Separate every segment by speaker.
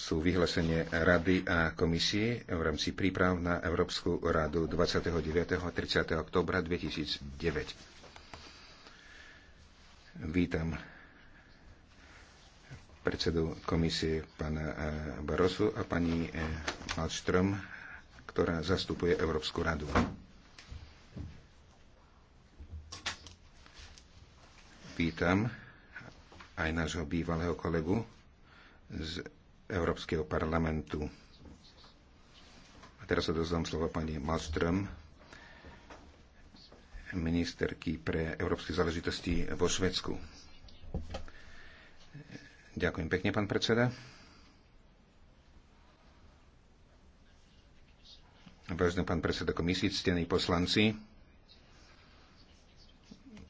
Speaker 1: sú vyhlásenie Rady a komisie v rámci príprav na Európsku radu 29. a 30. oktobra 2009. Vítam predsedu komisie pana eh, Barosu a pani eh, Malström, ktorá zastupuje Európsku radu. Vítam aj nášho bývalého kolegu z Európskeho parlamentu. A teraz sa dozvám slovo pani Malström, ministerky pre európske záležitosti vo Švedsku. Ďakujem pekne, pán predseda. Vážený pán predseda komisie, ctení poslanci,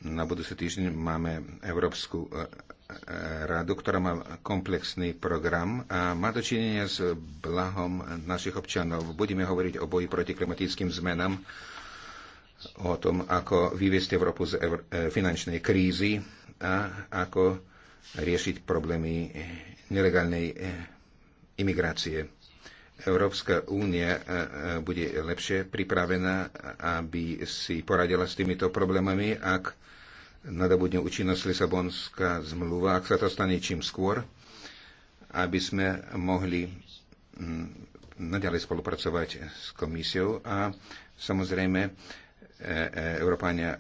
Speaker 1: na budúci týždeň máme Európsku e, e, radu, ktorá má komplexný program a má dočinenie s blahom našich občanov. Budeme hovoriť o boji proti klimatickým zmenám, o tom, ako vyviesť Európu z e, finančnej krízy a ako riešiť problémy nelegálnej imigrácie. Európska únia bude lepšie pripravená, aby si poradila s týmito problémami, ak nadobudne účinnosť Lisabonská zmluva, ak sa to stane čím skôr, aby sme mohli mm, naďalej spolupracovať s komisiou a samozrejme e, e, Európania e,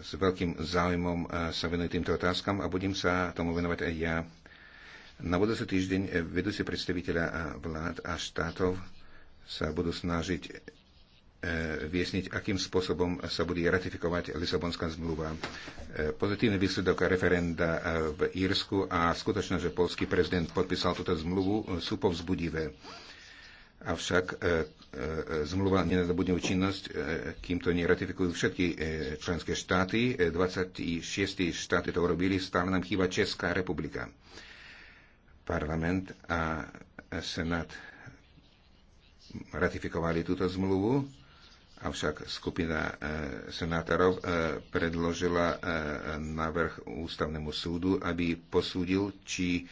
Speaker 1: s veľkým záujmom sa venujú týmto otázkam a budem sa tomu venovať aj ja. Na budúci týždeň vedúci predstaviteľa vlád a štátov sa budú snažiť E, vyjasniť, akým spôsobom sa bude ratifikovať Lisabonská zmluva. E, pozitívny výsledok referenda e, v Írsku a skutočnosť, že polský prezident podpísal túto zmluvu, sú povzbudivé. Avšak zmluva nenadobudne účinnosť, kým to neratifikujú všetky členské štáty. 26 štáty to urobili, stále nám chýba Česká republika. Parlament a Senát ratifikovali túto zmluvu Avšak skupina e, senátorov e, predložila e, návrh ústavnému súdu, aby posúdil, či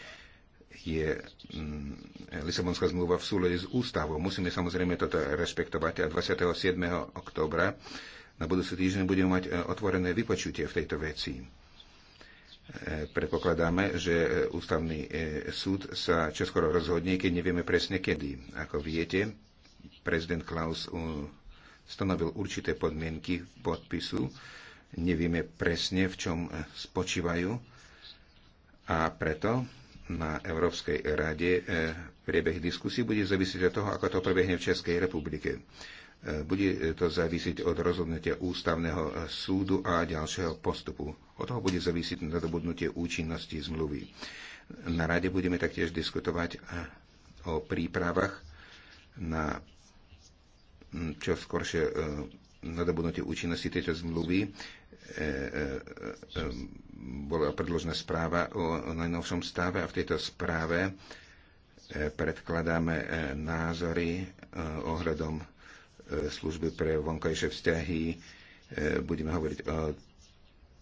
Speaker 1: je mm, Lisabonská zmluva v súlede s ústavou. Musíme samozrejme toto rešpektovať a 27. oktobra na budúci týždeň budeme mať otvorené vypočutie v tejto veci. Predpokladáme, že ústavný súd sa čoskoro rozhodne, keď nevieme presne kedy. Ako viete, prezident Klaus stanovil určité podmienky podpisu. Nevieme presne, v čom eh, spočívajú. A preto na Európskej rade eh, priebeh diskusí bude závisieť od toho, ako to prebehne v Českej republike. Eh, bude to závisieť od rozhodnutia ústavného súdu a ďalšieho postupu. Od toho bude závisieť nadobudnutie účinnosti zmluvy. Na rade budeme taktiež diskutovať o prípravách na čo skoršie e, nadobudnutie účinnosti tejto zmluvy e, e, bola predložená správa o najnovšom stave a v tejto správe predkladáme názory ohľadom služby pre vonkajšie vzťahy. Budeme hovoriť o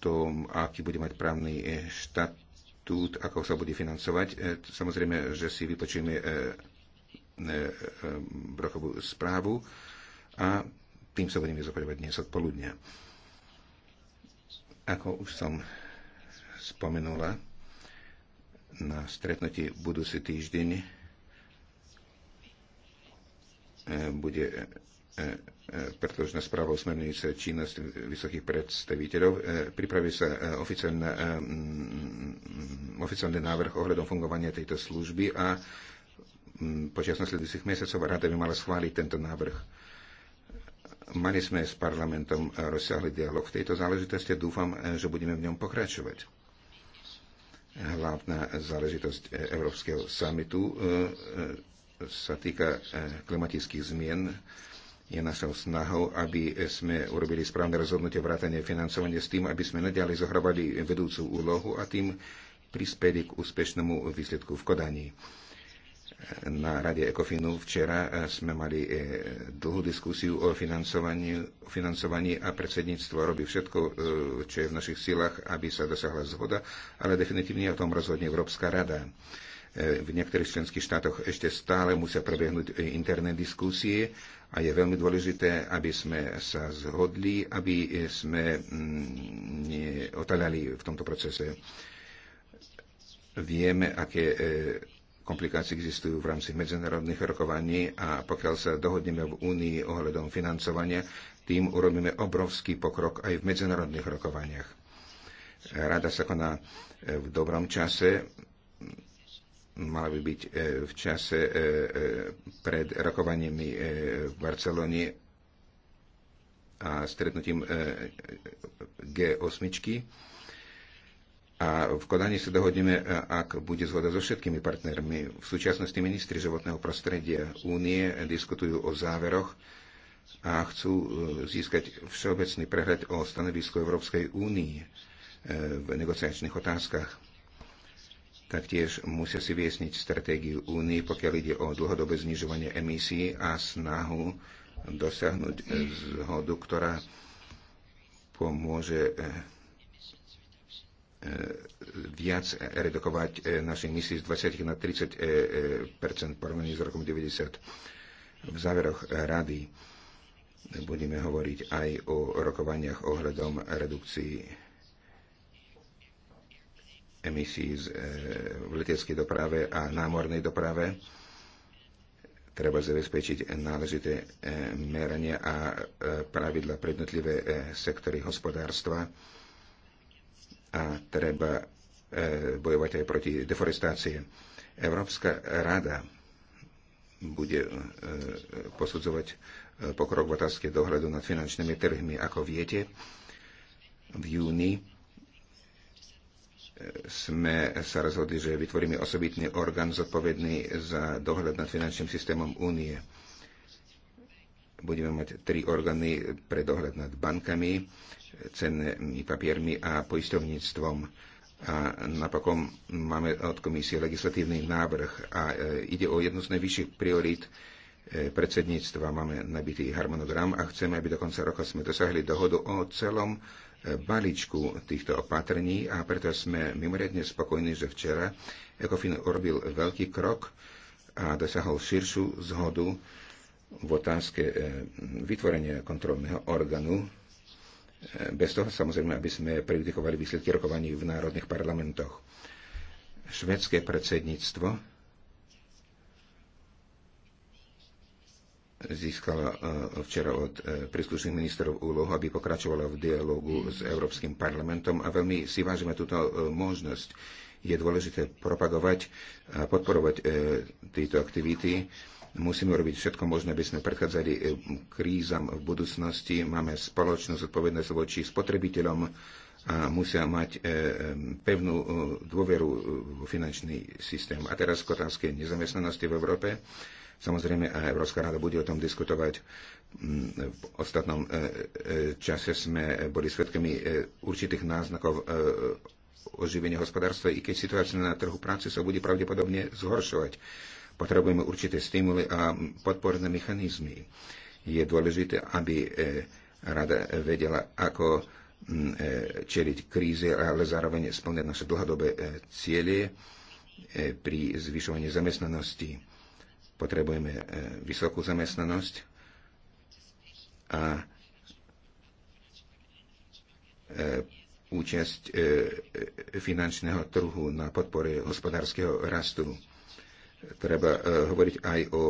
Speaker 1: tom, aký bude mať právny štatút, ako sa bude financovať. Samozrejme, že si vypočujeme brochovú správu a tým sa budeme zapojiť dnes odpoludnia. Ako už som spomenula, na stretnutí budúci týždeň e, bude e, e, predložená správa usmerňujúca činnosť vysokých predstaviteľov. Pripraví sa oficiálny návrh ohľadom fungovania tejto služby a počas nasledujúcich mesiacov rada by mala schváliť tento návrh Mali sme s parlamentom rozsiahly dialog v tejto záležitosti a dúfam, že budeme v ňom pokračovať. Hlavná záležitosť Európskeho samitu e, e, sa týka e, klimatických zmien. Je našou snahou, aby sme urobili správne rozhodnutie vrátane financovania s tým, aby sme nadiali zohrávali vedúcu úlohu a tým prispeli k úspešnému výsledku v Kodani. Na rade Ekofinu včera e, sme mali e, dlhú diskusiu o financovaní, financovaní a predsedníctvo robí všetko, e, čo je v našich silách, aby sa dosahla zhoda, ale definitívne o tom rozhodne Európska rada. V niektorých členských štátoch ešte stále musia prebehnúť interné diskusie a je veľmi dôležité, aby sme sa zhodli, aby sme mm, otaľali v tomto procese. Vieme, aké komplikácie existujú v rámci medzinárodných rokovaní a pokiaľ sa dohodneme v Únii ohľadom financovania, tým urobíme obrovský pokrok aj v medzinárodných rokovaniach. Rada sa koná e, v dobrom čase, mala by byť e, v čase e, pred rokovaniami v Barcelone a stretnutím G8 a v Kodani sa dohodneme, ak bude zhoda so všetkými partnermi. V súčasnosti ministri životného prostredia únie diskutujú o záveroch a chcú e, získať všeobecný prehľad o stanovisku Európskej únie v negociačných otázkach. Taktiež musia si viesniť stratégiu únie, pokiaľ ide o dlhodobé znižovanie emisí a snahu dosiahnuť e, zhodu, ktorá pomôže e, viac redukovať e, naše emisie z 20 na 30 e, e, porovnaní s rokom 90. V záveroch rady budeme hovoriť aj o rokovaniach ohľadom redukcii emisí z, v leteckej doprave a námornej doprave. Treba zabezpečiť náležité merania a pravidla pre jednotlivé sektory hospodárstva a treba e, bojovať aj proti deforestácii. Európska rada bude e, posudzovať e, pokrok v otázke dohľadu nad finančnými trhmi. Ako viete, v júni sme sa rozhodli, že vytvoríme osobitný orgán zodpovedný za dohľad nad finančným systémom únie. Budeme mať tri orgány pre dohľad nad bankami, cennými papiermi a poisťovníctvom. A napokon máme od komisie legislatívny návrh a e, ide o jednu z najvyšších priorít e, predsedníctva. Máme nabitý harmonogram a chceme, aby do konca roka sme dosahli dohodu o celom e, balíčku týchto opatrení a preto sme mimoriadne spokojní, že včera Ekofin urobil veľký krok a dosahol širšiu zhodu v otázke vytvorenia kontrolného orgánu bez toho samozrejme, aby sme predikovali výsledky rokovaní v národných parlamentoch. Švedské predsedníctvo získalo e, včera od e, príslušných ministrov úlohu, aby pokračovala v dialogu s Európskym parlamentom a veľmi si vážime túto e, možnosť. Je dôležité propagovať a podporovať tieto aktivity Musíme robiť všetko možné, aby sme predchádzali eh, krízam v budúcnosti. Máme spoločnú zodpovednosť voči spotrebiteľom a musia mať eh, eh, pevnú dôveru v finančný systém. A teraz k otázke nezamestnanosti v Európe. Samozrejme, a Európska rada bude o tom diskutovať. Mm, v ostatnom čase sme boli svedkami určitých náznakov oživenia hospodárstva, i keď situácia na trhu práce sa bude pravdepodobne zhoršovať. Potrebujeme určité stimuly a podporné mechanizmy. Je dôležité, aby e, rada vedela, ako e, čeliť kríze, ale zároveň splniť naše dlhodobé e, cieľe pri zvyšovaní zamestnanosti. Potrebujeme vysokú zamestnanosť a účasť finančného trhu na podpore hospodárskeho rastu treba e, hovoriť aj o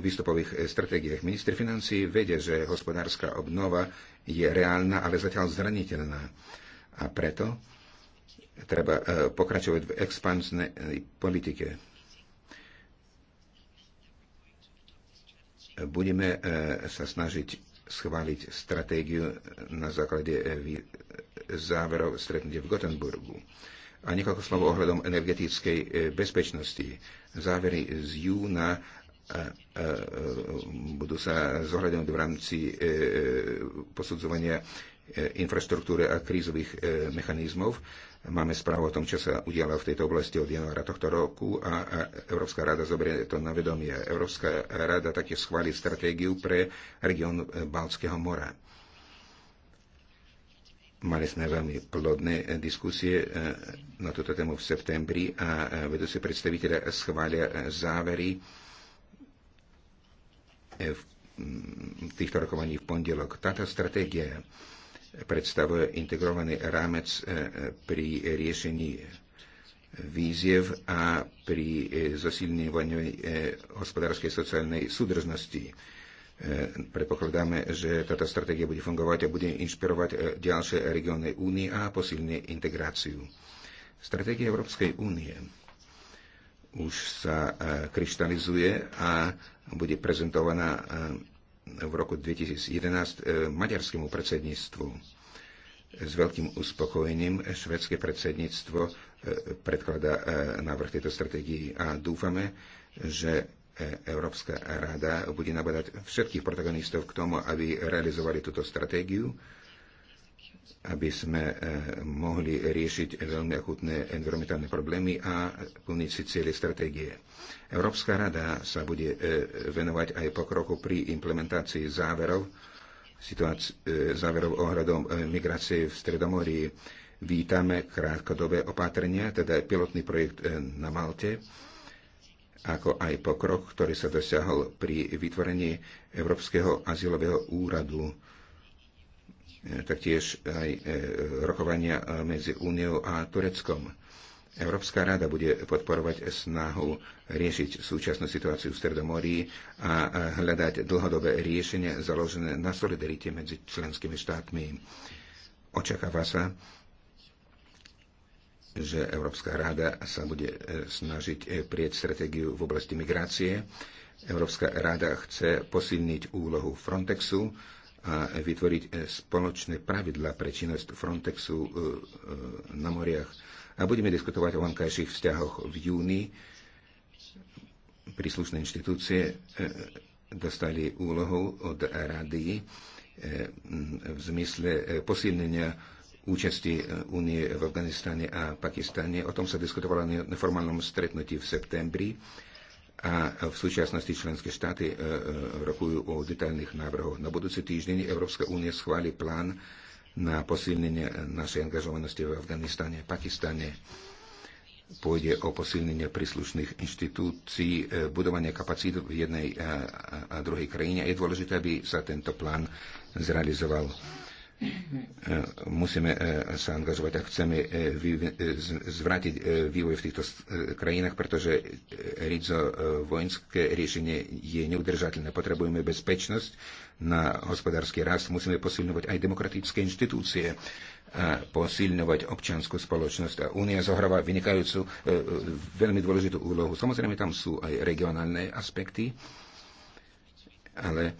Speaker 1: výstupových e, stratégiách. Ministri financí vedia, že hospodárska obnova je reálna, ale zatiaľ zraniteľná. A preto treba e, pokračovať v expansnej politike. Budeme sa snažiť schváliť stratégiu na základe záverov stretnutia v Gotenburgu. A niekoľko slov ohľadom energetickej bezpečnosti závery z júna e, budú sa zohľadňovať v rámci e, e, posudzovania infraštruktúry a krízových mechanizmov. Máme správu o tom, čo sa udialo v tejto oblasti od januára tohto roku a Európska rada zoberie to na vedomie. Európska rada taktiež schváli stratégiu pre región Balckého mora. Mali sme veľmi plodné eh, diskusie eh, na túto tému v septembri a eh, vedúci predstaviteľa schvália závery v mm, týchto rokovaní v pondelok. Táto stratégia predstavuje integrovaný rámec pri riešení výziev a pri zosilňovaní hospodárskej sociálnej súdržnosti E, predpokladáme, že táto stratégia bude fungovať a bude inšpirovať e, ďalšie regióny únie a posilne integráciu. Stratégia Európskej únie už sa e, kryštalizuje a bude prezentovaná v roku 2011 maďarskému predsedníctvu. S veľkým uspokojením švedské predsedníctvo predkladá návrh tejto stratégii a dúfame, že E, Európska rada bude nabadať všetkých protagonistov k tomu, aby realizovali túto stratégiu, aby sme e, mohli riešiť veľmi akutné environmentálne problémy a plniť si cieľe stratégie. Európska rada sa bude e, venovať aj pokroku pri implementácii záverov, situáci- záverov ohľadom migrácie v Stredomorí. Vítame krátkodobé opatrenia, teda pilotný projekt na Malte, ako aj pokrok, ktorý sa dosiahol pri vytvorení Európskeho azylového úradu, e, taktiež aj e, rokovania e, medzi Úniou a Tureckom. Európska rada bude podporovať snahu riešiť súčasnú situáciu v Stredomorí a hľadať dlhodobé riešenie založené na solidarite medzi členskými štátmi. Očakáva sa, že Európska rada sa bude e, snažiť e, prieť stratégiu v oblasti migrácie. Európska rada chce posilniť úlohu Frontexu a vytvoriť e, spoločné pravidla pre činnosť Frontexu na moriach. A budeme diskutovať o vankajších vzťahoch v júni. Príslušné inštitúcie dostali úlohu od rady v zmysle posilnenia účasti e, Únie v Afganistane a Pakistane. O tom sa diskutovalo na neformálnom stretnutí v septembri a v súčasnosti členské štáty e, e, rokujú o detailných návrhoch. Na budúci týždeň Európska únia schváli plán na posilnenie našej angažovanosti v Afganistane a Pakistane. Pôjde o posilnenie príslušných inštitúcií, budovanie kapacít v jednej a druhej krajine. Je dôležité, aby sa tento plán zrealizoval E, musíme e, sa angažovať ak chceme e, zvrátiť vývoj v týchto krajinách, pretože rizo vojenské riešenie je neudržateľné. Potrebujeme bezpečnosť na hospodársky rast, musíme posilňovať aj demokratické inštitúcie, posilňovať občianskú spoločnosť. A Únia zohráva vynikajúcu, veľmi dôležitú úlohu. Samozrejme, tam sú aj regionálne aspekty, ale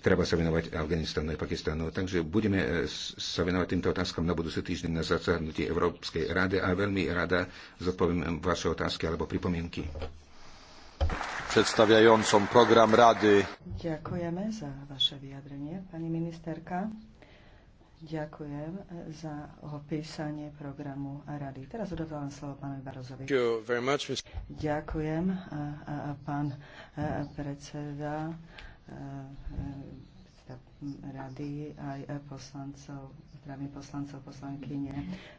Speaker 1: treba sa venovať Afganistanu a Pakistanu. Takže budeme e, sa venovať týmto otázkam na budúci týždeň na zasadnutí Európskej rady a veľmi rada zodpoviem vaše otázky alebo pripomienky. Predstavujúcom program rady.
Speaker 2: Ďakujeme za vaše vyjadrenie, pani ministerka. Ďakujem za opísanie programu rady. Teraz odovzdávam slovo pánovi Barozovi. Ďakujem, pán predseda. Eh, eh, rady aj eh, poslancov, zdravím poslancov, poslankyne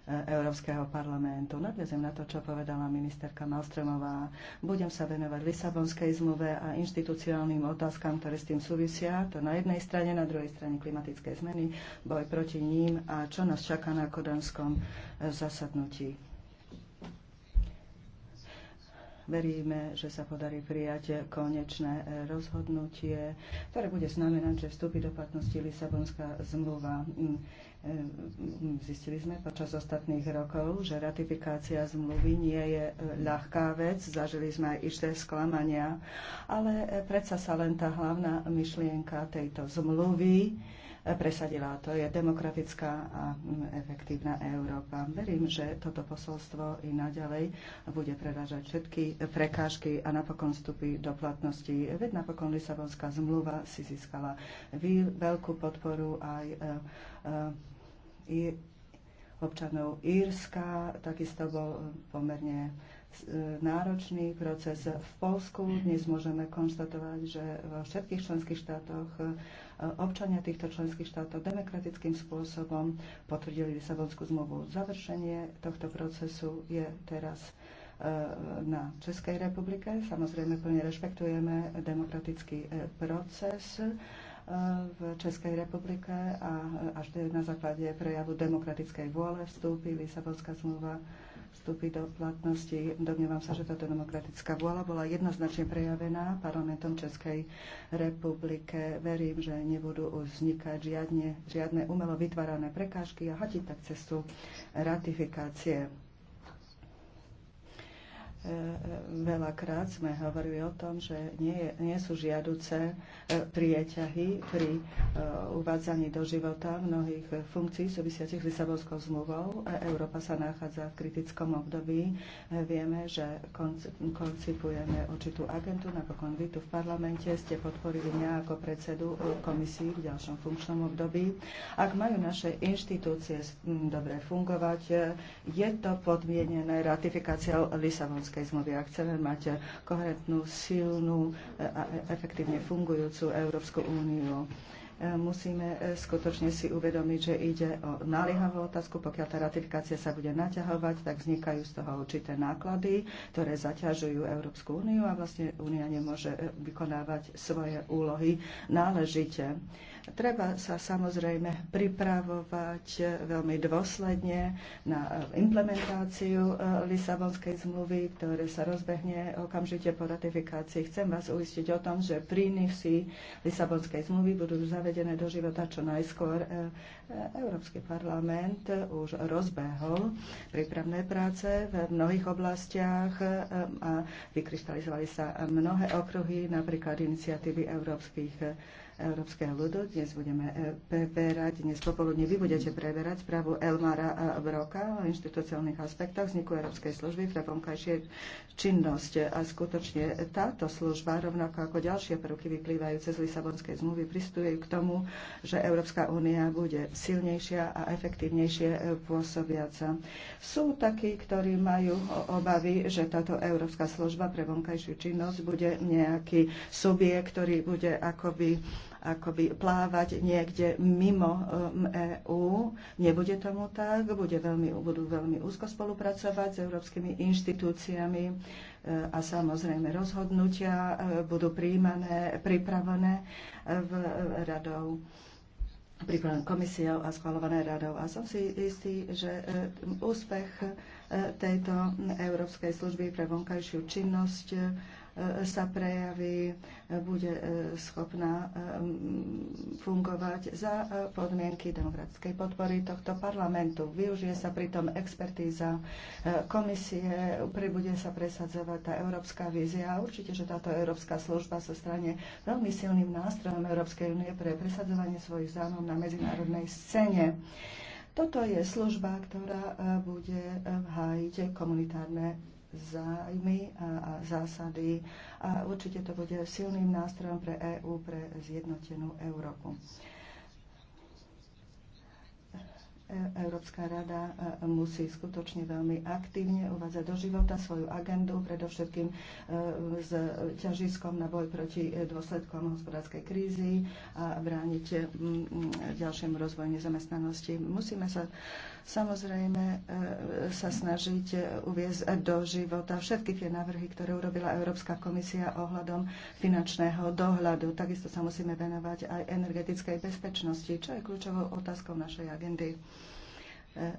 Speaker 2: Európskeho parlamentu. Nadviazem na to, čo povedala ministerka Malstromová. Budem sa venovať Lisabonskej zmluve a inštitucionálnym otázkam, ktoré s tým súvisia. To na jednej strane, na druhej strane klimatické zmeny, boj proti ním a čo nás čaká na kodanskom zasadnutí veríme, že sa podarí prijať konečné e, rozhodnutie, ktoré bude znamenať, že vstúpi do platnosti Lisabonská zmluva. Mm, e, mm, zistili sme počas ostatných rokov, že ratifikácia zmluvy nie je e, ľahká vec. Zažili sme aj isté sklamania, ale predsa sa len tá hlavná myšlienka tejto zmluvy presadila. To je demokratická a efektívna Európa. Verím, že toto posolstvo i naďalej bude prevážať všetky prekážky a napokon vstupy do platnosti. Veď napokon Lisabonská zmluva si získala veľkú podporu aj e, e, občanov Írska. Takisto bol pomerne náročný proces v Polsku. Dnes môžeme konštatovať, že vo všetkých členských štátoch e, občania týchto členských štátov demokratickým spôsobom potvrdili Lisabonskú zmluvu. Završenie tohto procesu je teraz e, na Českej republike. Samozrejme, plne rešpektujeme demokratický e, proces v Českej republike a až na základe prejavu demokratickej vôle vstúpi Lisabonská zmluva vstúpi do platnosti. Domnievam sa, že táto demokratická vôľa bola jednoznačne prejavená parlamentom Českej republike. Verím, že nebudú vznikať žiadne, žiadne umelo vytvárané prekážky a hatiť tak cestu ratifikácie. Veľakrát sme hovorili o tom, že nie, je, nie sú žiaduce e, prieťahy pri e, uvádzaní do života mnohých e, funkcií súvisiacich s Lisabonskou zmluvou. Európa sa nachádza v kritickom období. Vieme, že koncipujeme určitú agentu. Napokon vy tu v parlamente ste podporili mňa ako predsedu komisii v ďalšom funkčnom období. Ak majú naše inštitúcie dobre fungovať, je to podmienené ratifikáciou Lisabonskej Lisabonskej zmluvy. Ak chceme mať koherentnú, silnú a efektívne fungujúcu Európsku úniu, e, musíme e, skutočne si uvedomiť, že ide o naliehavú otázku. Pokiaľ tá ratifikácia sa bude naťahovať, tak vznikajú z toho určité náklady, ktoré zaťažujú Európsku úniu a vlastne únia nemôže e, vykonávať svoje úlohy náležite. Treba sa samozrejme pripravovať eh, veľmi dôsledne na eh, implementáciu eh, Lisabonskej zmluvy, ktoré sa rozbehne okamžite po ratifikácii. Chcem vás uistiť o tom, že prínosy Lisabonskej zmluvy budú zavedené do života čo najskôr. Európsky parlament už rozbehol prípravné práce v mnohých oblastiach a vykrystalizovali sa mnohé okruhy, napríklad iniciatívy európskych Európskeho ľudu. Dnes budeme eh, preberať, dnes popoludne vy budete preberať správu Elmara eh, Broka o inštitúciálnych aspektoch vzniku Európskej služby pre vonkajšie činnosť. A skutočne táto služba, rovnako ako ďalšie prvky vyplývajúce z Lisabonskej zmluvy, pristuje k tomu, že Európska únia bude silnejšia a efektívnejšie eh, pôsobiaca. Sú takí, ktorí majú obavy, že táto Európska služba pre vonkajšiu činnosť bude nejaký subjekt, ktorý bude akoby akoby plávať niekde mimo um, EÚ. Nebude tomu tak, bude veľmi, budú veľmi úzko spolupracovať s európskymi inštitúciami e, a samozrejme rozhodnutia e, budú príjmané, pripravené e, v radou pripravené komisiou a schvalované radou. A som si istý, že úspech tejto Európskej služby pre vonkajšiu činnosť sa prejaví, bude e, schopná e, fungovať za e, podmienky demokratickej podpory tohto parlamentu. Využije sa pritom expertíza komisie, prebude sa presadzovať tá európska vízia. Určite, že táto európska služba sa strane veľmi silným nástrojom Európskej únie pre presadzovanie svojich zámov na medzinárodnej scéne. Toto je služba, ktorá bude hájiť komunitárne zájmy a, zásady a určite to bude silným nástrojom pre EÚ, pre zjednotenú Európu. E, Európska rada e, musí skutočne veľmi aktívne uvádzať do života svoju agendu, predovšetkým e, s ťažiskom na boj proti dôsledkom hospodárskej krízy a brániť ďalšiemu rozvoju nezamestnanosti. Musíme sa samozrejme e, sa snažiť uviezť do života všetky tie návrhy, ktoré urobila Európska komisia ohľadom finančného dohľadu. Takisto sa musíme venovať aj energetickej bezpečnosti, čo je kľúčovou otázkou našej agendy e,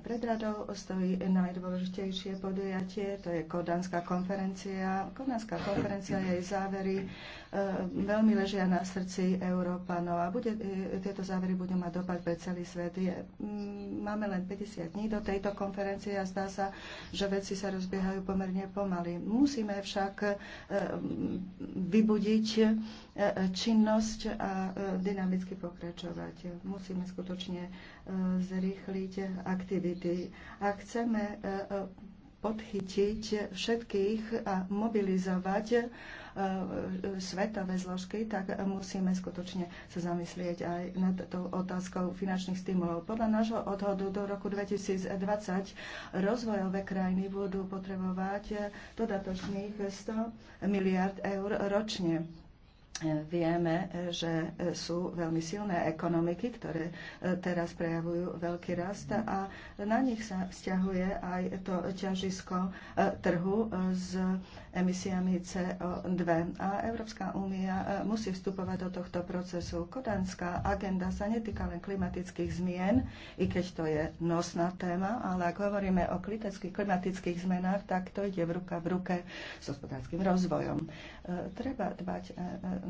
Speaker 2: pred radou stojí najdôležitejšie podujatie, to je Kodanská konferencia. Kodanská konferencia, jej závery E, veľmi ležia na srdci Európanov a bude, e, tieto závery budú mať dopad pre celý svet. Je, mm, máme len 50 dní do tejto konferencie a zdá sa, že veci sa rozbiehajú pomerne pomaly. Musíme však e, vybudiť činnosť a dynamicky pokračovať. Musíme skutočne zrýchliť aktivity. A chceme podchytiť všetkých a mobilizovať E, svetové zložky, tak musíme skutočne sa zamyslieť aj nad tou otázkou finančných stimulov. Podľa nášho odhodu do roku 2020 rozvojové krajiny budú potrebovať dodatočných 100 miliard eur ročne vieme, že sú veľmi silné ekonomiky, ktoré e, teraz prejavujú veľký rast a na nich sa vzťahuje aj to ťažisko e, trhu z emisiami CO2. A Európska únia e, musí vstupovať do tohto procesu. Kodanská agenda sa netýka len klimatických zmien, i keď to je nosná téma, ale ak hovoríme o klimatických zmenách, tak to ide v ruka v ruke s hospodárským rozvojom. E, treba dbať e,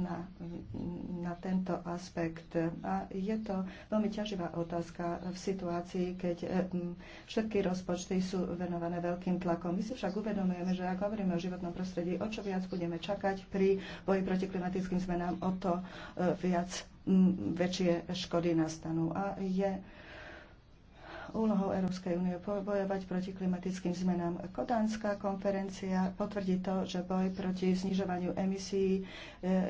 Speaker 2: na, na tento aspekt a je to veľmi ťaživá otázka v situácii, keď všetky rozpočty sú venované veľkým tlakom. My si však uvedomujeme, že ak hovoríme o životnom prostredí. O čo viac budeme čakať pri boji proti klimatickým zmenám, o to e, viac väčšie škody nastanú. A je úlohou Európskej únie bojovať proti klimatickým zmenám. Kodánska konferencia potvrdí to, že boj proti znižovaniu emisí e,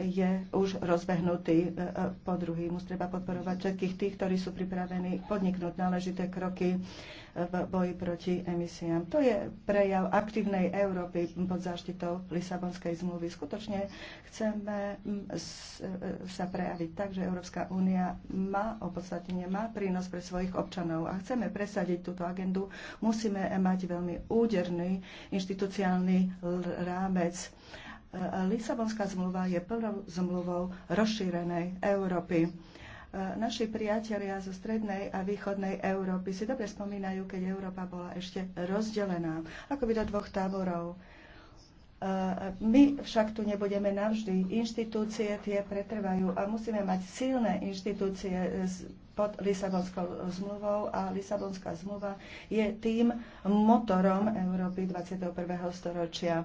Speaker 2: je už rozbehnutý. E, po druhý, Musí treba podporovať všetkých tých, ktorí sú pripravení podniknúť náležité kroky v boji proti emisiám. To je prejav aktívnej Európy pod záštitou Lisabonskej zmluvy. Skutočne chceme mm, e, sa prejaviť tak, že Európska únia má opodstatnenie, má prínos pre svojich občanov a chceme presadiť túto agendu, musíme mať veľmi úderný inštitucionálny rámec. E, Lisabonská zmluva je plnou zmluvou rozšírenej Európy E, naši priatelia zo strednej a východnej Európy si dobre spomínajú, keď Európa bola ešte rozdelená, akoby do dvoch táborov. E, my však tu nebudeme navždy. Inštitúcie tie pretrvajú a musíme mať silné inštitúcie pod Lisabonskou zmluvou a Lisabonská zmluva je tým motorom Európy 21. storočia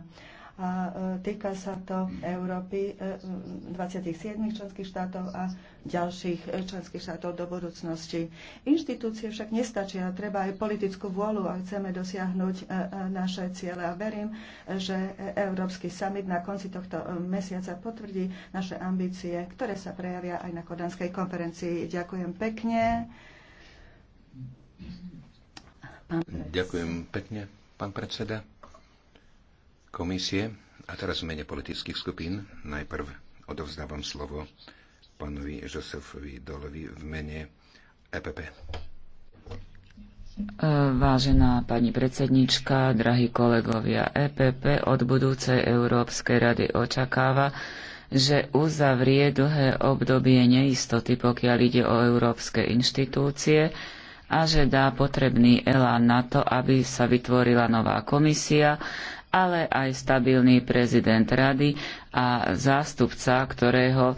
Speaker 2: a e, týka sa to Európy 27 e, členských štátov a ďalších e, členských štátov do budúcnosti. Inštitúcie však nestačia, treba aj politickú vôľu a chceme dosiahnuť naše ciele. A verím, že Európsky summit na konci tohto mesiaca potvrdí naše ambície, ktoré sa prejavia aj na Kodanskej konferencii. Ďakujem pekne. Pán
Speaker 1: Ďakujem pekne, pán predseda komisie a teraz v mene politických skupín. Najprv odovzdávam slovo pánovi Josefovi Dolovi v mene EPP. E,
Speaker 3: vážená pani predsednička, drahí kolegovia, EPP od budúcej Európskej rady očakáva, že uzavrie dlhé obdobie neistoty, pokiaľ ide o európske inštitúcie a že dá potrebný elán na to, aby sa vytvorila nová komisia ale aj stabilný prezident rady a zástupca, ktorého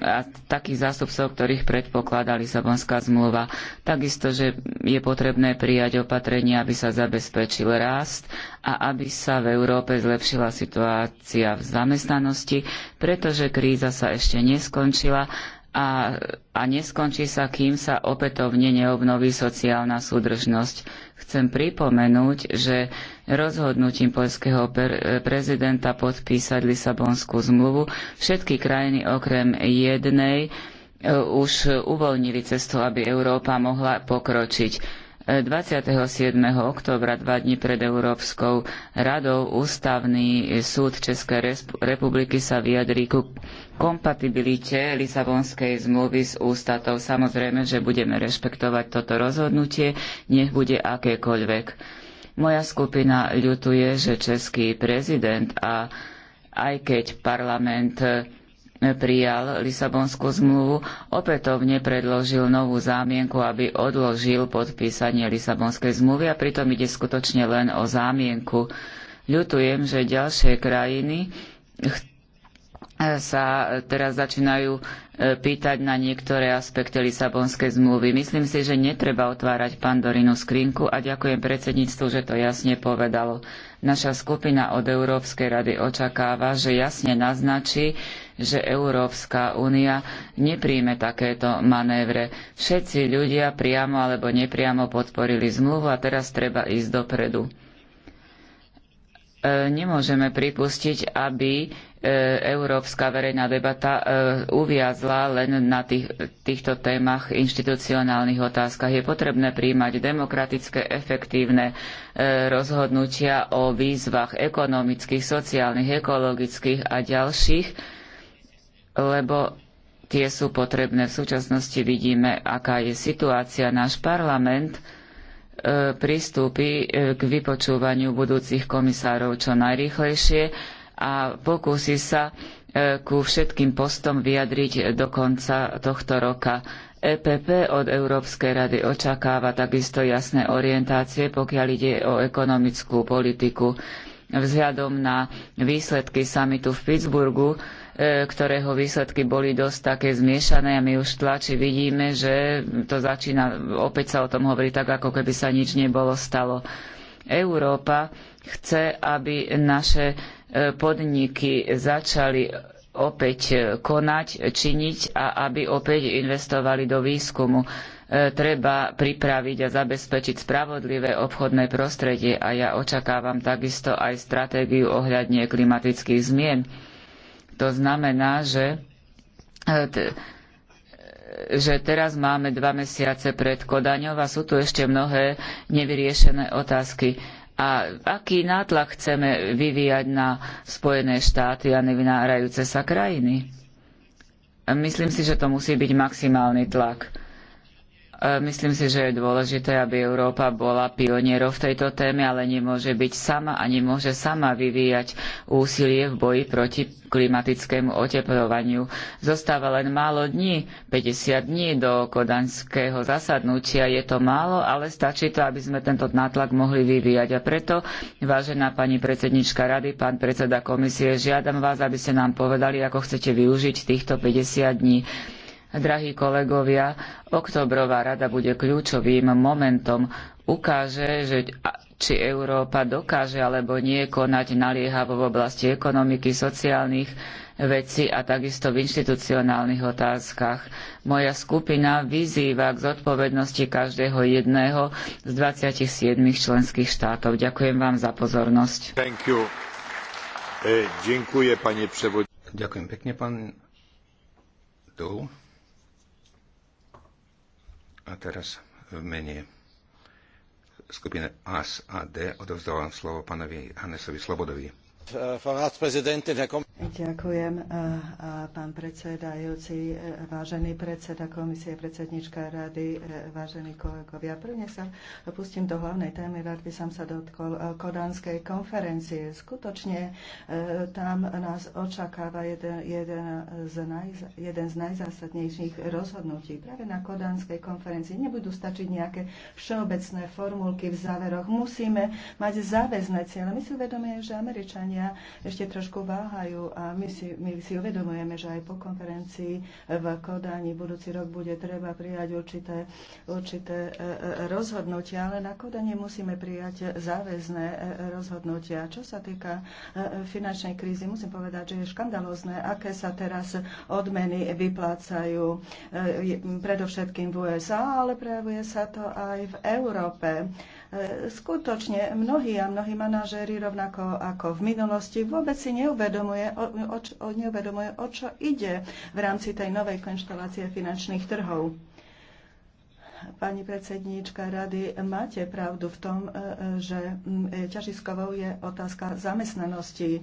Speaker 3: a takých zástupcov, ktorých predpokladá Lisabonská zmluva. Takisto, že je potrebné prijať opatrenia, aby sa zabezpečil rast a aby sa v Európe zlepšila situácia v zamestnanosti, pretože kríza sa ešte neskončila a, a neskončí sa, kým sa opätovne neobnoví sociálna súdržnosť. Chcem pripomenúť, že rozhodnutím poľského prezidenta podpísať Lisabonskú zmluvu. Všetky krajiny okrem jednej e, už uvoľnili cestu, aby Európa mohla pokročiť. 27. E, oktobra, dva dní pred Európskou radou, Ústavný súd Českej republiky sa vyjadrí ku kompatibilite Lisabonskej zmluvy s ústatou. Samozrejme, že budeme rešpektovať toto rozhodnutie, nech bude akékoľvek. Moja skupina ľutuje, že český prezident a aj keď parlament e, prijal Lisabonskú zmluvu, opätovne predložil novú zámienku, aby odložil podpísanie Lisabonskej zmluvy a pritom ide skutočne len o zámienku. Ľutujem, že ďalšie krajiny sa teraz začínajú e, pýtať na niektoré aspekty Lisabonskej zmluvy. Myslím si, že netreba otvárať Pandorinu skrinku a ďakujem predsedníctvu, že to jasne povedalo. Naša skupina od Európskej rady očakáva, že jasne naznačí, že Európska únia nepríjme takéto manévre. Všetci ľudia priamo alebo nepriamo podporili zmluvu a teraz treba ísť dopredu. E, nemôžeme pripustiť, aby E, európska verejná debata e, uviazla len na tých, týchto témach inštitucionálnych otázkach. Je potrebné príjmať demokratické, efektívne e, rozhodnutia o výzvach ekonomických, sociálnych, ekologických a ďalších, lebo tie sú potrebné. V súčasnosti vidíme, aká je situácia. Náš parlament pristúpi k vypočúvaniu budúcich komisárov čo najrýchlejšie a pokúsi sa e, ku všetkým postom vyjadriť do konca tohto roka. EPP od Európskej rady očakáva takisto jasné orientácie, pokiaľ ide o ekonomickú politiku. Vzhľadom na výsledky samitu v Pittsburghu, e, ktorého výsledky boli dosť také zmiešané a my už v tlači vidíme, že to začína, opäť sa o tom hovorí tak, ako keby sa nič nebolo stalo. Európa chce, aby naše podniky začali opäť konať, činiť a aby opäť investovali do výskumu. E, treba pripraviť a zabezpečiť spravodlivé obchodné prostredie a ja očakávam takisto aj stratégiu ohľadne klimatických zmien. To znamená, že e, že teraz máme dva mesiace pred Kodaňov a sú tu ešte mnohé nevyriešené otázky a aký nátlak chceme vyvíjať na Spojené štáty a nevynárajúce sa krajiny. Myslím si, že to musí byť maximálny tlak. E, myslím si, že je dôležité, aby Európa bola pionierom v tejto téme, ale nemôže byť sama a nemôže sama vyvíjať úsilie v boji proti klimatickému oteplovaniu. Zostáva len málo dní, 50 dní do kodanského zasadnutia. Je to málo, ale stačí to, aby sme tento nátlak mohli vyvíjať. A preto, vážená pani predsednička rady, pán predseda komisie, žiadam vás, aby ste nám povedali, ako chcete využiť týchto 50 dní. Drahí kolegovia, oktobrová rada bude kľúčovým momentom. Ukáže, že či Európa dokáže alebo nie konať naliehavo v oblasti ekonomiky, sociálnych vecí a takisto v inštitucionálnych otázkach. Moja skupina vyzýva k zodpovednosti každého jedného z 27 členských štátov. Ďakujem vám za pozornosť.
Speaker 1: E, Ďakujem, pekne, pán Dohu. A teraz v mene skupiny AS a D odovzdávam slovo pánovi Hanesovi Slobodovi. Eh,
Speaker 2: pán predsedajúci, eh, vážený predseda komisie, predsednička rady, eh, vážení kolegovia. Prvne sa pustím do hlavnej témy, rád by som sa dotkol Kodánskej konferencie. Skutočne tam nás očakáva jeden, jeden, z, jeden z najzásadnejších rozhodnutí. Práve na Kodánskej konferencii nebudú stačiť nejaké všeobecné formulky v záveroch. Musíme mať záväzné ciele. My si uvedomujeme, že Američania kresťania ešte trošku váhajú a my si, my si uvedomujeme, že aj po konferencii v Kodani budúci rok bude treba prijať určité, určité e, e, rozhodnutia, ale na Kodani musíme prijať záväzné e, rozhodnutia. Čo sa týka finančnej krízy, musím povedať, že je škandalózne, aké sa teraz odmeny vyplácajú predovšetkým v USA, ale prejavuje sa to aj v Európe. Skutočne mnohí a mnohí manažéri rovnako ako v minulosti vôbec si neuvedomuje, o, o, neuvedomuje, o čo ide v rámci tej novej konštelácie finančných trhov. Pani predsedníčka rady, máte pravdu v tom, e, že e, ťažiskovou je otázka zamestnanosti. E,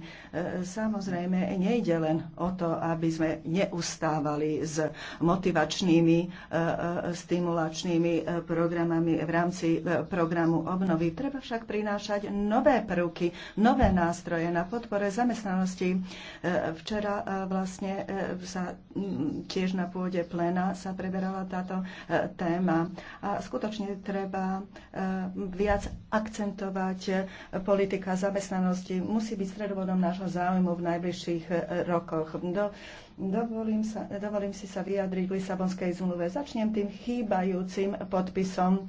Speaker 2: samozrejme, nejde len o to, aby sme neustávali s motivačnými, stimulačnými programami v rámci programu obnovy. Treba však prinášať nové prvky, nové nástroje na podpore zamestnanosti. Včera vlastne sa tiež na pôde plena sa preberala táto téma a skutočne treba e, viac akcentovať e, politika zamestnanosti. Musí byť stredobodom nášho záujmu v najbližších e, rokoch. Do Dovolím, sa, dovolím si sa vyjadriť k Lisabonskej zmluve. Začnem tým chýbajúcim podpisom e, e,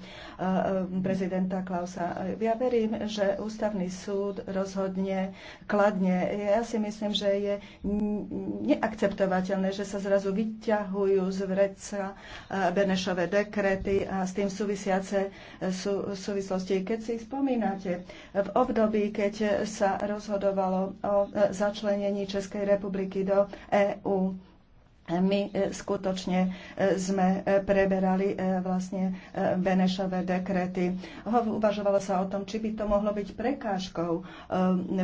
Speaker 2: prezidenta Klausa. Ja verím, že ústavný súd rozhodne kladne. Ja si myslím, že je neakceptovateľné, že sa zrazu vyťahujú z vreca e, Benešové dekrety a s tým súvisiace sú, súvislosti. Keď si spomínate, v období, keď sa rozhodovalo o začlenení Českej republiky do EÚ, EÚ my e, skutočne e, sme e, preberali vlastne Benešové dekrety. Uvažovalo sa o tom, či by to mohlo byť prekážkou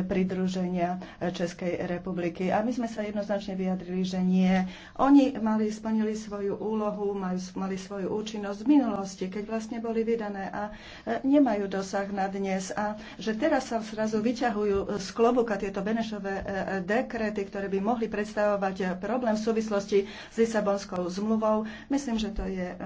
Speaker 2: pridruženia Českej republiky. A my sme sa jednoznačne vyjadrili, že nie. Oni mali, splnili svoju úlohu, mali svoju účinnosť v minulosti, keď vlastne boli vydané a nemajú dosah na dnes. A že teraz sa zrazu vyťahujú z klobuka tieto Benešové dekrety, ktoré by mohli predstavovať problém v súvislosti súvislosti s Lisabonskou zmluvou. Myslím, že to je eh,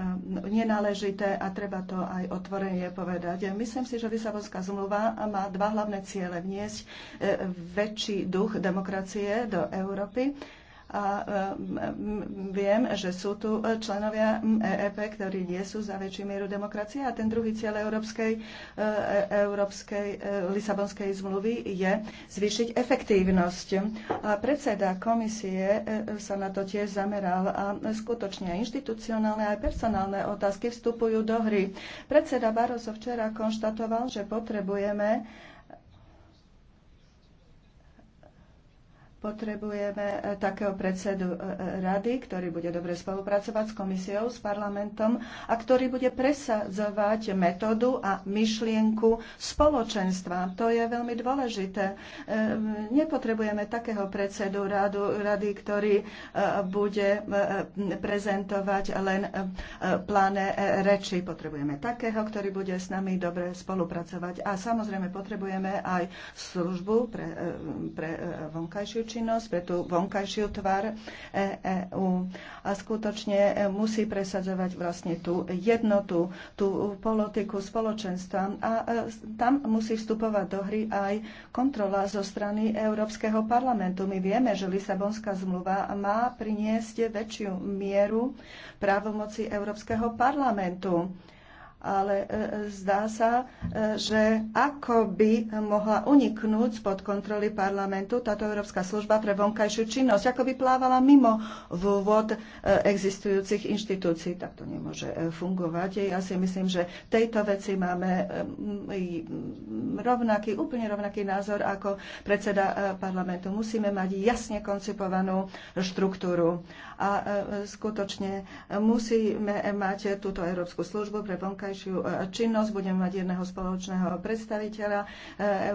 Speaker 2: nenáležité a treba to aj otvorenie povedať. Myslím si, že Lisabonská zmluva má dva hlavné ciele. Vniesť eh, väčší duch demokracie do Európy a e, viem, že sú tu e, členovia EEP, ktorí nie sú za väčšiu mieru demokracie a ten druhý cieľ Európskej, e, Európskej Lisabonskej zmluvy je zvýšiť efektívnosť. A predseda komisie sa na to tiež zameral a skutočne inštitucionálne aj personálne otázky vstupujú do hry. Predseda Barroso včera konštatoval, že potrebujeme Potrebujeme e, takého predsedu e, e, rady, ktorý bude dobre spolupracovať s komisiou, s parlamentom a ktorý bude presadzovať metódu a myšlienku spoločenstva. To je veľmi dôležité. Nepotrebujeme takého predsedu radu, rady, ktorý bude prezentovať len pláne reči. Potrebujeme takého, ktorý bude s nami dobre spolupracovať. A samozrejme potrebujeme aj službu pre, pre vonkajšiu účinnosť, pre tú vonkajšiu tvar EÚ. E, a skutočne e, musí presadzovať vlastne tú jednotu, tú politiku spoločenstva a e, tam musí vstupovať do hry aj kontrola zo strany Európskeho parlamentu. My vieme, že Lisabonská zmluva má priniesť väčšiu mieru právomoci Európskeho parlamentu ale e, zdá sa, e, že ako by mohla uniknúť spod kontroly parlamentu táto Európska služba pre vonkajšiu činnosť, ako by plávala mimo vôvod e, existujúcich inštitúcií. Tak to nemôže fungovať. Ja si myslím, že tejto veci máme rovnaký, úplne rovnaký názor ako predseda parlamentu. Musíme mať jasne koncipovanú štruktúru a e, skutočne musíme mať túto Európsku službu pre vonkajšiu e, činnosť, budeme mať jedného spoločného predstaviteľa e,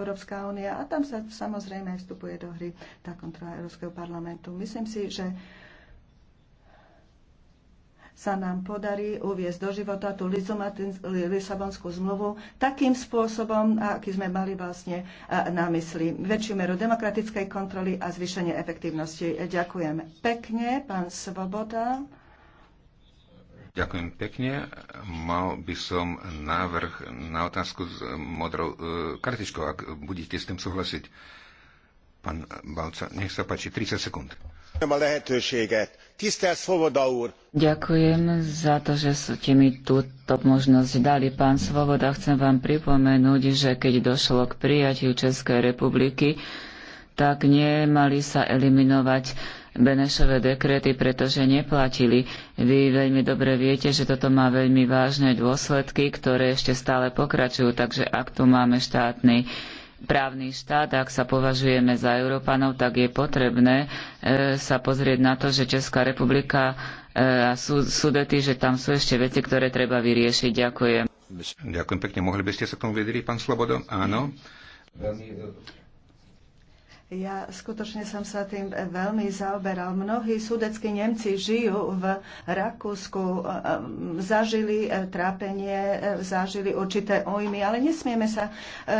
Speaker 2: Európska únia a tam sa samozrejme vstupuje do hry tá kontrola Európskeho parlamentu. Myslím si, že sa nám podarí uviezť do života tú Lisabonskú zmluvu takým spôsobom, aký sme mali vlastne e, na mysli. Väčšiu meru demokratickej kontroly a zvýšenie efektívnosti. Ďakujem pekne, pán Svoboda.
Speaker 1: Ďakujem pekne. Mal by som návrh na otázku s modrou e, kartičkou, ak budete s tým súhlasiť. Pán Balca, nech sa páči, 30 sekúnd. Ďakujem
Speaker 3: za to, že ste mi túto možnosť dali, pán Svoboda. Chcem vám pripomenúť, že keď došlo k prijatiu Českej republiky, tak nemali sa eliminovať Benešové dekrety, pretože neplatili. Vy veľmi dobre viete, že toto má veľmi vážne dôsledky, ktoré ešte stále pokračujú, takže ak tu máme štátny právny štát, ak sa považujeme za Európanov, tak je potrebné e, sa pozrieť na to, že Česká republika e, a Sudety, že tam sú ešte veci, ktoré treba vyriešiť. Ďakujem.
Speaker 1: Ďakujem pekne. Mohli by ste sa k tomu pán Slobodo? Áno.
Speaker 2: Ja skutočne som sa tým veľmi zaoberal. Mnohí sudeckí Nemci žijú v Rakúsku, e, e, zažili e, trápenie, zažili určité ujmy, ale nesmieme sa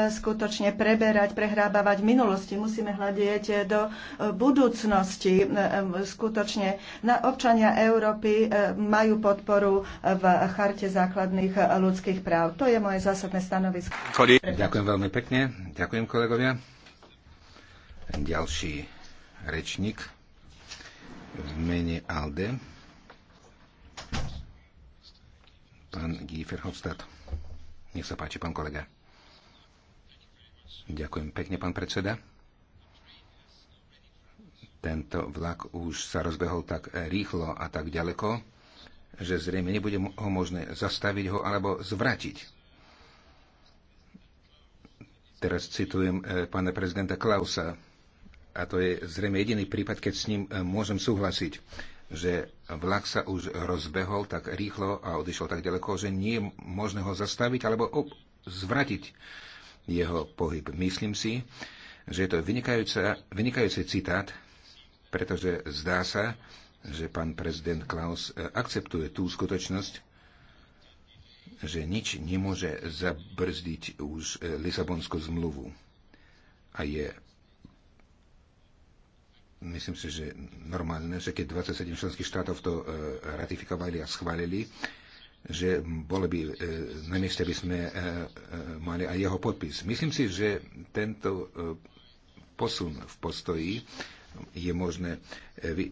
Speaker 2: skutočne preberať, prehrábavať v minulosti. Musíme hľadieť do budúcnosti. Skutočne na občania Európy majú podporu v charte základných ľudských práv. To je moje zásadné stanovisko.
Speaker 1: Ďakujem veľmi pekne. Ďakujem kolegovia. Ďalší rečník v mene ALDE, pán Giefer Hofstad. Nech sa páči, pán kolega. Ďakujem pekne, pán predseda. Tento vlak už sa rozbehol tak rýchlo a tak ďaleko, že zrejme nebude ho možné zastaviť ho alebo zvrátiť. Teraz citujem e, pána prezidenta Klausa a to je zrejme jediný prípad, keď s ním e, môžem súhlasiť, že vlak sa už rozbehol tak rýchlo a odišiel tak ďaleko, že nie je možné ho zastaviť alebo zvratiť jeho pohyb. Myslím si, že je to vynikajúci citát, pretože zdá sa, že pán prezident Klaus e, akceptuje tú skutočnosť, že nič nemôže zabrzdiť už e, Lisabonskú zmluvu. A je myslím si, že normálne, že keď 27 členských štátov to e, ratifikovali a schválili, že bolo by e, na mieste, aby sme e, e, mali aj jeho podpis. Myslím si, že tento e, posun v postoji je možné e, e,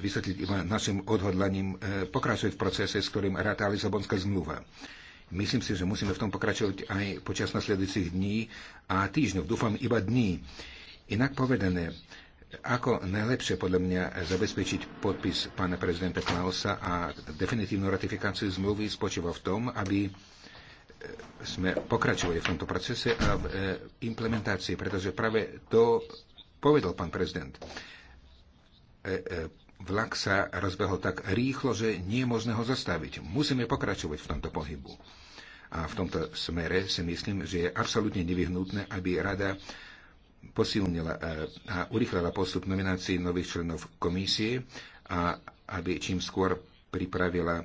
Speaker 1: vysvetliť iba našim odhodlaním e, pokračovať v procese, s ktorým ráta Lisabonská zmluva. Myslím si, že musíme v tom pokračovať aj počas nasledujúcich dní a týždňov. Dúfam, iba dní. Inak povedané, ako najlepšie podľa mňa zabezpečiť podpis pána prezidenta Klausa a definitívnu ratifikáciu zmluvy spočíva v tom, aby e, sme pokračovali v tomto procese a v e, implementácii, pretože práve to povedal pán prezident. E, vlak sa rozbehol tak rýchlo, že nie je možné ho zastaviť. Musíme pokračovať v tomto pohybu. A v tomto smere si myslím, že je absolútne nevyhnutné, aby Rada posilnila e, a urychlila postup nominácií nových členov komisie a aby čím skôr pripravila e,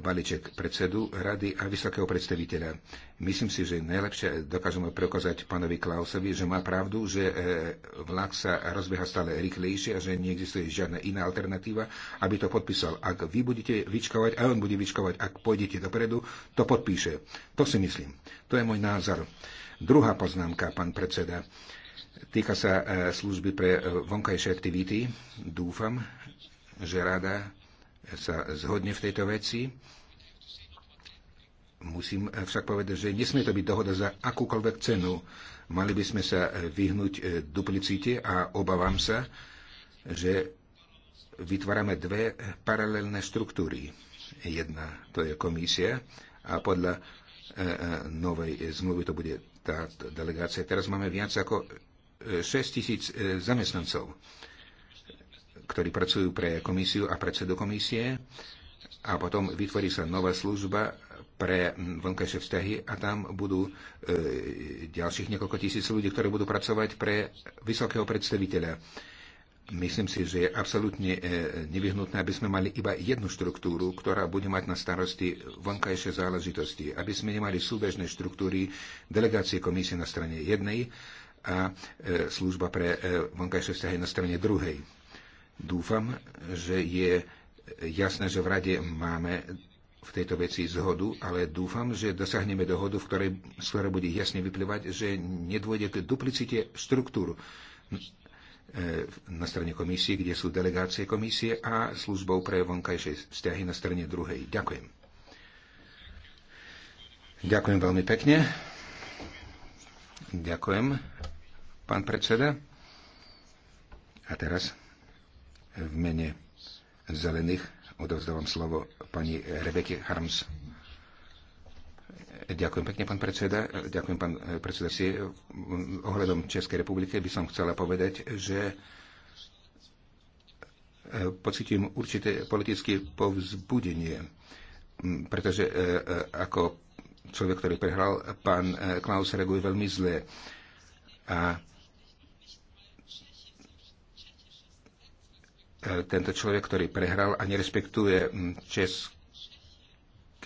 Speaker 1: balíček predsedu rady a vysokého predstaviteľa. Myslím si, že najlepšie dokážeme preukázať pánovi Klausovi, že má pravdu, že e, vlak sa rozbieha stále rýchlejšie a že neexistuje žiadna iná alternatíva, aby to podpísal. Ak vy budete vyčkovať a on bude vyčkovať, ak pôjdete dopredu, to podpíše. To si myslím. To je môj názor. Druhá poznámka, pán predseda, týka sa e, služby pre e, vonkajšie aktivity. Dúfam, že rada sa zhodne v tejto veci. Musím však povedať, že nesmie to byť dohoda za akúkoľvek cenu. Mali by sme sa vyhnúť e, duplicite a obávam sa, že vytvárame dve paralelné štruktúry. Jedna to je komisia a podľa novej zmluvy to bude tá delegácia. Teraz máme viac ako 6 e, tisíc e, zamestnancov, ktorí pracujú pre komisiu a predsedu komisie a potom vytvorí sa nová služba pre vonkajšie vzťahy a tam budú e, ďalších niekoľko tisíc ľudí, ktorí budú pracovať pre vysokého predstaviteľa. E, Myslím si, že je absolútne e, nevyhnutné, aby sme mali iba jednu štruktúru, ktorá bude mať na starosti vonkajšie záležitosti. Aby sme nemali súbežné štruktúry delegácie komisie na strane jednej a e, služba pre e, vonkajšie vzťahy na strane druhej. Dúfam, že je jasné, že v rade máme v tejto veci zhodu, ale dúfam, že dosiahneme dohodu, v ktorej, z ktorej bude jasne vyplývať, že nedôjde k duplicite štruktúr na strane komisie, kde sú delegácie komisie a službou pre vonkajšie vzťahy na strane druhej. Ďakujem. Ďakujem veľmi pekne. Ďakujem, pán predseda. A teraz v mene zelených odovzdávam slovo pani Rebeke Harms. Ďakujem pekne, pán predseda. Ďakujem, pán eh, predseda. Si ohľadom Českej republiky by som chcela povedať, že eh, pocitím určité politické povzbudenie, pretože eh, ako človek, ktorý prehral, pán Klaus reaguje veľmi zle. A tento človek, ktorý prehral a nerespektuje česk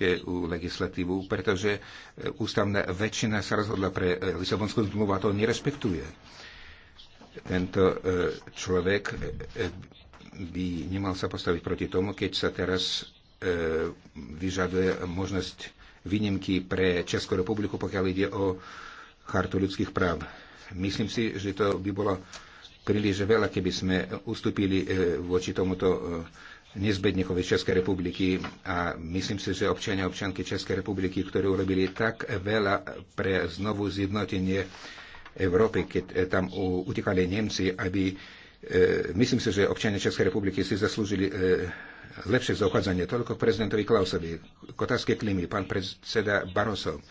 Speaker 1: EU legislatívu, pretože e, ústavná väčšina sa rozhodla pre e, Lisabonskú zmluvu a to nerespektuje. Tento e, človek by nemal sa postaviť proti tomu, keď sa teraz vyžaduje možnosť výnimky pre Českú republiku, pokiaľ ide o chartu ľudských práv. Myslím si, že to by bolo príliš veľa, keby sme ustúpili voči tomuto nezbedníkov Českej republiky a myslím si, že občania občanky Českej republiky, ktorí urobili tak veľa pre znovu zjednotenie Európy, keď e, tam utekali Nemci, aby e, myslím si, že občania Českej republiky si zaslúžili e, lepšie zaochádzanie. Toľko prezidentovi Klausovi. kotárske klímy. Pán predseda Barroso.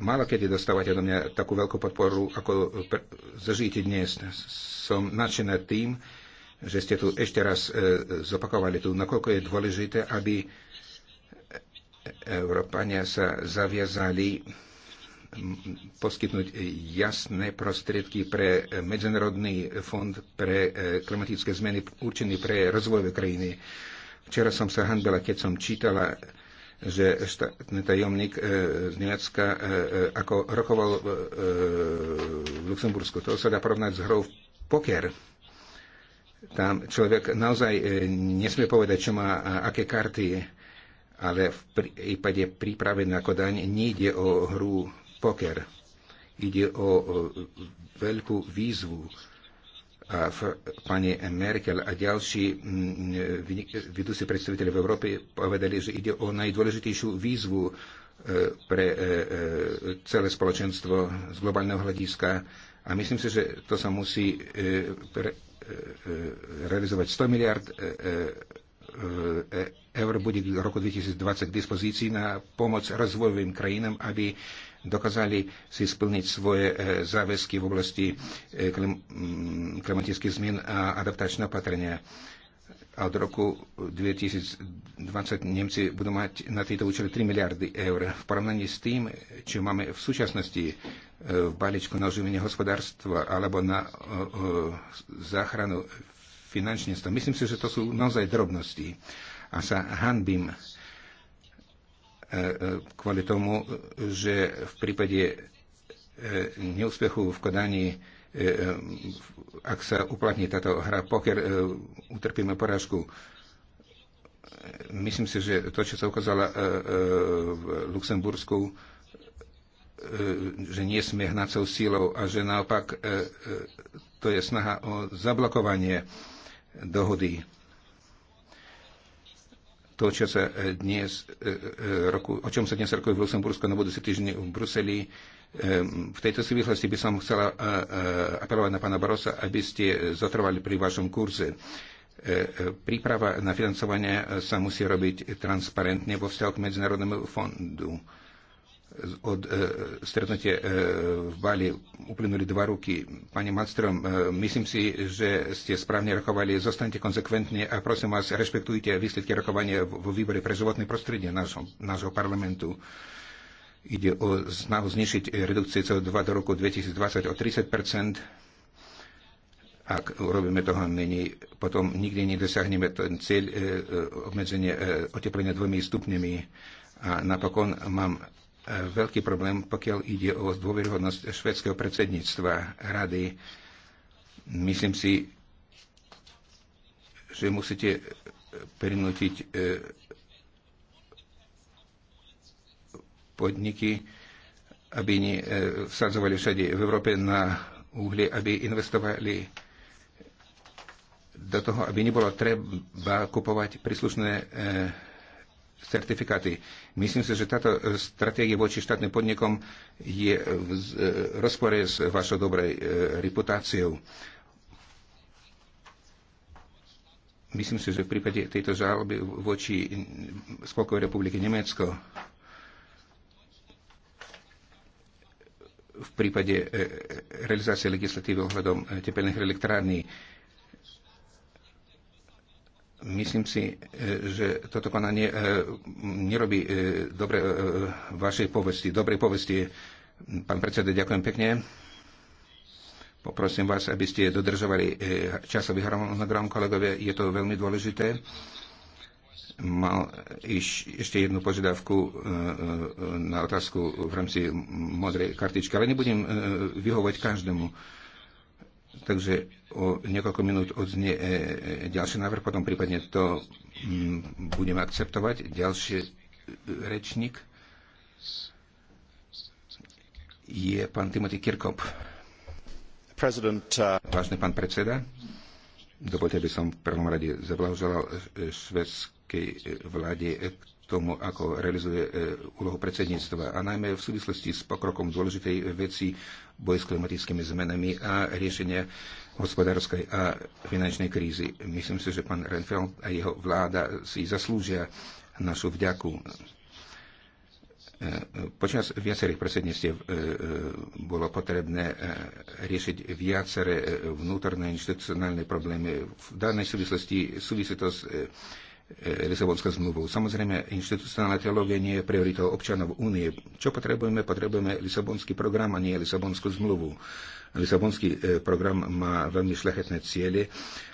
Speaker 1: Málo kedy dostávate do mňa takú veľkú podporu, ako zažijete dnes. Som nadšená tým, že ste tu ešte raz e, zopakovali tu, nakoľko je dôležité, aby Európania sa zaviazali poskytnúť jasné prostriedky pre Medzinárodný fond pre e, klimatické zmeny určený pre rozvojové krajiny. Včera som sa hanbila, keď som čítala, že štátny tajomník e, z Nemecka ako rokoval v Luxembursku. To sa dá porovnať s hrou v poker tam človek naozaj e, nesmie povedať, čo má a aké karty je. Ale v prípade príprave na kodaň nejde o hru poker. Ide o veľkú výzvu. A pani Merkel a ďalší mm, vedúci predstaviteľi v Európe povedali, že ide o najdôležitejšiu výzvu e, pre e, celé spoločenstvo z globálneho hľadiska. A myslím si, že to sa musí E, e, realizovať 100 miliard e, eur bude k roku 2020 k dispozícii na pomoc rozvojovým krajinám, aby dokázali si splniť svoje záväzky v oblasti klim mm, klimatických zmien a adaptačné opatrenia. A od roku 2020 Nemci budú mať na tieto účely 3 miliardy eur. V porovnaní s tým, čo máme v súčasnosti, v balíčku na oživenie hospodárstva alebo na záchranu finančníctva. Myslím si, že to sú naozaj drobnosti a sa hanbím e, e, kvôli tomu, že v prípade e, neúspechu v Kodani, ak sa uplatní táto hra poker, utrpíme porážku. Myslím si, že to, čo sa ukázalo v Luxembursku, E, že nie sme hnacou síľou a že naopak e, e, to je snaha o zablokovanie dohody. To, čo sa dnes, roku, o čom sa dnes rokuje v Luxembursku na budúci týždeň v Bruseli, v tejto súvislosti by som chcela apelovať na pána Barosa, aby ste zotrvali pri vašom kurze príprava na financovanie sa musí robiť transparentne vo vzťahu k Medzinárodnému fondu od e, stretnutia e, v Bali uplynuli dva roky. Pani e, myslím si, že ste správne rokovali. Zostaňte konsekventní a prosím vás, rešpektujte výsledky rokovania vo výbore pre životné prostredie nášho parlamentu. Ide o snahu znišiť redukcie CO2 do roku 2020 o 30 ak urobíme toho nyní, potom nikdy nedosiahneme ten cieľ e, e obmedzenie e, oteplenia dvomi stupňami. A napokon mám veľký problém, pokiaľ ide o dôveryhodnosť švedského predsedníctva rady. Myslím si, že musíte e, prinútiť e, podniky, aby ne e, vsadzovali všade v Európe na uhlie, aby investovali do toho, aby nebolo treba kupovať príslušné certifikáty. Myslím si, že táto e, stratégia voči štátnym podnikom je v e, rozpore s vašou dobrej e, reputáciou. Myslím si, že v prípade tejto žaloby voči Spolkovej republiky Nemecko v prípade realizácie legislatívy ohľadom tepelných elektrární Myslím si, e, že toto konanie e, nerobí e, dobre vašej povesti, dobrej povesti. Pán predseda, ďakujem pekne. Poprosím vás, aby ste dodržovali časový harmonogram, kolegovia, je to veľmi dôležité. Mal ešte jednu požiadavku na otázku v rámci modrej kartičky, ale nebudem vyhovať každému. Takže o niekoľko minút odznie e, e, ďalší návrh, potom prípadne to m, mm, budeme akceptovať. Ďalší e, rečník je pán Timothy Kirkop. Uh... Vážny pán predseda, dovolte, aby som v prvom rade zablahoželal e, švedskej e, vláde tomu, ako realizuje e, úlohu predsedníctva a najmä v súvislosti s pokrokom dôležitej veci boj s klimatickými zmenami a riešenia hospodárskej a finančnej krízy. Myslím si, že pán Renfeld a jeho vláda si zaslúžia našu vďaku. E, počas viacerých predsedníctiev e, bolo potrebné riešiť viaceré vnútorné inštitucionálne problémy. V danej súvislosti súvisí to s E, Lisabonskou zmluvou. Samozrejme, inštitucionálna teológia nie je prioritou občanov únie. Čo potrebujeme? Potrebujeme Lisabonský program a nie Lisabonskú zmluvu. Lisabonský e, program má veľmi šlechetné ciele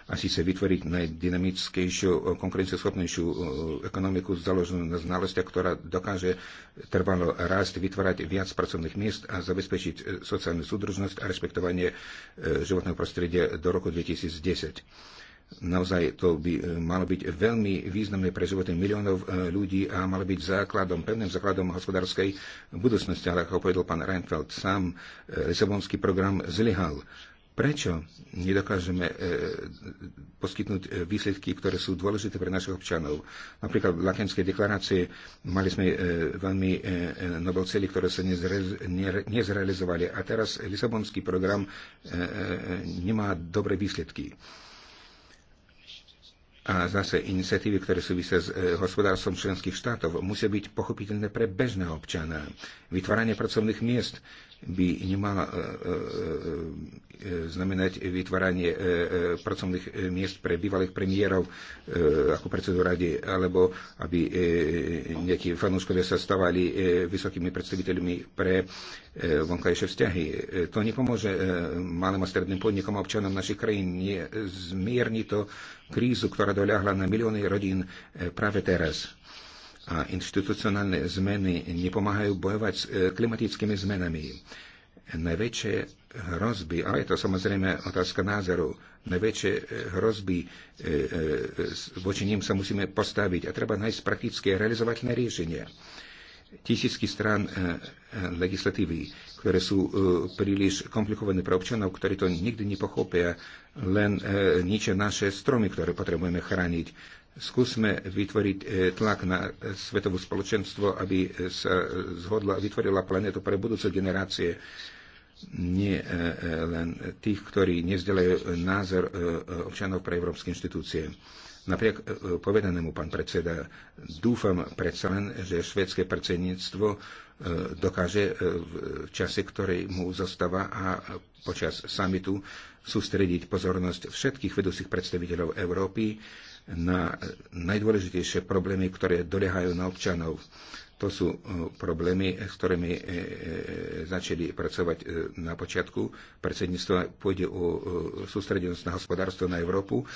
Speaker 1: a sa vytvoriť najdynamickejšiu, e, konkurencieschopnejšiu ekonomiku založenú na znalostiach, ktorá dokáže trvalo rásť, vytvárať viac pracovných miest a zabezpečiť sociálnu súdržnosť a rešpektovanie životného prostredia do roku 2010 Naozaj to by e, malo byť veľmi významné pre životy miliónov e, ľudí a malo byť základom, pevným základom hospodárskej budúcnosti. Ale ako povedal pán Reinfeldt, sám e, Lisabonský program zlyhal. Prečo nedokážeme poskytnúť výsledky, ktoré sú dôležité pre našich občanov? Napríklad v Lakenskej deklarácii mali sme veľmi nové cely, ktoré sa nezrealizovali a teraz Lisabonský program nemá dobré výsledky a zase iniciatívy, ktoré súvisia s e, hospodárstvom členských štátov, musia byť pochopiteľné pre bežného občana. Vytváranie pracovných miest, by nemala e, e, e, znamenať vytváranie pracovných miest pre bývalých premiérov ako predsedu rady, alebo aby nejakí fanúškovia sa stávali vysokými predstaviteľmi pre vonkajšie vzťahy. To nepomôže malým a stredným podnikom a občanom našich krajín. Zmierni to krízu, ktorá doľahla na milióny rodín práve teraz a institucionálne zmeny nepomáhajú bojovať s e, klimatickými zmenami. Najväčšie hrozby, ale je to samozrejme otázka názoru, najväčšie e, hrozby, e, voči ním sa musíme postaviť a treba nájsť praktické realizovateľné riešenie. Tisícky strán legislatívy, ktoré sú príliš komplikované pre občanov, ktorí to nikdy nepochopia, len ničia naše stromy, ktoré potrebujeme chrániť skúsme vytvoriť e, tlak na e, svetovú spoločenstvo, aby e, sa zhodla, vytvorila planetu pre budúce generácie nie len tých, ktorí nezdelajú názor občanov pre európske inštitúcie. Napriek povedanému, pán predseda, dúfam predsa len, že švedské predsedníctvo dokáže v čase, ktorý mu zostáva a počas samitu sústrediť pozornosť všetkých vedúcich predstaviteľov Európy na najdôležitejšie problémy, ktoré doliehajú na občanov. To sú e, problémy, e, s ktorými e, začali pracovať na počiatku Predsedníctvo Pôjde o sústredenosť na hospodárstvo, na Európu,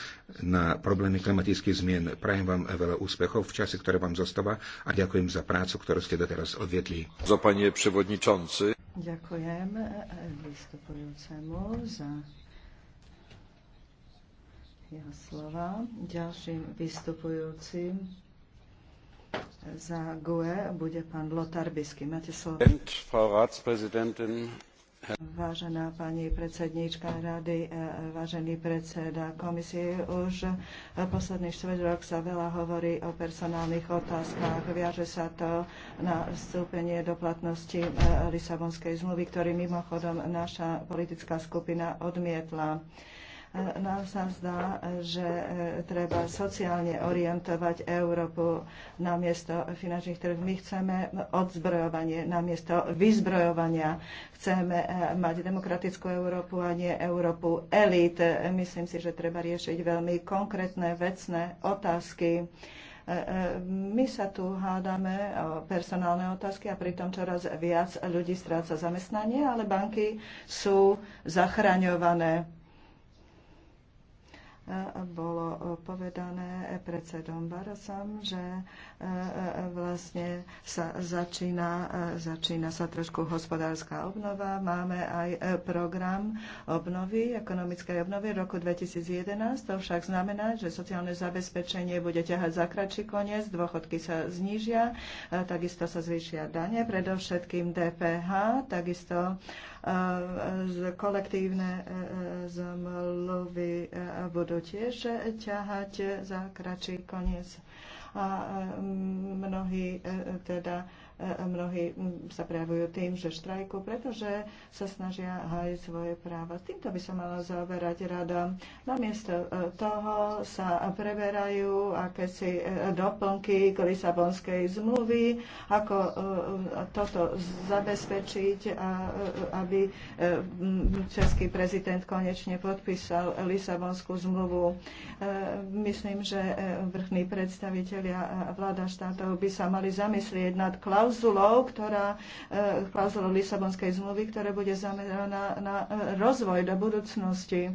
Speaker 1: na problémy klimatických zmien. Prajem vám veľa úspechov v čase, ktoré vám zostáva a ďakujem za prácu, ktorú ste doteraz odvietli. Za panie przewodniczący.
Speaker 2: Ďakujem vystupujúcemu za jeho slova. Ďalším vystupujúcim za GUE bude pán Lotar Bisky. Máte slovo. Vážená pani predsedníčka rady, eh, vážený predseda komisie, už posledný štvrť rok sa veľa hovorí o personálnych otázkach. Viaže sa to na vstúpenie do platnosti eh, Lisabonskej zmluvy, ktorý mimochodom naša politická skupina odmietla. Nám sa zdá, že e, treba sociálne orientovať Európu na miesto finančných trhov. My chceme odzbrojovanie na miesto vyzbrojovania. Chceme e, mať demokratickú Európu a nie Európu elít. Myslím si, že treba riešiť veľmi konkrétne vecné otázky e, my sa tu hádame o personálne otázky a pritom čoraz viac ľudí stráca zamestnanie, ale banky sú zachraňované bolo povedané predsedom Barasom, že e, e, vlastne sa začína, e, začína sa trošku hospodárska obnova. Máme aj program obnovy, ekonomickej obnovy roku 2011. To však znamená, že sociálne zabezpečenie bude ťahať za kračí koniec, dôchodky sa znížia, takisto sa zvýšia dane, predovšetkým DPH, takisto kolektívne e, e, zmluvy e, budú tiež ťahať za kračí koniec. A mnohí teda E, mnohí sa prejavujú tým, že štrajkujú, pretože sa snažia hájiť svoje práva. Týmto by sa mala zaoberať rada. Namiesto e, toho sa preberajú akési e, doplnky k Lisabonskej zmluvy, ako toto zabezpečiť, aby český prezident konečne podpísal Lisabonskú zmluvu. Myslím, že vrchní predstavitelia vláda štátov by sa mali zamyslieť nad klauzulou, klauzulou, ktorá, e, klauzulou Lisabonskej zmluvy, ktorá bude zameraná na e, rozvoj do budúcnosti e,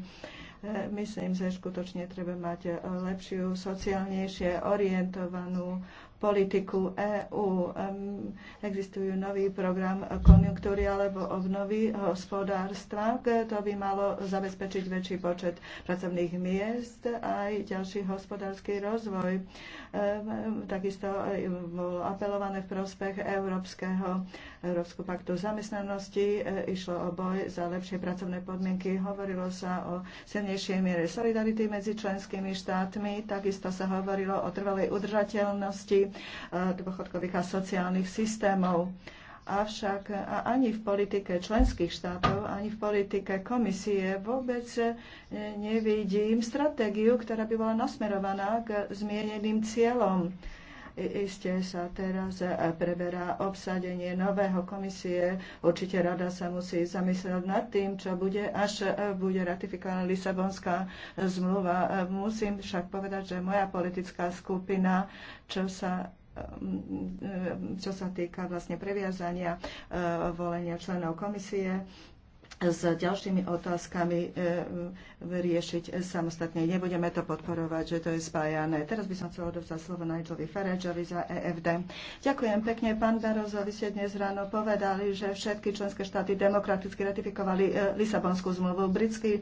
Speaker 2: myslím, že skutočne treba mať lepšiu, sociálnejšie orientovanú politiku EÚ. Existujú nový program konjunktúry alebo obnovy hospodárstva. To by malo zabezpečiť väčší počet pracovných miest a aj ďalší hospodársky rozvoj. Ehm, takisto bolo apelované v prospech Európskeho, Európskeho paktu zamestnanosti. E, išlo o boj za lepšie pracovné podmienky. Hovorilo sa o silnejšej miere solidarity medzi členskými štátmi. Takisto sa hovorilo o trvalej udržateľnosti e, dôchodkových a sociálnych systémov. Avšak ani v politike členských štátov, ani v politike komisie vôbec e, nevidím stratégiu, ktorá by bola nasmerovaná k zmieneným cieľom. Isté sa teraz e, preberá obsadenie nového komisie. Určite rada sa musí zamyslieť nad tým, čo bude, až e, bude ratifikovaná Lisabonská zmluva. Musím však povedať, že moja politická skupina, čo sa čo sa týka vlastne previazania eh, volenia členov komisie s ďalšími otázkami e, riešiť samostatne. Nebudeme to podporovať, že to je spájané. Teraz by som chcel odovzdať slovo Nigelovi Farageovi za EFD. Ďakujem pekne, pán Barozo. Vy ste dnes ráno povedali, že všetky členské štáty demokraticky ratifikovali e, Lisabonskú zmluvu. Britskí e,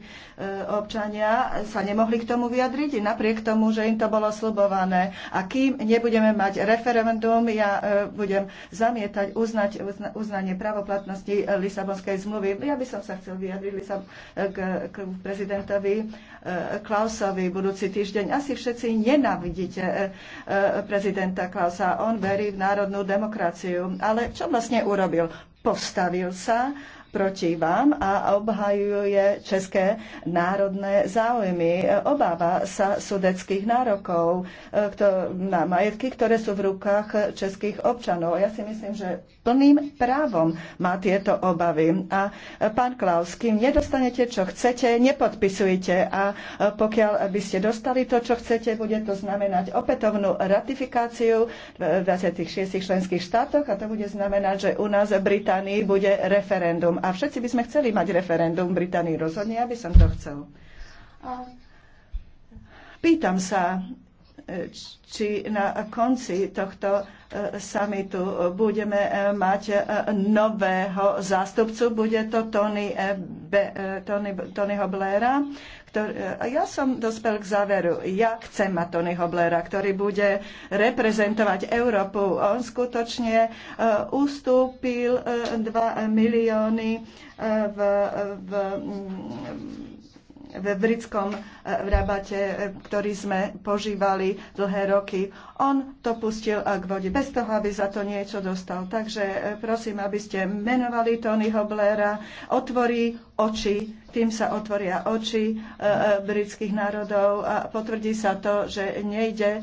Speaker 2: občania sa nemohli k tomu vyjadriť, napriek tomu, že im to bolo slubované. A kým nebudeme mať referendum, ja budem zamietať uznať, uznanie pravoplatnosti Lisabonskej zmluvy. Ja by som sa sa chcel vyjadriť sa e, k, k prezidentovi e, Klausovi budúci týždeň. Asi všetci nenávidíte e, prezidenta Klausa. On verí v národnú demokraciu. Ale čo vlastne urobil? Postavil sa proti vám a obhajuje české národné záujmy. Obáva sa sudeckých nárokov e, na majetky, ktoré sú v rukách českých občanov. Ja si myslím, že plným právom má tieto obavy. A e, pán Klaus, kým nedostanete, čo chcete, nepodpisujte. A e, pokiaľ by ste dostali to, čo chcete, bude to znamenať opätovnú ratifikáciu v 26 členských štátoch a to bude znamenať, že u nás v Británii bude referendum. A všetci by sme chceli mať referendum v Británii. Rozhodne, ja by som to chcel. pýtam sa, e, či na konci tohto e, samitu budeme e, mať nového zástupcu. Bude to Tony, Tony, Tonyho Blaira, Ktor, ja som dospel k záveru. Ja chcem mať Tonyho Blaira, ktorý bude reprezentovať Európu. On skutočne e, ustúpil 2 e, milióny e, v, v v britskom rabate, ktorý sme požívali dlhé roky. On to pustil a k vode, bez toho, aby za to niečo dostal. Takže prosím, aby ste menovali Tonyho Blaira, otvorí oči, tým sa otvoria oči e, e, britských národov a potvrdí sa to, že nejde e,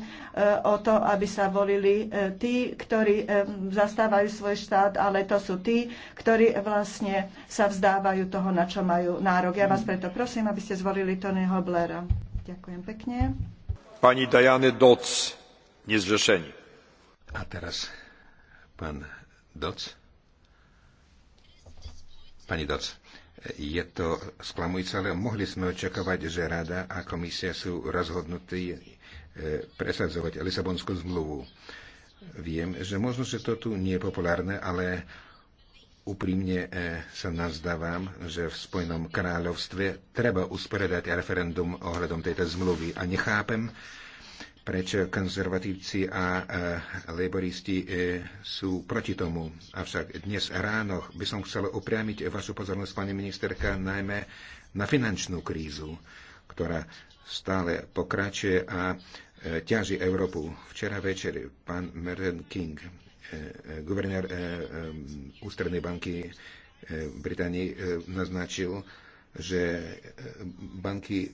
Speaker 2: o to, aby sa volili tí, ktorí zastávajú svoj štát, ale to sú tí, ktorí vlastne sa vzdávajú toho, na čo majú nárok. Ja vás preto prosím, aby ste zvolili Tonyho Blaira. Ďakujem pekne.
Speaker 1: Pani Diane Doc, nezrešení. A teraz pán Doc. Pani Doc je to sklamujúce, ale mohli sme očakávať, že Rada a komisia sú rozhodnutí e, presadzovať Lisabonskú zmluvu. Viem, že možno, že to tu nie je populárne, ale úprimne e, sa nazdávam, že v Spojenom kráľovstve treba usporiadať referendum ohľadom tejto zmluvy a nechápem, prečo konzervatívci a e, laboristi e, sú proti tomu. Avšak dnes ráno by som chcel upriamiť vašu pozornosť, pani ministerka, najmä na finančnú krízu, ktorá stále pokračuje a e, ťaží Európu. Včera večer pán Merton King, guvernér Ústrednej banky Británii, naznačil, že banky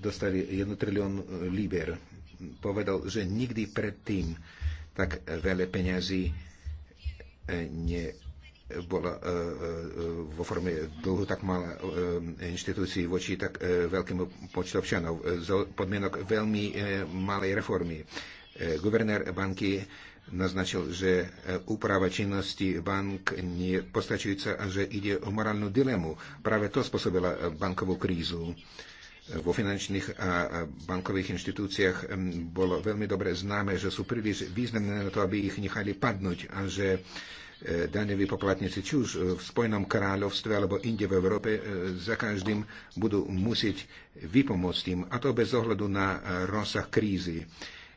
Speaker 1: dostali 1 trilión liber. Povedal, že nikdy predtým tak veľa peňazí uh, vo forme dlhu tak uh, inštitúcií voči tak veľkému počtu občanov z podmienok veľmi malej reformy. Guvernér banky naznačil, že úprava činnosti bank nie postačujúca a že ide o morálnu dilemu. Práve to spôsobila bankovú krízu vo finančných a bankových inštitúciách bolo veľmi dobre známe, že sú príliš významné na to, aby ich nechali padnúť a že e, daňoví poplatníci, či už v Spojenom kráľovstve alebo inde v Európe, e, za každým budú musieť vypomôcť im, a to bez ohľadu na e, rozsah krízy.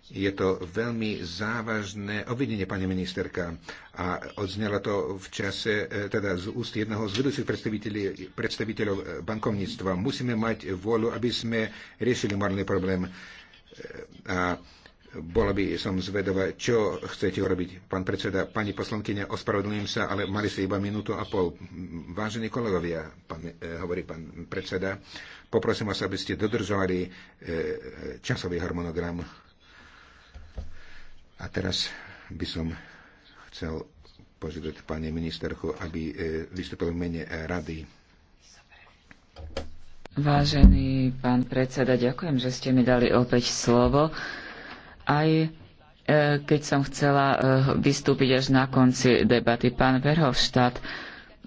Speaker 1: Je to veľmi závažné obvinenie, pani ministerka. A odznelo to v čase, e, teda z úst jedného z vedúcich predstaviteľov, predstaviteľov bankovníctva. Musíme mať vôľu, aby sme riešili morálny problém. E, a bola by som zvedová, čo chcete urobiť, pán predseda. Pani poslankyňa, ospravedlňujem sa, ale mali ste iba minútu a pol. Vážení kolegovia, pán, e, hovorí pán predseda, poprosím vás, aby ste dodržovali časový harmonogram. A teraz by som chcel požiadať pani ministerku, aby e, vystúpil v mene e, rady.
Speaker 3: Vážený pán predseda, ďakujem, že ste mi dali opäť slovo. Aj e, keď som chcela vystúpiť až na konci debaty, pán Verhofstadt.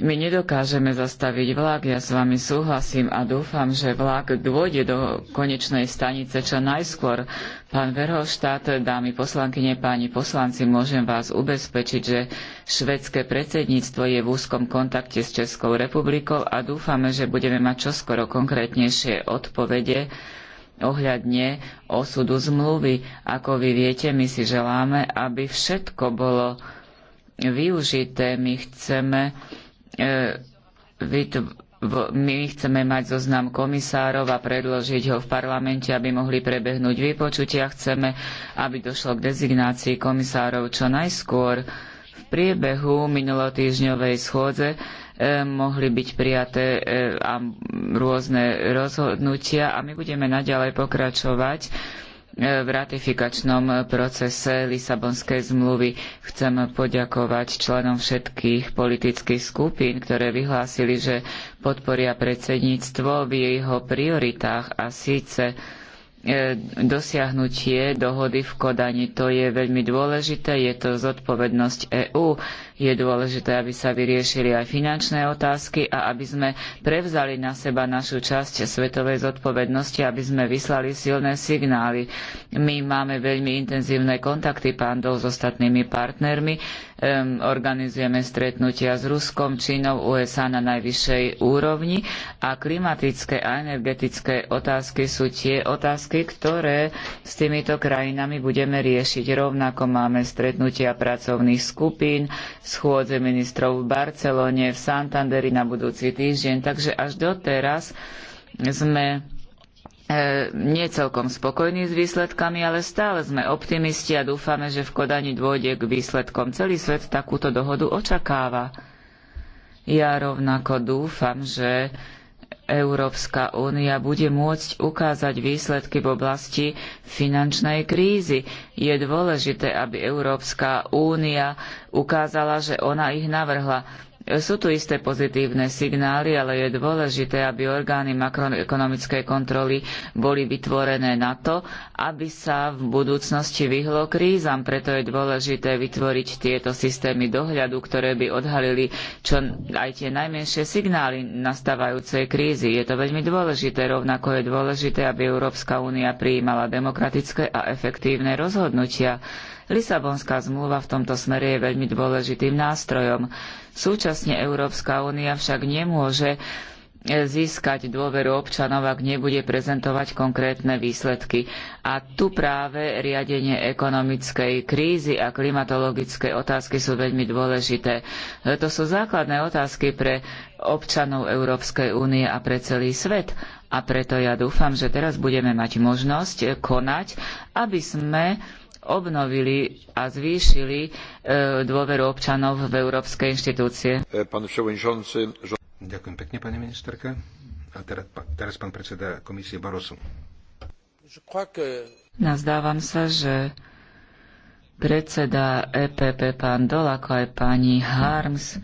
Speaker 3: My nedokážeme zastaviť vlak, ja s vami súhlasím a dúfam, že vlak dôjde do konečnej stanice čo najskôr. Pán Verhofštát, dámy poslankyne, páni poslanci, môžem vás ubezpečiť, že švedské predsedníctvo je v úzkom kontakte s Českou republikou a dúfame, že budeme mať čoskoro konkrétnejšie odpovede ohľadne osudu zmluvy. Ako vy viete, my si želáme, aby všetko bolo využité. My chceme E, my chceme mať zoznam komisárov a predložiť ho v parlamente, aby mohli prebehnúť vypočutia. Chceme, aby došlo k dezignácii komisárov čo najskôr. V priebehu minulotýžňovej schôdze e, mohli byť prijaté e, a rôzne rozhodnutia a my budeme naďalej pokračovať E, v ratifikačnom procese Lisabonskej zmluvy. Chcem poďakovať členom všetkých politických skupín, ktoré vyhlásili, že podporia predsedníctvo v jeho prioritách a síce E, dosiahnutie dohody v Kodani. To je veľmi dôležité, je to zodpovednosť EÚ. Je dôležité, aby sa vyriešili aj finančné otázky a aby sme prevzali na seba našu časť svetovej zodpovednosti, aby sme vyslali silné signály. My máme veľmi intenzívne kontakty pánov s ostatnými partnermi um, organizujeme stretnutia s Ruskom, Čínou, USA na najvyššej úrovni a klimatické a energetické otázky sú tie otázky, ktoré s týmito krajinami budeme riešiť. Rovnako máme stretnutia pracovných skupín, schôdze ministrov v Barcelone, v Santanderi na budúci týždeň, takže až doteraz sme E, nie celkom spokojní s výsledkami, ale stále sme optimisti a dúfame, že v Kodani dôjde k výsledkom. Celý svet takúto dohodu očakáva. Ja rovnako dúfam, že Európska únia bude môcť ukázať výsledky v oblasti finančnej krízy. Je dôležité, aby Európska únia ukázala, že ona ich navrhla. Sú tu isté pozitívne signály, ale je dôležité, aby orgány makroekonomickej kontroly boli vytvorené na to, aby sa v budúcnosti vyhlo krízam. Preto je dôležité vytvoriť tieto systémy dohľadu, ktoré by odhalili čo aj tie najmenšie signály nastávajúcej krízy. Je to veľmi dôležité. Rovnako je dôležité, aby Európska únia prijímala demokratické a efektívne rozhodnutia. Lisabonská zmluva v tomto smere je veľmi dôležitým nástrojom. Súčasne Európska únia však nemôže získať dôveru občanov, ak nebude prezentovať konkrétne výsledky. A tu práve riadenie ekonomickej krízy a klimatologické otázky sú veľmi dôležité. To sú základné otázky pre občanov Európskej únie a pre celý svet. A preto ja dúfam, že teraz budeme mať možnosť konať, aby sme obnovili a zvýšili e, dôveru občanov v európske inštitúcie.
Speaker 1: E, Ďakujem pekne, pani ministerka. A teraz, teraz pán predseda komisie Barosu.
Speaker 3: Nazdávam no, sa, že predseda EPP pán Dol, ako aj pani Harms,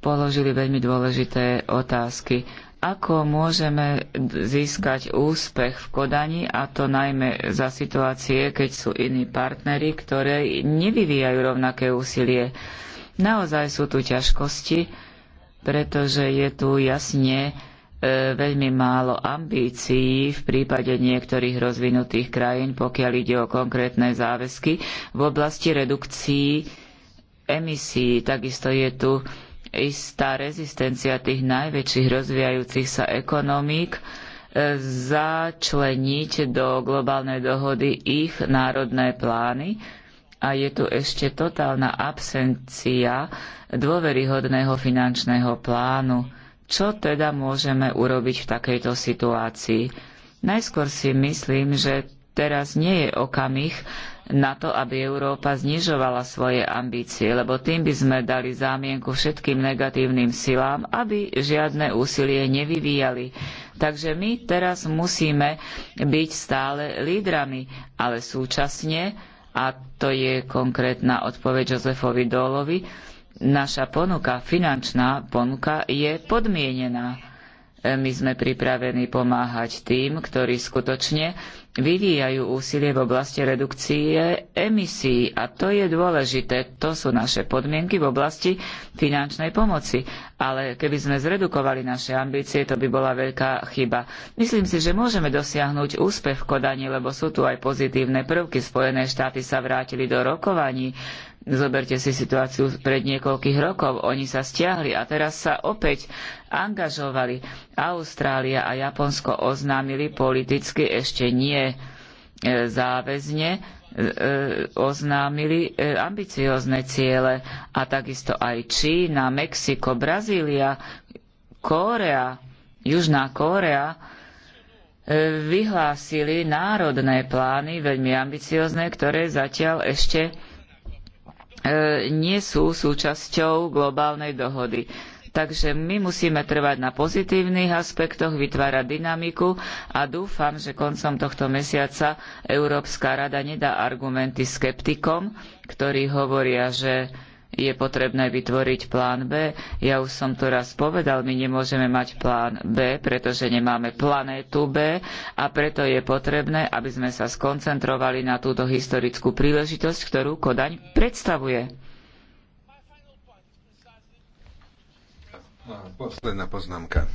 Speaker 3: položili veľmi dôležité otázky. Ako môžeme získať úspech v Kodani, a to najmä za situácie, keď sú iní partnery, ktoré nevyvíjajú rovnaké úsilie? Naozaj sú tu ťažkosti, pretože je tu jasne e, veľmi málo ambícií v prípade niektorých rozvinutých krajín, pokiaľ ide o konkrétne záväzky v oblasti redukcií emisí. Takisto je tu istá rezistencia tých najväčších rozvíjajúcich sa ekonomík e, začleniť do globálnej dohody ich národné plány a je tu ešte totálna absencia dôveryhodného finančného plánu. Čo teda môžeme urobiť v takejto situácii? Najskôr si myslím, že teraz nie je okamih na to, aby Európa znižovala svoje ambície, lebo tým by sme dali zámienku všetkým negatívnym silám, aby žiadne úsilie nevyvíjali. Takže my teraz musíme byť stále lídrami, ale súčasne, a to je konkrétna odpoveď Jozefovi Dolovi, naša ponuka, finančná ponuka je podmienená. E, my sme pripravení pomáhať tým, ktorí skutočne vyvíjajú úsilie v oblasti redukcie emisí a to je dôležité. To sú naše podmienky v oblasti finančnej pomoci. Ale keby sme zredukovali naše ambície, to by bola veľká chyba. Myslím si, že môžeme dosiahnuť úspech v Kodani, lebo sú tu aj pozitívne prvky. Spojené štáty sa vrátili do rokovaní Zoberte si situáciu pred niekoľkých rokov. Oni sa stiahli a teraz sa opäť angažovali. Austrália a Japonsko oznámili politicky ešte nie e, záväzne e, e, oznámili ambiciozne ciele a takisto aj Čína, Mexiko, Brazília, Kórea, Južná Kórea vyhlásili národné plány veľmi ambiciozne, ktoré zatiaľ ešte E, nie sú súčasťou globálnej dohody. Takže my musíme trvať na pozitívnych aspektoch, vytvárať dynamiku a dúfam, že koncom tohto mesiaca Európska rada nedá argumenty skeptikom, ktorí hovoria, že je potrebné vytvoriť plán B. Ja už som to raz povedal, my nemôžeme mať plán B, pretože nemáme planétu B a preto je potrebné, aby sme sa skoncentrovali na túto historickú príležitosť, ktorú Kodaň predstavuje.
Speaker 1: Posledná poznámka.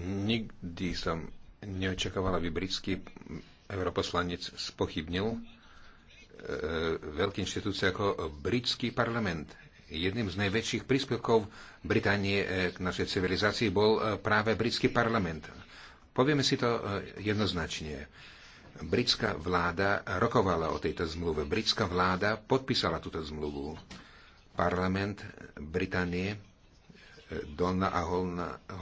Speaker 1: Nikdy som neočakovala, aby britský europoslanec spochybnil e, veľké inštitúcie ako britský parlament. Jedným z najväčších príspevkov Británie e, k našej civilizácii bol e, práve britský parlament. Povieme si to e, jednoznačne. Britská vláda rokovala o tejto zmluve. Britská vláda podpísala túto zmluvu. Parlament Británie, Dolná a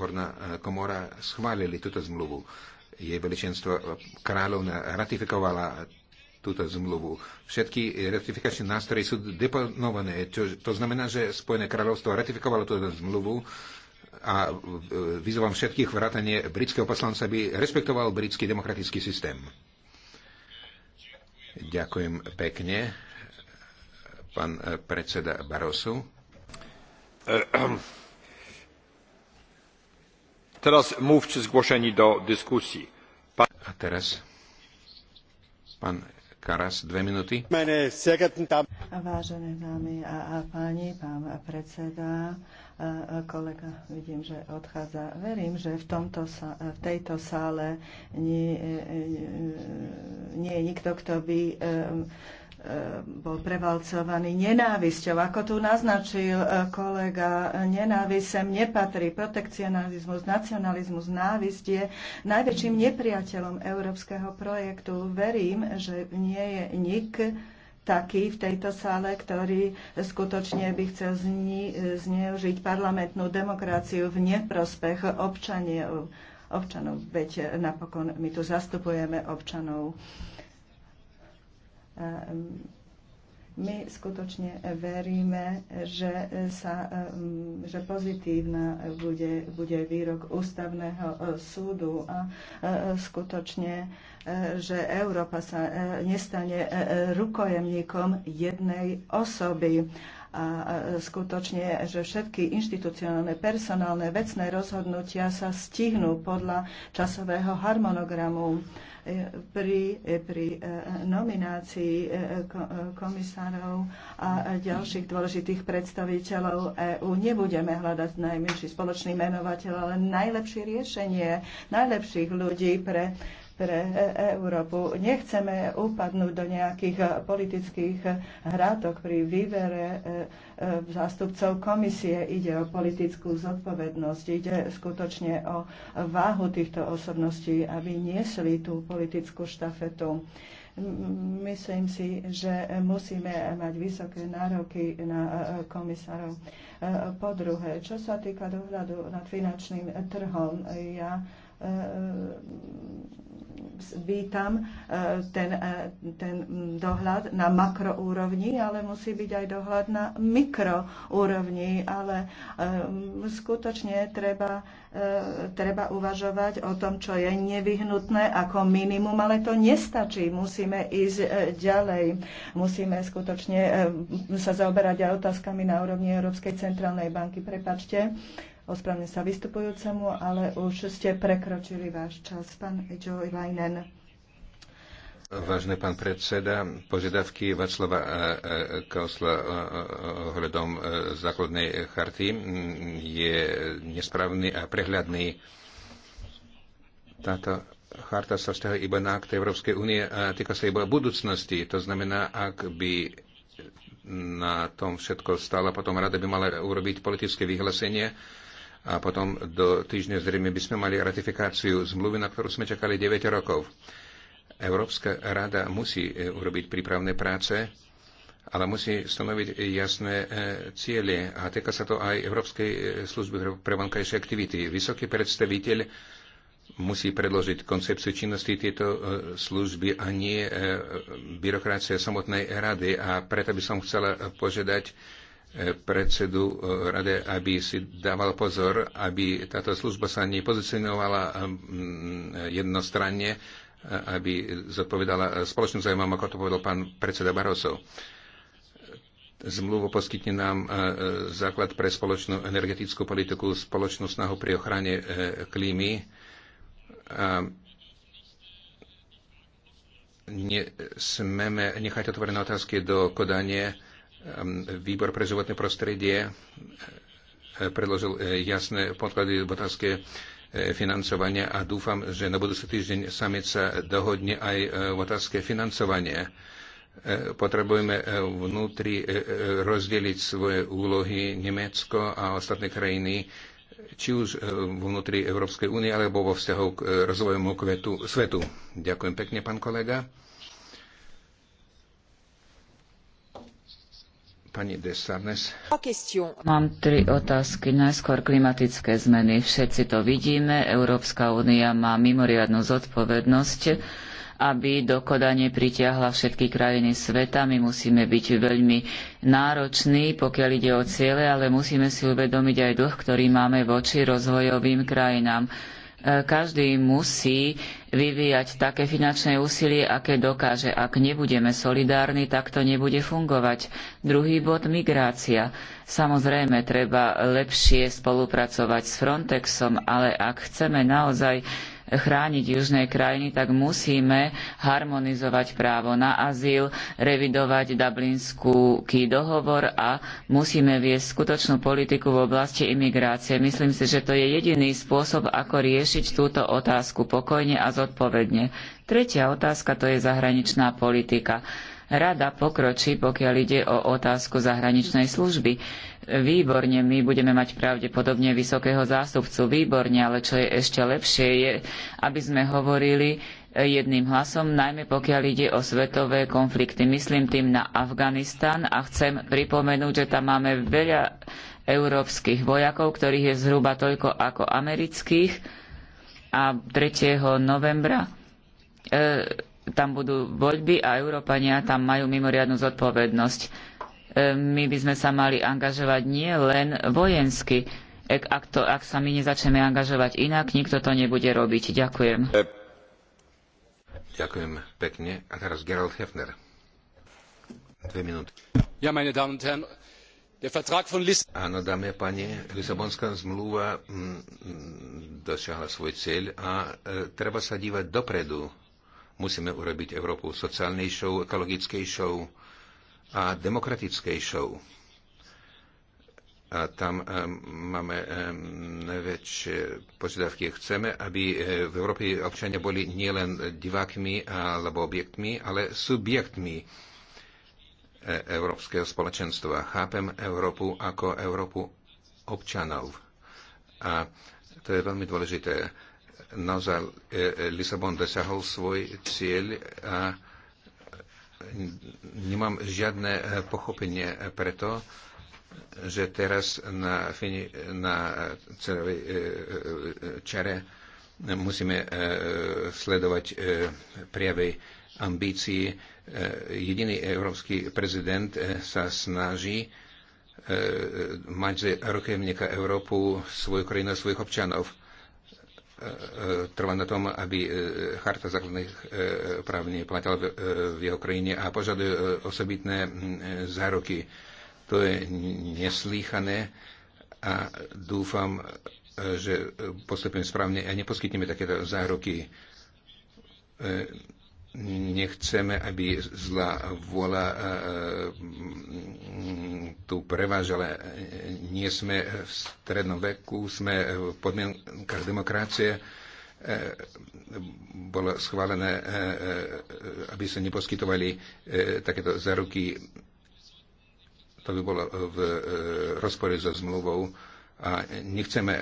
Speaker 1: Horná komora schválili túto zmluvu jej veličenstvo kráľovna ratifikovala túto zmluvu. Všetky ratifikačné nástroje sú deponované. Čo, to znamená, že Spojené kráľovstvo ratifikovalo túto zmluvu a e, vyzývam všetkých vrátanie britského poslanca, aby respektoval britský demokratický systém. Ďakujem pekne, pán e, predseda Barosu. Teraz mluvči zgłoszeni do dyskusji. Pan... A teraz pan Karas, dve
Speaker 2: Vážené dámy a, a páni, pán predseda, kolega, vidím, že odchádza. Verím, že v, tomto, v tejto sále nie, e, nie je nikto, kto by e, E, bol prevalcovaný nenávisťou. Ako tu naznačil e, kolega, nenávisť sem nepatrí. Protekcionalizmus, nacionalizmus, návisť je najväčším nepriateľom európskeho projektu. Verím, že nie je nik taký v tejto sále, ktorý skutočne by chcel zni- zneužiť parlamentnú demokraciu v neprospech občanov. občanov. Veď napokon my tu zastupujeme občanov. Ehm, my skutočne veríme, že, e, sa, ehm, že pozitívna bude, bude výrok ústavného e, súdu a e, skutočne, že Európa sa nestane rukojemníkom jednej osoby a skutočne, že všetky inštitucionálne, personálne, vecné rozhodnutia sa stihnú podľa časového harmonogramu pri, pri e, nominácii e, komisárov a ďalších dôležitých predstaviteľov EÚ nebudeme hľadať najmenší spoločný menovateľ, ale najlepšie riešenie najlepších ľudí pre pre e- Európu. Nechceme upadnúť do nejakých politických hrátok pri výbere e, e, zástupcov komisie. Ide o politickú zodpovednosť, ide skutočne o váhu týchto osobností, aby niesli tú politickú štafetu. Myslím si, že musíme mať vysoké nároky na komisárov. Po druhé, čo sa týka dohľadu nad finančným trhom, ja E, e, vítam e, ten, ten dohľad na makroúrovni, ale musí byť aj dohľad na mikroúrovni, ale skutočne treba, treba uvažovať o tom, čo je nevyhnutné ako minimum, ale to nestačí. Musíme ísť ďalej. Musíme skutočne sa zaoberať aj otázkami na úrovni Európskej centrálnej banky. Prepačte Ospravne sa vystupujúcemu, ale už ste prekročili váš čas. Pán Joe Leinen.
Speaker 1: Vážne pán predseda, požiadavky Václava e, e, Kausla e, ohľadom základnej charty je nesprávny a prehľadný. Táto charta sa vzťahuje iba na akt Európskej únie a týka sa iba budúcnosti. To znamená, ak by na tom všetko stalo, potom rada by mala urobiť politické vyhlásenie, a potom do týždňa zrejme by sme mali ratifikáciu zmluvy, na ktorú sme čakali 9 rokov. Európska rada musí e, urobiť prípravné práce, ale musí stanoviť jasné e, ciele a týka sa to aj Európskej e, služby pre vonkajšie aktivity. Vysoký predstaviteľ musí predložiť koncepciu činnosti tejto služby a nie byrokracie samotnej rady. A preto by som chcela požiadať E, predsedu e, rade, aby si dával pozor, aby táto služba sa nepozicionovala e, jednostranne, aby zodpovedala spoločným zájmom, ako to povedal pán predseda Barosov. Zmluvo poskytne nám základ pre spoločnú energetickú politiku, spoločnú snahu pri ochrane klímy. A nechať otvorené otázky do kodania Ehm, výbor pre životné prostredie eh, predložil eh, jasné podklady v otázke eh, financovania a dúfam, že na budúci týždeň samiť sa dohodne aj v otázke financovania. Potrebujeme vnútri rozdeliť svoje úlohy Nemecko a ostatné krajiny, či už vnútri Európskej únie alebo vo vzťahu k rozvojomu kvetu, svetu. Ďakujem pekne, pán kolega. Pani Desarnes.
Speaker 3: Mám tri otázky. Najskôr klimatické zmeny. Všetci to vidíme. Európska únia má mimoriadnu zodpovednosť, aby do Kodane pritiahla všetky krajiny sveta. My musíme byť veľmi nároční, pokiaľ ide o ciele, ale musíme si uvedomiť aj dlh, ktorý máme voči rozvojovým krajinám každý musí vyvíjať také finančné úsilie, aké dokáže. Ak nebudeme solidárni, tak to nebude fungovať. Druhý bod migrácia. Samozrejme, treba lepšie spolupracovať s Frontexom, ale ak chceme naozaj chrániť južné krajiny, tak musíme harmonizovať právo na azyl, revidovať Dublinský dohovor a musíme viesť skutočnú politiku v oblasti imigrácie. Myslím si, že to je jediný spôsob, ako riešiť túto otázku pokojne a zodpovedne. Tretia otázka to je zahraničná politika rada pokročí, pokiaľ ide o otázku zahraničnej služby. Výborne, my budeme mať pravdepodobne vysokého zástupcu, výborne, ale čo je ešte lepšie, je, aby sme hovorili jedným hlasom, najmä pokiaľ ide o svetové konflikty. Myslím tým na Afganistan a chcem pripomenúť, že tam máme veľa európskych vojakov, ktorých je zhruba toľko ako amerických. A 3. novembra e, tam budú voľby a Európania tam majú mimoriadnu zodpovednosť. E, my by sme sa mali angažovať nie len vojensky. Ak, to, ak sa my nezačneme angažovať inak, nikto to nebude robiť. Ďakujem.
Speaker 1: E, ďakujem pekne. A teraz Gerald Hefner. Dve minúty. Ja, meine Damen und Herren, der Vertrag von Lis Áno, dámy a Lisabonská zmluva m, mm, mm, dosiahla svoj cieľ a e, treba sa dívať dopredu Musíme urobiť Európu sociálnejšou, ekologickejšou a demokratickejšou. A tam e, máme e, najväčšie požiadavky. Chceme, aby e, v Európe občania boli nielen divákmi alebo objektmi, ale subjektmi Európskeho spoločenstva. Chápem Európu ako Európu občanov. A to je veľmi dôležité naozaj e, e, Lisabon dosahol svoj cieľ a nemám žiadne e, pochopenie preto, že teraz na, fini, na celovej čare musíme sledovať prijavej ambícii. Jediný európsky prezident sa snaží mať za rukojemníka Európu, svoju krajinu, svojich občanov E, e, trvá na tom, aby e, Charta základných práv neplatila v jeho krajine a požaduje osobitné zároky. To je neslýchané a dúfam, že postupujeme správne a neposkytneme takéto zároky nechceme, aby zlá vôľa e, e, tu prevážala. Nie sme v strednom veku, sme v podmienkach demokracie. E, bolo schválené, aby sa neposkytovali takéto záruky. To by bolo v rozpore so zmluvou a nechceme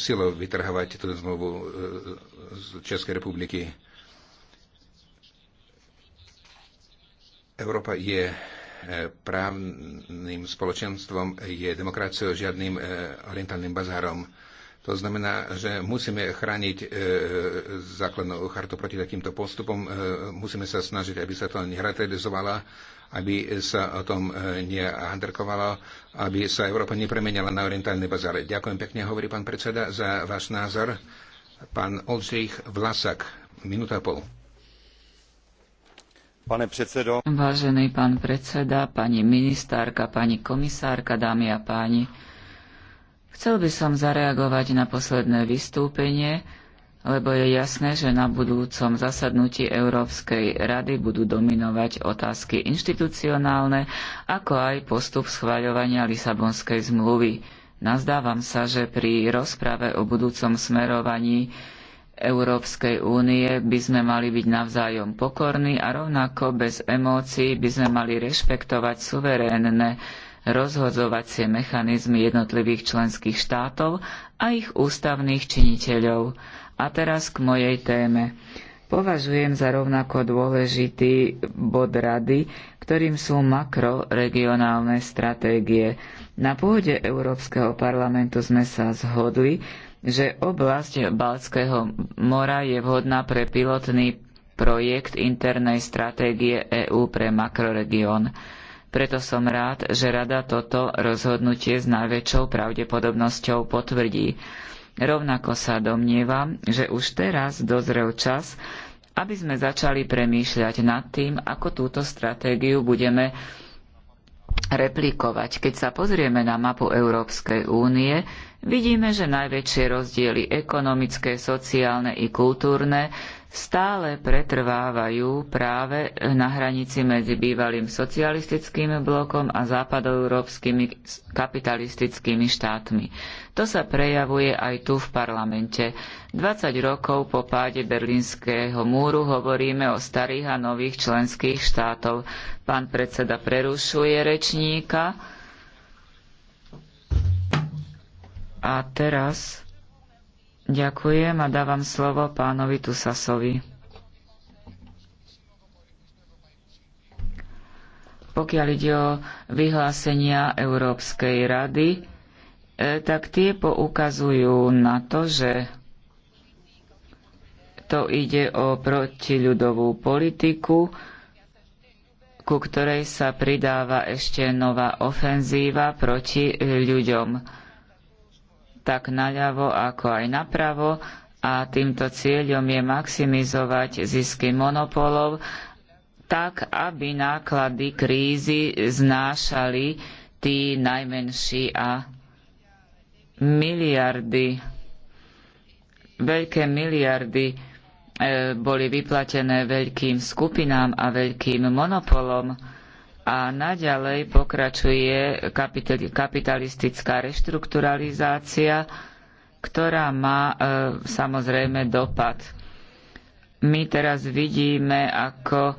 Speaker 1: silou vytrhávať tú zmluvu z Českej republiky Európa je e, právnym spoločenstvom, je demokraciou žiadnym e, orientálnym bazárom. To znamená, že musíme chrániť e, základnú chartu proti takýmto postupom, e, musíme sa snažiť, aby sa to neratelizovalo, aby sa o tom e, nehandrkovalo, aby sa Európa nepremenila na orientálny bazár. Ďakujem pekne, hovorí pán predseda, za váš názor. Pán Oldřich Vlasak, minúta a pol. Vážený
Speaker 3: pán predseda, pani ministárka, pani komisárka, dámy a páni. Chcel by som zareagovať na posledné vystúpenie, lebo je jasné, že na budúcom zasadnutí Európskej rady budú dominovať otázky inštitucionálne, ako aj postup schvaľovania Lisabonskej zmluvy. Nazdávam sa, že pri rozprave o budúcom smerovaní Európskej únie by sme mali byť navzájom pokorní a rovnako bez emócií by sme mali rešpektovať suverénne rozhodzovacie mechanizmy jednotlivých členských štátov a ich ústavných činiteľov. A teraz k mojej téme. Považujem za rovnako dôležitý bod rady, ktorým sú makroregionálne stratégie. Na pôde Európskeho parlamentu sme sa zhodli, že oblasť Balckého mora je vhodná pre pilotný projekt internej stratégie EÚ pre makroregión. Preto som rád, že Rada toto rozhodnutie s najväčšou pravdepodobnosťou potvrdí. Rovnako sa domnievam, že už teraz dozrel čas, aby sme začali premýšľať nad tým, ako túto stratégiu budeme replikovať. Keď sa pozrieme na mapu Európskej únie, vidíme, že najväčšie rozdiely ekonomické, sociálne i kultúrne stále pretrvávajú práve na hranici medzi bývalým socialistickým blokom a západoeurópskymi kapitalistickými štátmi. To sa prejavuje aj tu v parlamente. 20 rokov po páde berlínskeho múru hovoríme o starých a nových členských štátov. Pán predseda prerušuje rečníka A teraz ďakujem a dávam slovo pánovi Tusasovi. Pokiaľ ide o vyhlásenia Európskej rady, e, tak tie poukazujú na to, že to ide o protiľudovú politiku, ku ktorej sa pridáva ešte nová ofenzíva proti ľuďom tak naľavo ako aj napravo a týmto cieľom je maximizovať zisky monopolov tak, aby náklady krízy znášali tí najmenší a miliardy, veľké miliardy e, boli vyplatené veľkým skupinám a veľkým monopolom a naďalej pokračuje kapitalistická reštrukturalizácia, ktorá má e, samozrejme dopad. My teraz vidíme, ako e,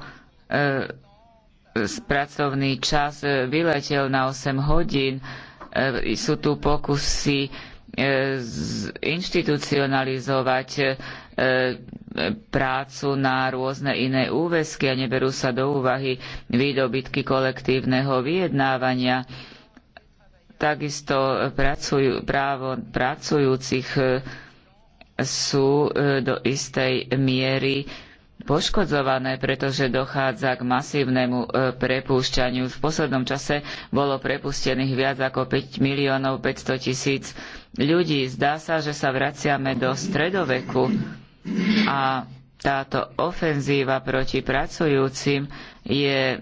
Speaker 3: pracovný čas e, vyletel na 8 hodín. E, sú tu pokusy e, inštitucionalizovať e, prácu na rôzne iné úväzky a neberú sa do úvahy výdobytky kolektívneho vyjednávania. Takisto pracujú, právo pracujúcich e, sú e, do istej miery poškodzované, pretože dochádza k masívnemu e, prepúšťaniu. V poslednom čase bolo prepustených viac ako 5 miliónov 500 tisíc ľudí. Zdá sa, že sa vraciame do stredoveku a táto ofenzíva proti pracujúcim je e,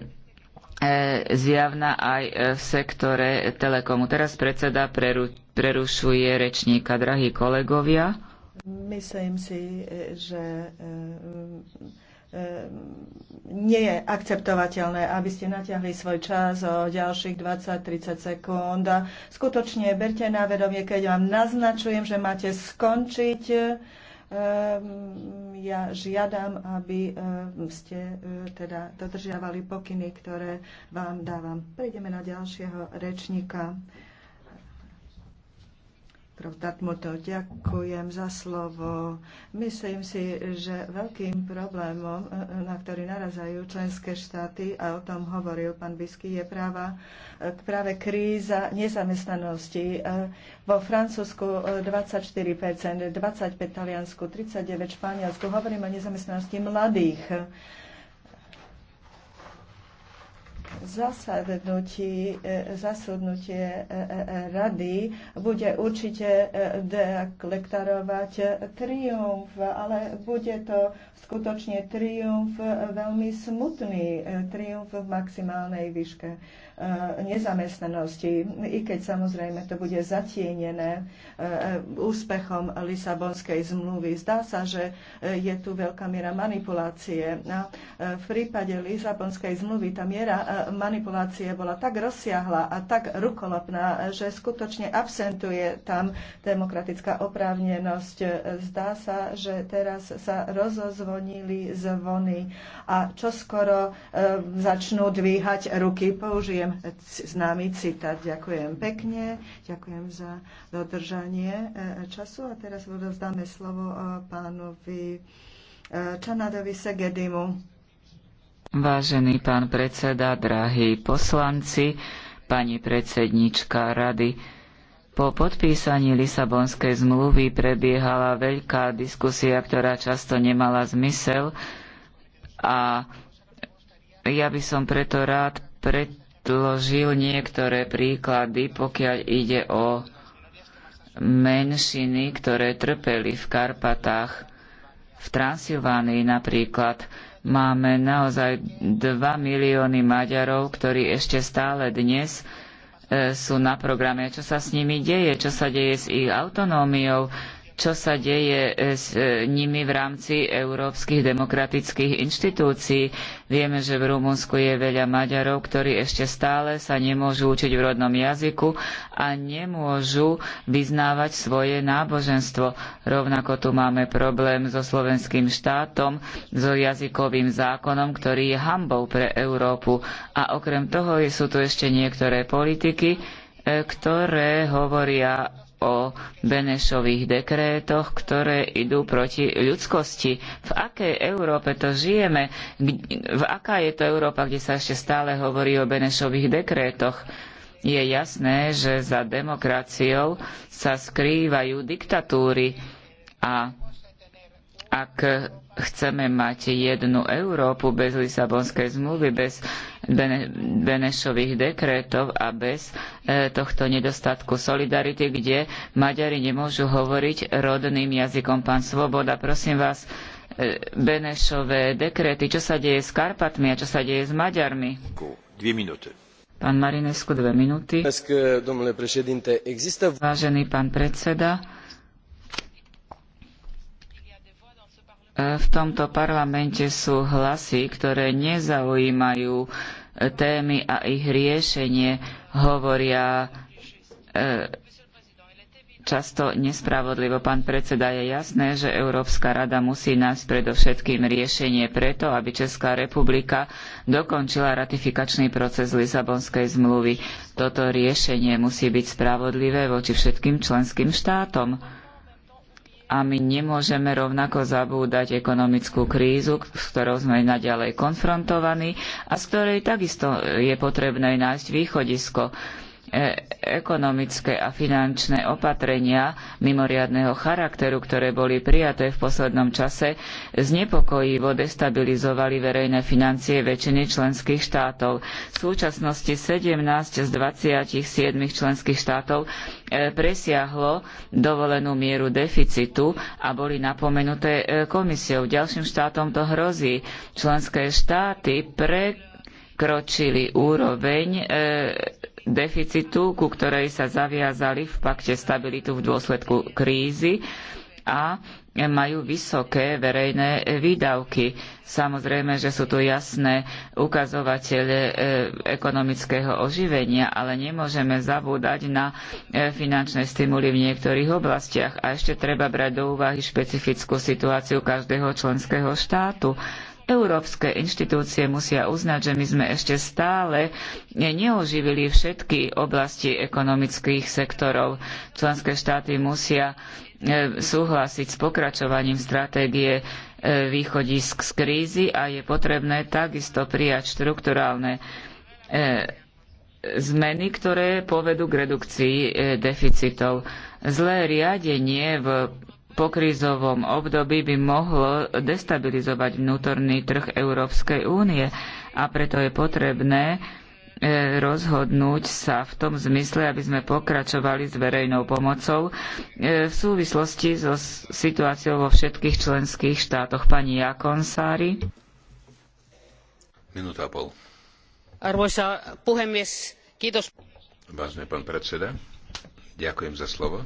Speaker 3: zjavná aj e, v sektore telekomu. Teraz predseda preru, prerušuje rečníka. Drahí kolegovia.
Speaker 2: Myslím si, e, že nie je akceptovateľné, aby ste natiahli svoj čas o ďalších 20-30 sekúnd. A skutočne berte na vedomie, keď vám naznačujem, že máte skončiť Ehm, ja žiadam, aby ehm, ste eh, teda dodržiavali pokyny, ktoré vám dávam. Prejdeme na ďalšieho rečníka ostrov Tatmuto. Ďakujem za slovo. Myslím si, že veľkým problémom, e, e, na ktorý narazajú členské štáty, a o tom hovoril pán Bisky, je práva, e, práve kríza nezamestnanosti. Vo Francúzsku 24%, 25% Taliansku, 39% Španielsku. Hovorím o nezamestnanosti mladých zasadnutie e, e, e, rady bude určite deklektarovať triumf, ale bude to skutočne triumf veľmi smutný, triumf v maximálnej výške. Eh, nezamestnanosti, i keď samozrejme to bude zatienené eh, úspechom Lisabonskej zmluvy. Zdá sa, že eh, je tu veľká miera manipulácie. A v prípade Lisabonskej zmluvy tá miera manipulácie bola tak rozsiahla a tak rukolopná, že skutočne absentuje tam demokratická oprávnenosť. Zdá sa, že teraz sa rozozvonili zvony a čoskoro začnú dvíhať ruky. Použijem budem s nami citať. Ďakujem pekne, ďakujem za dodržanie e, času a teraz odovzdáme slovo e, pánovi e, Čanadovi Segedimu.
Speaker 3: Vážený pán predseda, drahí poslanci, pani predsednička rady, po podpísaní Lisabonskej zmluvy prebiehala veľká diskusia, ktorá často nemala zmysel a ja by som preto rád pred predložil niektoré príklady, pokiaľ ide o menšiny, ktoré trpeli v Karpatách. V Transylvánii napríklad máme naozaj 2 milióny Maďarov, ktorí ešte stále dnes e, sú na programe. Čo sa s nimi deje? Čo sa deje s ich autonómiou? čo sa deje e, s e, nimi v rámci európskych demokratických inštitúcií. Vieme, že v Rumunsku je veľa Maďarov, ktorí ešte stále sa nemôžu učiť v rodnom jazyku a nemôžu vyznávať svoje náboženstvo. Rovnako tu máme problém so slovenským štátom, so jazykovým zákonom, ktorý je hambou pre Európu. A okrem toho sú tu ešte niektoré politiky, e, ktoré hovoria o Benešových dekrétoch, ktoré idú proti ľudskosti. V akej Európe to žijeme? V aká je to Európa, kde sa ešte stále hovorí o Benešových dekrétoch? Je jasné, že za demokraciou sa skrývajú diktatúry a ak chceme mať jednu Európu bez Lisabonskej zmluvy, bez Bene- Benešových dekrétov a bez e, tohto nedostatku solidarity, kde Maďari nemôžu hovoriť rodným jazykom. Pán Svoboda, prosím vás, e, Benešové dekréty, čo sa deje s Karpatmi a čo sa deje s Maďarmi? Dve minúty. Pán Marinescu, dve minúty. Vážený pán predseda, v tomto parlamente sú hlasy, ktoré nezaujímajú témy a ich riešenie, hovoria e, často nespravodlivo. Pán predseda, je jasné, že Európska rada musí nájsť predovšetkým riešenie preto, aby Česká republika dokončila ratifikačný proces Lisabonskej zmluvy. Toto riešenie musí byť spravodlivé voči všetkým členským štátom a my nemôžeme rovnako zabúdať ekonomickú krízu, s ktorou sme naďalej konfrontovaní a z ktorej takisto je potrebné nájsť východisko. E, ekonomické a finančné opatrenia mimoriadneho charakteru, ktoré boli prijaté v poslednom čase, znepokojivo destabilizovali verejné financie väčšiny členských štátov. V súčasnosti 17 z 27 členských štátov e, presiahlo dovolenú mieru deficitu a boli napomenuté e, komisiou. Ďalším štátom to hrozí. Členské štáty prekročili úroveň deficitu, ku ktorej sa zaviazali v pakte stabilitu v dôsledku krízy a majú vysoké verejné výdavky. Samozrejme, že sú tu jasné ukazovatele e, ekonomického oživenia, ale nemôžeme zabúdať na e, finančné stimuly v niektorých oblastiach. A ešte treba brať do úvahy špecifickú situáciu každého členského štátu. Európske inštitúcie musia uznať, že my sme ešte stále neoživili všetky oblasti ekonomických sektorov. Členské štáty musia e, súhlasiť s pokračovaním stratégie e, východisk z krízy a je potrebné takisto prijať štrukturálne e, zmeny, ktoré povedú k redukcii deficitov. Zlé riadenie v po krízovom období by mohlo destabilizovať vnútorný trh Európskej únie a preto je potrebné e, rozhodnúť sa v tom zmysle, aby sme pokračovali s verejnou pomocou e, v súvislosti so situáciou vo všetkých členských štátoch. Pani Jakonsári. Minúta a pol. Arvoisa puhemies, kiitos.
Speaker 1: Vážne pán predseda, ďakujem za slovo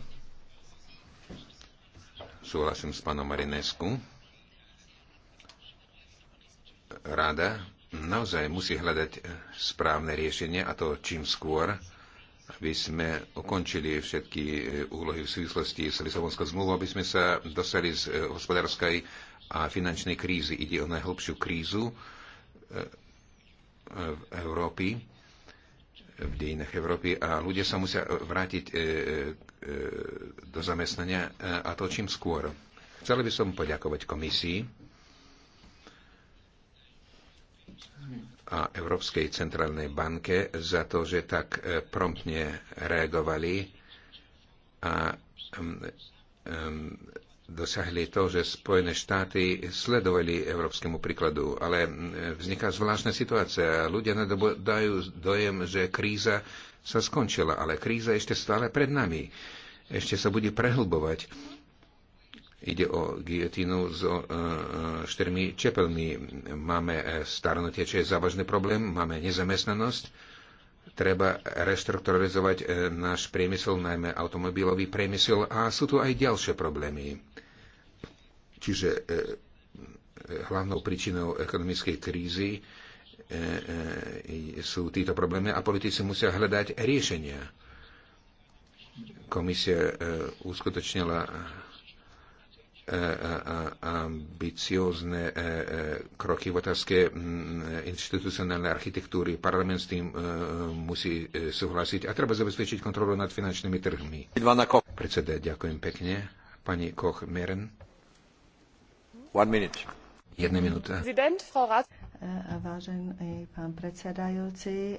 Speaker 1: Súhlasím s pánom Marinesku. Rada naozaj musí hľadať správne riešenie a to čím skôr, aby sme ukončili všetky eh, úlohy v súvislosti s Lisabonskou zmluvou, aby sme sa dostali z eh, hospodárskej a finančnej krízy. Ide o najhlbšiu krízu eh, v Európy v dejinách Európy a ľudia sa musia e, vrátiť e, e, do zamestnania a to čím skôr. Chcel by som poďakovať komisii a Európskej centrálnej banke za to, že tak promptne reagovali a dosiahli to, že Spojené štáty sledovali európskemu príkladu, ale vzniká zvláštna situácia. Ľudia dajú dojem, že kríza sa skončila, ale kríza ešte stále pred nami. Ešte sa bude prehlbovať. Ide o giotínu s so, uh, e, e, štyrmi čepelmi. Máme e, starnutie, čo je závažný problém, máme nezamestnanosť, treba reštrukturalizovať náš priemysel, najmä automobilový priemysel a sú tu aj ďalšie problémy. Čiže e, e, hlavnou príčinou ekonomickej krízy e, sú títo problémy a politici musia hľadať riešenia. Komisia uskutočnila ambiciózne kroky v otázke institucionálnej architektúry. Parlament s tým musí súhlasiť a treba zabezpečiť kontrolu nad finančnými trhmi. Predseda, ďakujem pekne. Pani Koch-Meren. One minute. Jedna minúta.
Speaker 2: E, vážený pán predsedajúci, e,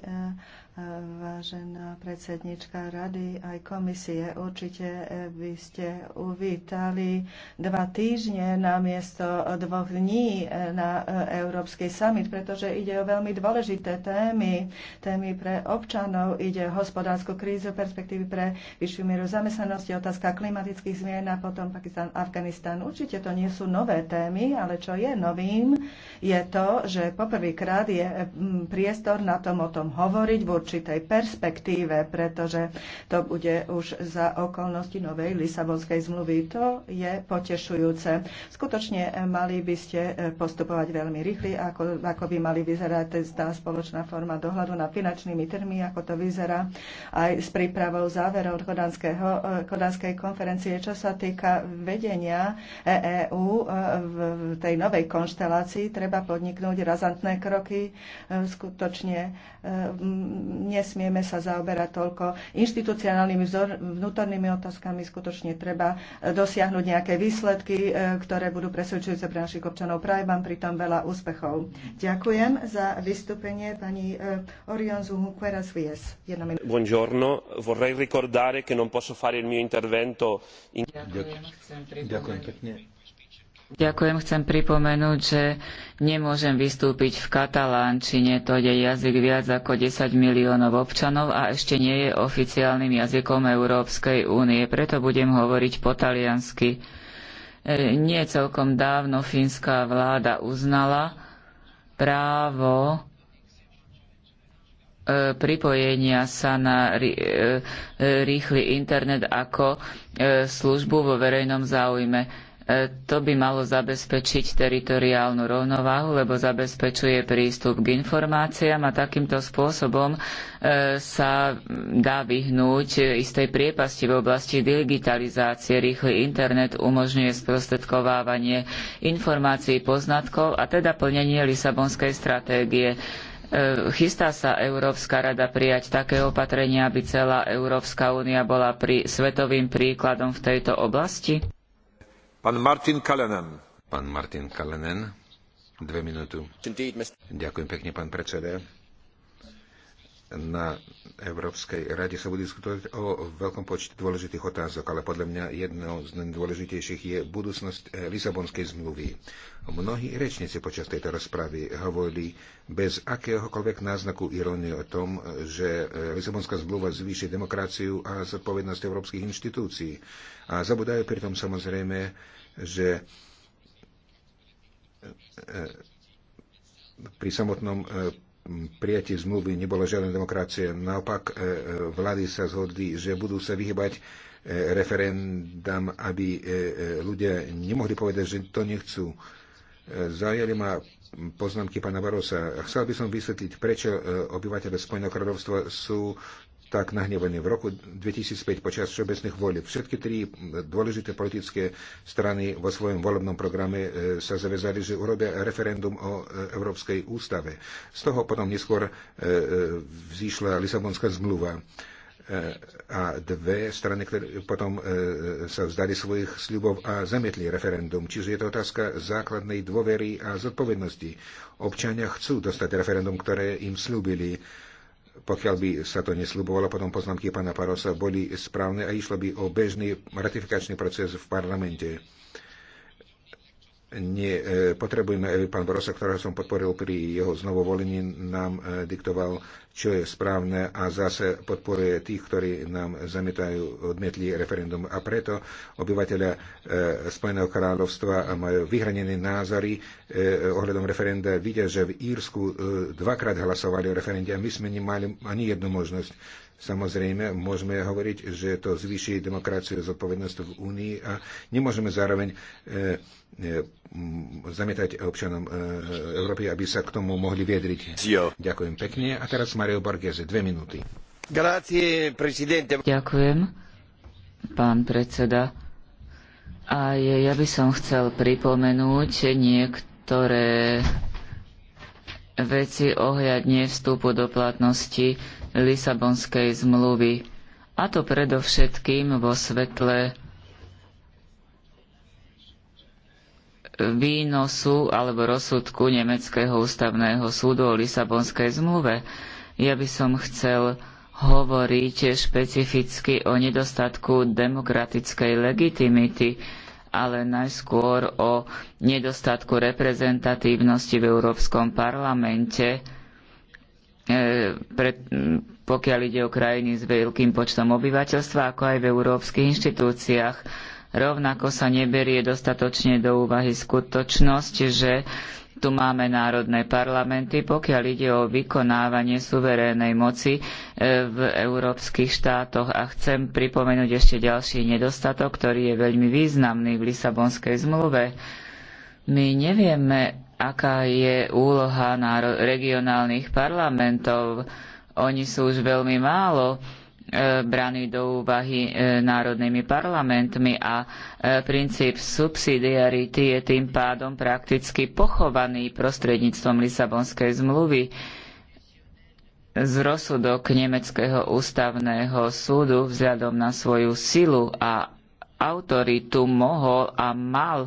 Speaker 2: vážená predsednička rady aj komisie. Určite eh, by ste uvítali dva týždne namiesto dvoch dní eh, na eh, Európsky summit, pretože ide o veľmi dôležité témy. Témy pre občanov, ide o hospodárskú krízu, perspektívy pre vyššiu mieru zamestnanosti, otázka klimatických zmien a potom Pakistan, Afganistan. Určite to nie sú nové témy, ale čo je novým, je to, že poprvýkrát je mm, priestor na tom o tom hovoriť v určitej perspektíve, pretože to bude už za okolnosti novej Lisabonskej zmluvy. To je potešujúce. Skutočne eh, mali by ste eh, postupovať veľmi rýchly, ako, ako by mali vyzerať tá spoločná forma dohľadu na finančnými trmi, ako to vyzerá aj s prípravou záverov eh, Kodanskej konferencie, čo sa týka vedenia EÚ e v tej novej konštelácii treba podniknúť razantné kroky. Skutočne nesmieme sa zaoberať toľko inštitucionálnymi vnútornými otázkami. Skutočne treba eh, dosiahnuť nejaké výsledky, eh, ktoré budú presvedčujúce pre našich občanov. Prajem vám pritom veľa úspechov. Ďakujem za vystúpenie pani eh, Orion Zuhuqueras Vies.
Speaker 4: Buongiorno, vorrei ricordare che non posso fare il mio intervento in... Ďakujem, Ďakujem pekne
Speaker 3: Ďakujem, chcem pripomenúť, že nemôžem vystúpiť v katalánčine, to je jazyk viac ako 10 miliónov občanov a ešte nie je oficiálnym jazykom Európskej únie, preto budem hovoriť po taliansky. E, nie celkom dávno fínska vláda uznala právo e, pripojenia sa na e, rýchly internet ako službu vo verejnom záujme E, to by malo zabezpečiť teritoriálnu rovnováhu, lebo zabezpečuje prístup k informáciám a takýmto spôsobom e, sa dá vyhnúť istej priepasti v oblasti digitalizácie. Rýchly internet umožňuje sprostredkovávanie informácií, poznatkov a teda plnenie Lisabonskej stratégie. E, chystá sa Európska rada prijať také opatrenia, aby celá Európska únia bola pri, svetovým príkladom v tejto oblasti?
Speaker 1: Pán Martin Kalenen. Pán Martin Kalenen, dve minúty. Ďakujem pekne, pán predseda na Európskej rade sa bude diskutovať o veľkom počte dôležitých otázok, ale podľa mňa jednou z najdôležitejších je budúcnosť eh, Lisabonskej zmluvy. Mnohí rečníci počas tejto rozpravy hovorili bez akéhokoľvek náznaku ironie o tom, že eh, Lisabonská zmluva zvýši demokraciu a zodpovednosť európskych inštitúcií. A zabudajú pritom samozrejme, že eh, pri samotnom prijatie zmluvy nebola žiadna demokracia. Naopak e, e, vlády sa zhodli, že budú sa vyhybať e, referendám, aby ľudia nemohli povedať, že to nechcú. Zajali ma poznámky pána Barosa. Chcel by som vysvetliť, prečo obyvateľe Spojeného kráľovstva sú tak nahnevaný V roku 2005 počas všeobecných volieb všetky tri dôležité politické strany vo svojom volebnom programe e, sa zavezali, že urobia referendum o e, Európskej ústave. Z toho potom neskôr e, vzýšla Lisabonská zmluva a dve strany, ktoré potom sa vzdali svojich sľubov a zamietli referendum. Čiže je to otázka základnej dôvery a zodpovednosti. Občania chcú dostať referendum, ktoré im slúbili pokiaľ by sa to nesľubovalo, potom poznámky pána Parosa boli správne a išlo by o bežný ratifikačný proces v parlamente nie, e, potrebujeme, aby e, pán Borosa, ktorého som podporil pri jeho znovovolení, nám e, diktoval, čo je správne a zase podporuje tých, ktorí nám zamietajú, odmietli referendum. A preto obyvateľia Spojeného kráľovstva majú vyhranené názory ohľadom referenda. Vidia, že v Írsku dvakrát hlasovali o referende a my sme nemali ani jednu možnosť Samozrejme, môžeme hovoriť, že to zvýši demokraciu a zodpovednosť v Únii a nemôžeme zároveň e, e, zamietať občanom e, Európy, aby sa k tomu mohli viedriť. Zio. Ďakujem pekne. A teraz Mario Borghese, dve minúty.
Speaker 3: Ďakujem, pán predseda. A ja by som chcel pripomenúť niektoré veci ohľadne vstupu do platnosti Lisabonskej zmluvy. A to predovšetkým vo svetle výnosu alebo rozsudku Nemeckého ústavného súdu o Lisabonskej zmluve. Ja by som chcel hovoriť špecificky o nedostatku demokratickej legitimity, ale najskôr o nedostatku reprezentatívnosti v Európskom parlamente, E, pre, pokiaľ ide o krajiny s veľkým počtom obyvateľstva, ako aj v európskych inštitúciách. Rovnako sa neberie dostatočne do úvahy skutočnosť, že tu máme národné parlamenty, pokiaľ ide o vykonávanie suverénej moci e, v európskych štátoch. A chcem pripomenúť ešte ďalší nedostatok, ktorý je veľmi významný v Lisabonskej zmluve. My nevieme aká je úloha na regionálnych parlamentov. Oni sú už veľmi málo e, braní do úvahy e, národnými parlamentmi a e, princíp subsidiarity je tým pádom prakticky pochovaný prostredníctvom Lisabonskej zmluvy. Z rozsudok Nemeckého ústavného súdu vzhľadom na svoju silu a autoritu mohol a mal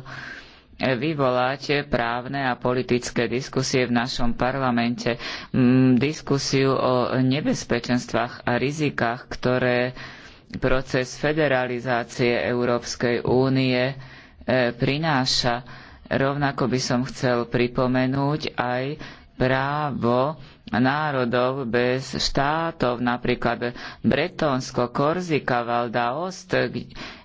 Speaker 3: vyvolať právne a politické diskusie v našom parlamente, mm, diskusiu o nebezpečenstvách a rizikách, ktoré proces federalizácie Európskej únie e, prináša. Rovnako by som chcel pripomenúť aj právo národov, bez štátov, napríklad Bretonsko, Korzika, Valda Ost.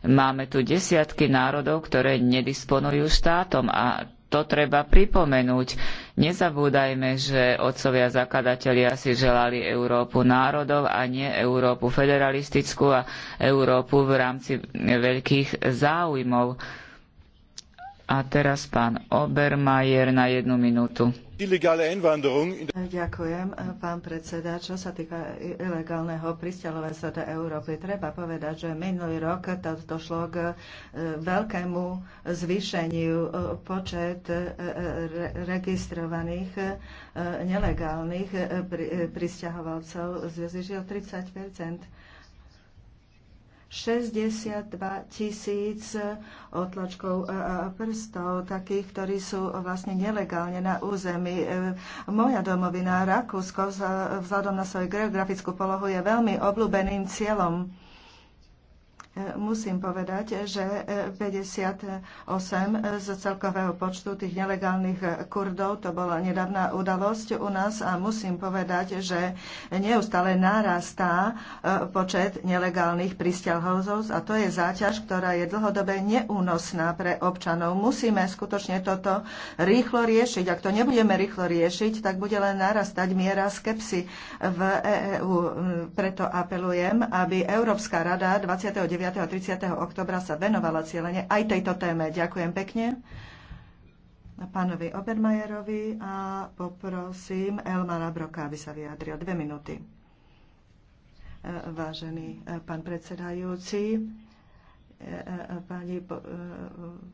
Speaker 3: Máme tu desiatky národov, ktoré nedisponujú štátom a to treba pripomenúť. Nezabúdajme, že otcovia zakladatelia si želali Európu národov a nie Európu federalistickú a Európu v rámci veľkých záujmov. A teraz pán Obermajer na jednu minútu.
Speaker 2: Einwanderung. Ďakujem, pán predseda. Čo sa týka ilegálneho pristahovalstva do Európy, treba povedať, že minulý rok to došlo k e, veľkému zvýšeniu e, počet e, registrovaných nelegálnych pristahovalcov zvýšil 30 62 tisíc e, otlačkov e, e, prstov, takých, ktorí sú vlastne nelegálne na území. Moja domovina Rakúsko vzhľadom na svoju geografickú polohu je veľmi obľúbeným cieľom Musím povedať, že 58 eh, z celkového počtu tých nelegálnych Kurdov, to bola nedávna udalosť u nás a musím povedať, že neustále narastá eh, počet nelegálnych pristahovzov a to je záťaž, ktorá je dlhodobé neúnosná pre občanov. Musíme skutočne toto rýchlo riešiť. Ak to nebudeme rýchlo riešiť, tak bude len narastať miera skepsy v EÚ. E Preto apelujem, aby Európska rada 29 29. a 30. oktobra sa venovala cieľene aj tejto téme. Ďakujem pekne pánovi Obermajerovi a poprosím Elmara Broka, aby sa vyjadril dve minúty. E, vážený e, pán predsedajúci, pani e,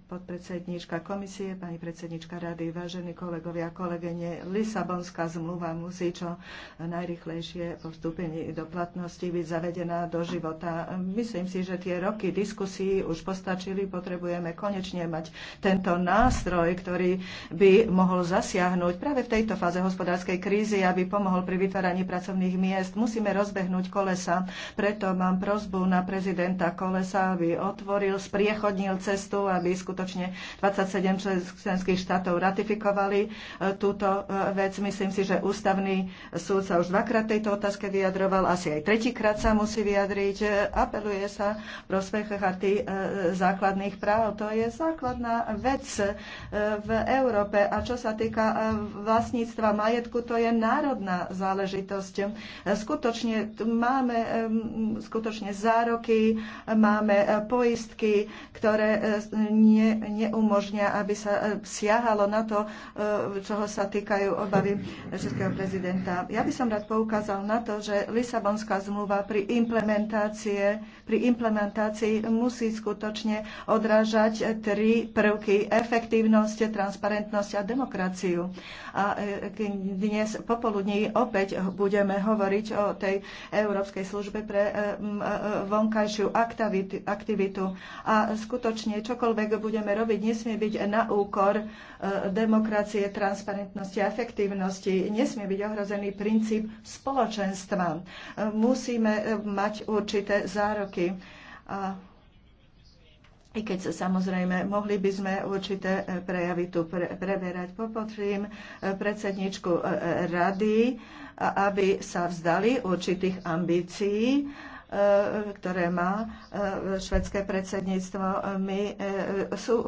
Speaker 2: podpredsednička komisie, pani predsednička rady, vážení kolegovia a kolegyne. Lisabonská zmluva musí čo najrychlejšie po vstúpení do platnosti byť zavedená do života. Myslím si, že tie roky diskusí už postačili. Potrebujeme konečne mať tento nástroj, ktorý by mohol zasiahnuť práve v tejto fáze hospodárskej krízy, aby pomohol pri vytváraní pracovných miest. Musíme rozbehnúť kolesa. Preto mám prozbu na prezidenta kolesa, aby od otvoril, spriechodnil cestu, aby skutočne 27 členských štátov ratifikovali e, túto e, vec. Myslím si, že ústavný súd sa už dvakrát tejto otázke vyjadroval, asi aj tretíkrát sa musí vyjadriť. E, apeluje sa prospech charty základných práv. To je základná vec v Európe. A čo sa týka vlastníctva majetku, to je národná záležitosť. Skutočne máme skutočne zároky, máme poj- poistky, ktoré e, nie, neumožnia, aby sa e, siahalo na to, e, čoho sa týkajú obavy českého prezidenta. Ja by som rád poukázal na to, že Lisabonská zmluva pri, implementácie, pri implementácii musí skutočne odrážať tri prvky. Efektívnosť, transparentnosť a demokraciu. A dnes popoludní opäť budeme hovoriť o tej Európskej službe pre vonkajšiu aktivitu identitu. A skutočne čokoľvek budeme robiť, nesmie byť na úkor e, demokracie, transparentnosti a efektívnosti. Nesmie byť ohrozený princíp spoločenstva. E, musíme e, mať určité zároky. A i keď sa samozrejme mohli by sme určité prejavy tu pre, preberať. Popotrím predsedničku rady, aby sa vzdali určitých ambícií E, ktoré má e, švedské predsedníctvo, my, e, sú,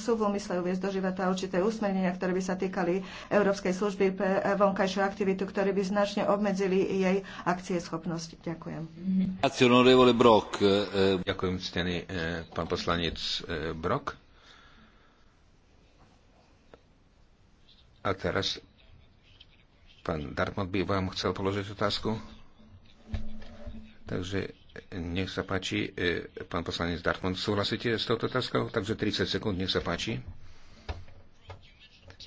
Speaker 2: sú v úmysle uviezť do života určité usmernenia, ktoré by sa týkali Európskej služby pre vonkajšiu aktivitu, ktoré by značne obmedzili jej akcie schopnosť. Ďakujem.
Speaker 1: Ďakujem, ctený pán poslanec Brok. A teraz pán Dartmouth by vám chcel položiť otázku. Takže e, nech sa páči, e, pán poslanec Dartman, súhlasíte s touto otázkou? Takže 30 sekúnd, nech sa páči.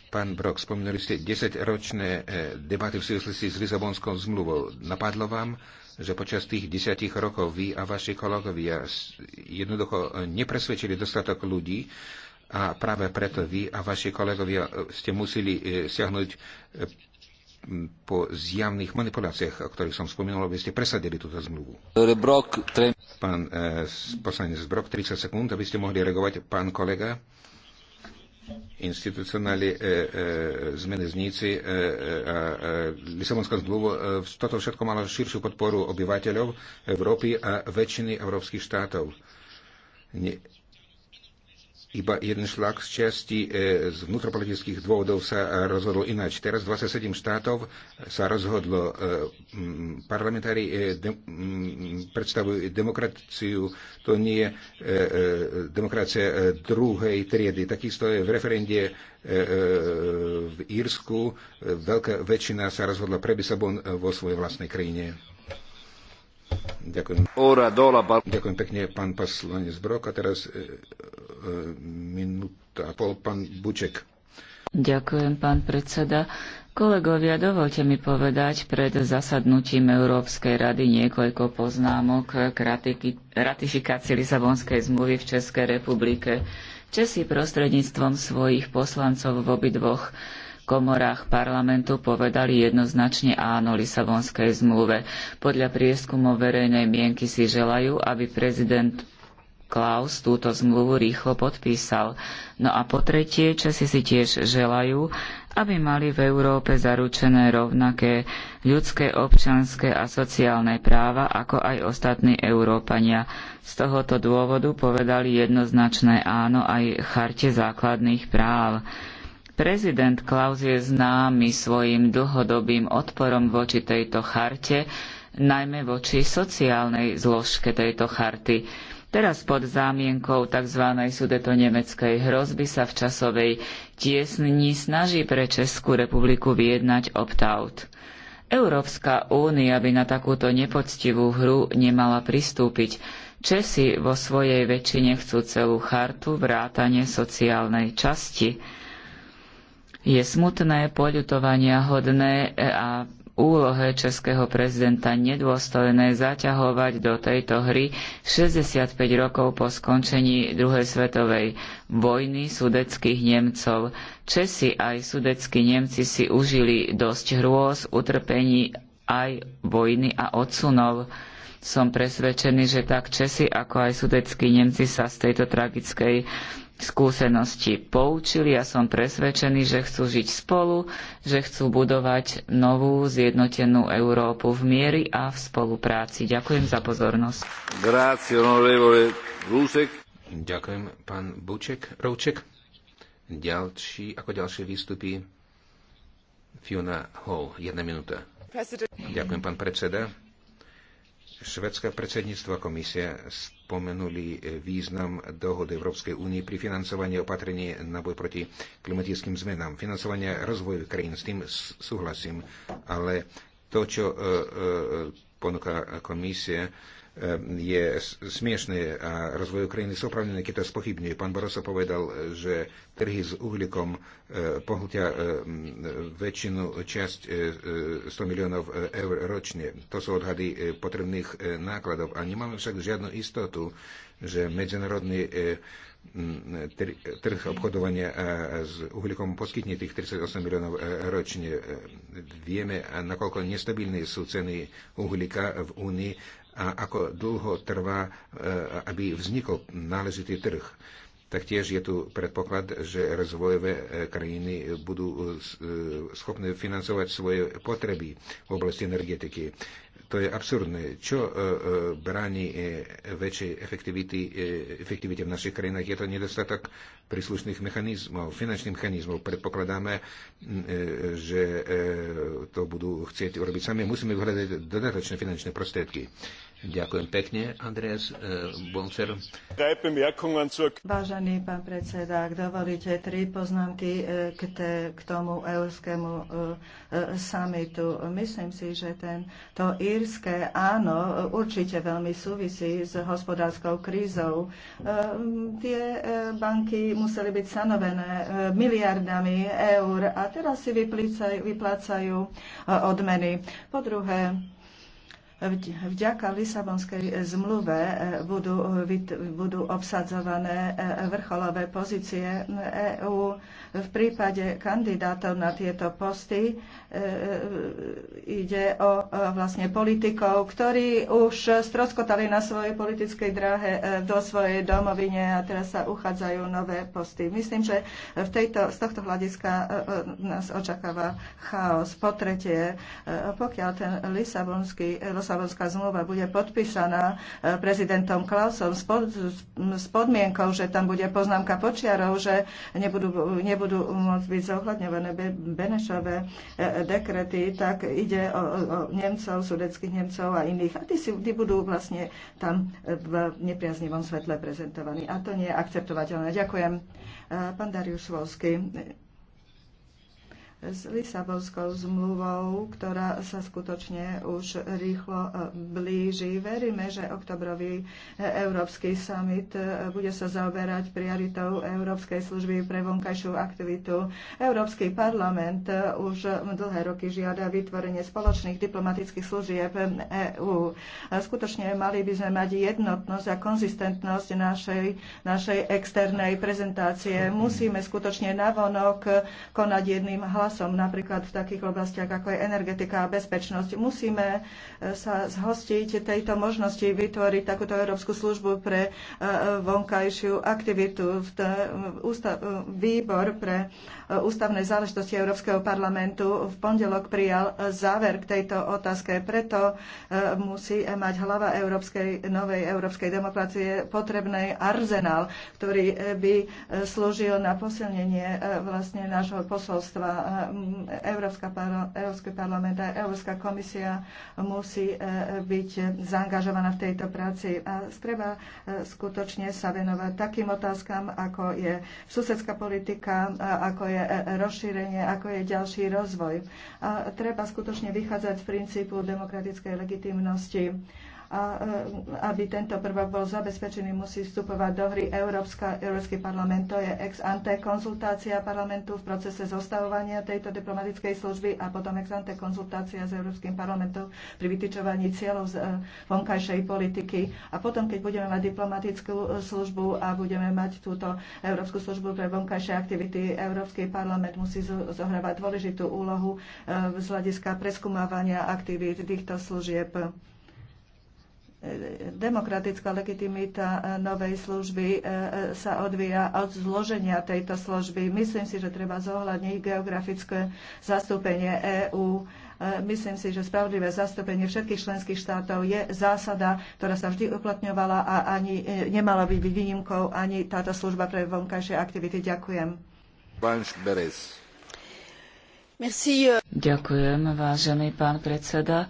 Speaker 1: Pán Brok, spomínali ste 10-ročné e, debaty v súvislosti s Lisabonskou zmluvou. Napadlo vám, že počas tých 10 rokov vy a vaši kolegovia jednoducho nepresvedčili dostatok ľudí, a práve preto vy a vaši kolegovia ste museli siahnuť po zjavných manipuláciách, o ktorých som spomínal, aby ste presadili túto zmluvu. Brok, tre... Pán eh, poslanec Brok, 30 sekúnd, aby ste mohli reagovať. Pán kolega, institucionálne eh, eh, zmeny znici, e, eh, eh, Lisabonská zmluva, eh, toto všetko malo širšiu podporu obyvateľov Európy a väčšiny európskych štátov. Nie, iba jeden šlak z časti e, z vnútropolitických dôvodov sa rozhodol ináč. Teraz 27 štátov sa rozhodlo. E, parlamentári e, predstavujú demokraciu, to nie je demokracia druhej triedy. Takisto je v referende v Írsku. Veľká väčšina sa rozhodla pre Lisabon vo svojej vlastnej krajine. Ďakujem. Ďakujem pekne, pán poslanec Brok. A teraz minúta a pol, pán Buček.
Speaker 3: Ďakujem, pán predseda. Kolegovia, dovolte mi povedať pred zasadnutím Európskej rady niekoľko poznámok k ratifikácii Lisabonskej zmluvy v Českej republike. Česi prostredníctvom svojich poslancov v obidvoch komorách parlamentu povedali jednoznačne áno Lisabonskej zmluve. Podľa prieskumov verejnej mienky si želajú, aby prezident Klaus túto zmluvu rýchlo podpísal. No a po tretie, si si tiež želajú, aby mali v Európe zaručené rovnaké ľudské, občanské a sociálne práva ako aj ostatní Európania. Z tohoto dôvodu povedali jednoznačné áno aj charte základných práv. Prezident Klaus je známy svojim dlhodobým odporom voči tejto charte, najmä voči sociálnej zložke tejto charty. Teraz pod zámienkou tzv. sudeto-nemeckej hrozby sa v časovej tiesni snaží pre Českú republiku vyjednať opt-out. Európska únia by na takúto nepoctivú hru nemala pristúpiť. Česi vo svojej väčšine chcú celú chartu vrátane sociálnej časti. Je smutné, poľutovania hodné a úlohe českého prezidenta nedôstojné zaťahovať do tejto hry 65 rokov po skončení druhej svetovej vojny sudeckých Nemcov. Česi aj sudeckí Nemci si užili dosť hrôz, utrpení aj vojny a odsunov. Som presvedčený, že tak Česi ako aj sudeckí Nemci sa z tejto tragickej skúsenosti poučili a som presvedčený, že chcú žiť spolu, že chcú budovať novú zjednotenú Európu v miery a v spolupráci. Ďakujem za pozornosť.
Speaker 1: Ďakujem, pán Buček, Rouček. Ďalší, ako ďalšie výstupy Fiona Ho, jedna minúta. President. Ďakujem, pán predseda. Švedské predsedníctvo komisia spomenuli e, význam dohody Európskej únie pri financovaní opatrení na boj proti klimatickým zmenám. Financovanie rozvoju krajín, s tým súhlasím, ale to, čo e, e, ponúka komisie, Ehm, je smiešné a rozvoj Ukrajiny sú opravnené, keď to spochybňuje. Pán Borosa povedal, že trhy s uhlíkom e, pohltia e, väčšinu časť 100 e, miliónov eur ročne. To sú odhady potrebných nákladov a nemáme však žiadnu istotu, že medzinárodný trh obchodovania s uhlíkom poskytne tých 38 miliónov ročne. Vieme, nakoľko nestabilné sú ceny uhlíka v Únii a ako dlho trvá, e, aby vznikol náležitý trh. Taktiež je tu predpoklad, že rozvojové e, krajiny budú e, schopné financovať svoje potreby v oblasti energetiky to je absurdné. Čo e, e, bráni e, väčšej efektivity, e, efektivite v našich krajinách? Je to nedostatok príslušných mechanizmov, finančných mechanizmov. Predpokladáme, e, že e, to budú chcieť urobiť sami. Musíme vyhľadať dodatočné finančné prostriedky. Ďakujem pekne, Andreas eh, Boncer.
Speaker 2: Vážený pán predseda, ak dovolíte, tri poznámky eh, k, te, k tomu európskemu eh, samitu. Myslím si, že ten, to írske áno určite veľmi súvisí s hospodárskou krízou. Tie banky museli byť sanovené miliardami eur a teraz si vyplácajú odmeny. Po druhé, Vďaka Lisabonskej zmluve e, budú, e, budú obsadzované e, vrcholové pozície EÚ. V prípade kandidátov na tieto posty ide o vlastne politikov, ktorí už stroskotali na svojej politickej dráhe do svojej domovine a teraz sa uchádzajú nové posty. Myslím, že v tejto, z tohto hľadiska nás očakáva chaos. Po tretie, pokiaľ ten Lisabonský, Lisabonský Lisabonská zmluva bude podpísaná e, prezidentom Klausom s, podmienkou, že tam bude poznámka počiarov, že nebudú, nebudú môcť byť zohľadňované Benešové e, dekrety, tak ide o, o Nemcov, sudeckých Nemcov a iných. A tí, si, tí budú vlastne tam v nepriaznivom svetle prezentovaní. A to nie je akceptovateľné. Ďakujem. E, pán Darius Volsky, s Lisabonskou zmluvou, ktorá sa skutočne už rýchlo e, blíži. Veríme, že oktobrový e, Európsky summit e, bude sa zaoberať prioritou Európskej služby pre vonkajšiu aktivitu. Európsky parlament už dlhé roky žiada vytvorenie spoločných diplomatických služieb EÚ. Skutočne mali by sme mať jednotnosť a konzistentnosť našej, našej externej prezentácie. Musíme skutočne navonok konať jedným hlasom časom, napríklad v takých oblastiach ako je energetika a bezpečnosť. Musíme e, sa zhostiť tejto možnosti vytvoriť takúto európsku službu pre e, e, vonkajšiu aktivitu. Výbor pre E, ústavné záležitosti Európskeho parlamentu v pondelok prijal záver k tejto otázke. Preto e, musí mať hlava Európskej, novej európskej demokracie potrebný arzenál, ktorý e, by slúžil na posilnenie vlastne nášho posolstva. Európska, Európsky parlament a Európska komisia musí byť zaangažovaná v tejto práci a treba skutočne sa venovať takým otázkam, ako je susedská politika, ako je je rozšírenie, ako je ďalší rozvoj. A treba skutočne vychádzať z princípu demokratickej legitimnosti a e, aby tento prvok bol zabezpečený, musí vstupovať do hry Európska, Európsky parlament. To je ex ante konzultácia parlamentu v procese zostavovania tejto diplomatickej služby a potom ex ante konzultácia s Európskym parlamentom pri vytýčovaní cieľov z e, vonkajšej politiky. A potom, keď budeme mať diplomatickú e, službu a budeme mať túto Európsku službu pre vonkajšie aktivity, Európsky parlament musí zohrávať dôležitú úlohu z hľadiska preskumávania aktivít týchto služieb. Demokratická legitimita e, novej služby e, e, sa odvíja od zloženia tejto služby. Myslím si, že treba zohľadniť geografické zastúpenie EÚ. Myslím si, že spravodlivé zastúpenie všetkých členských štátov je zásada, ktorá sa vždy uplatňovala a ani nemala byť výnimkou ani táto služba pre vonkajšie aktivity. Ďakujem.
Speaker 3: Ďakujem, vážený pán predseda.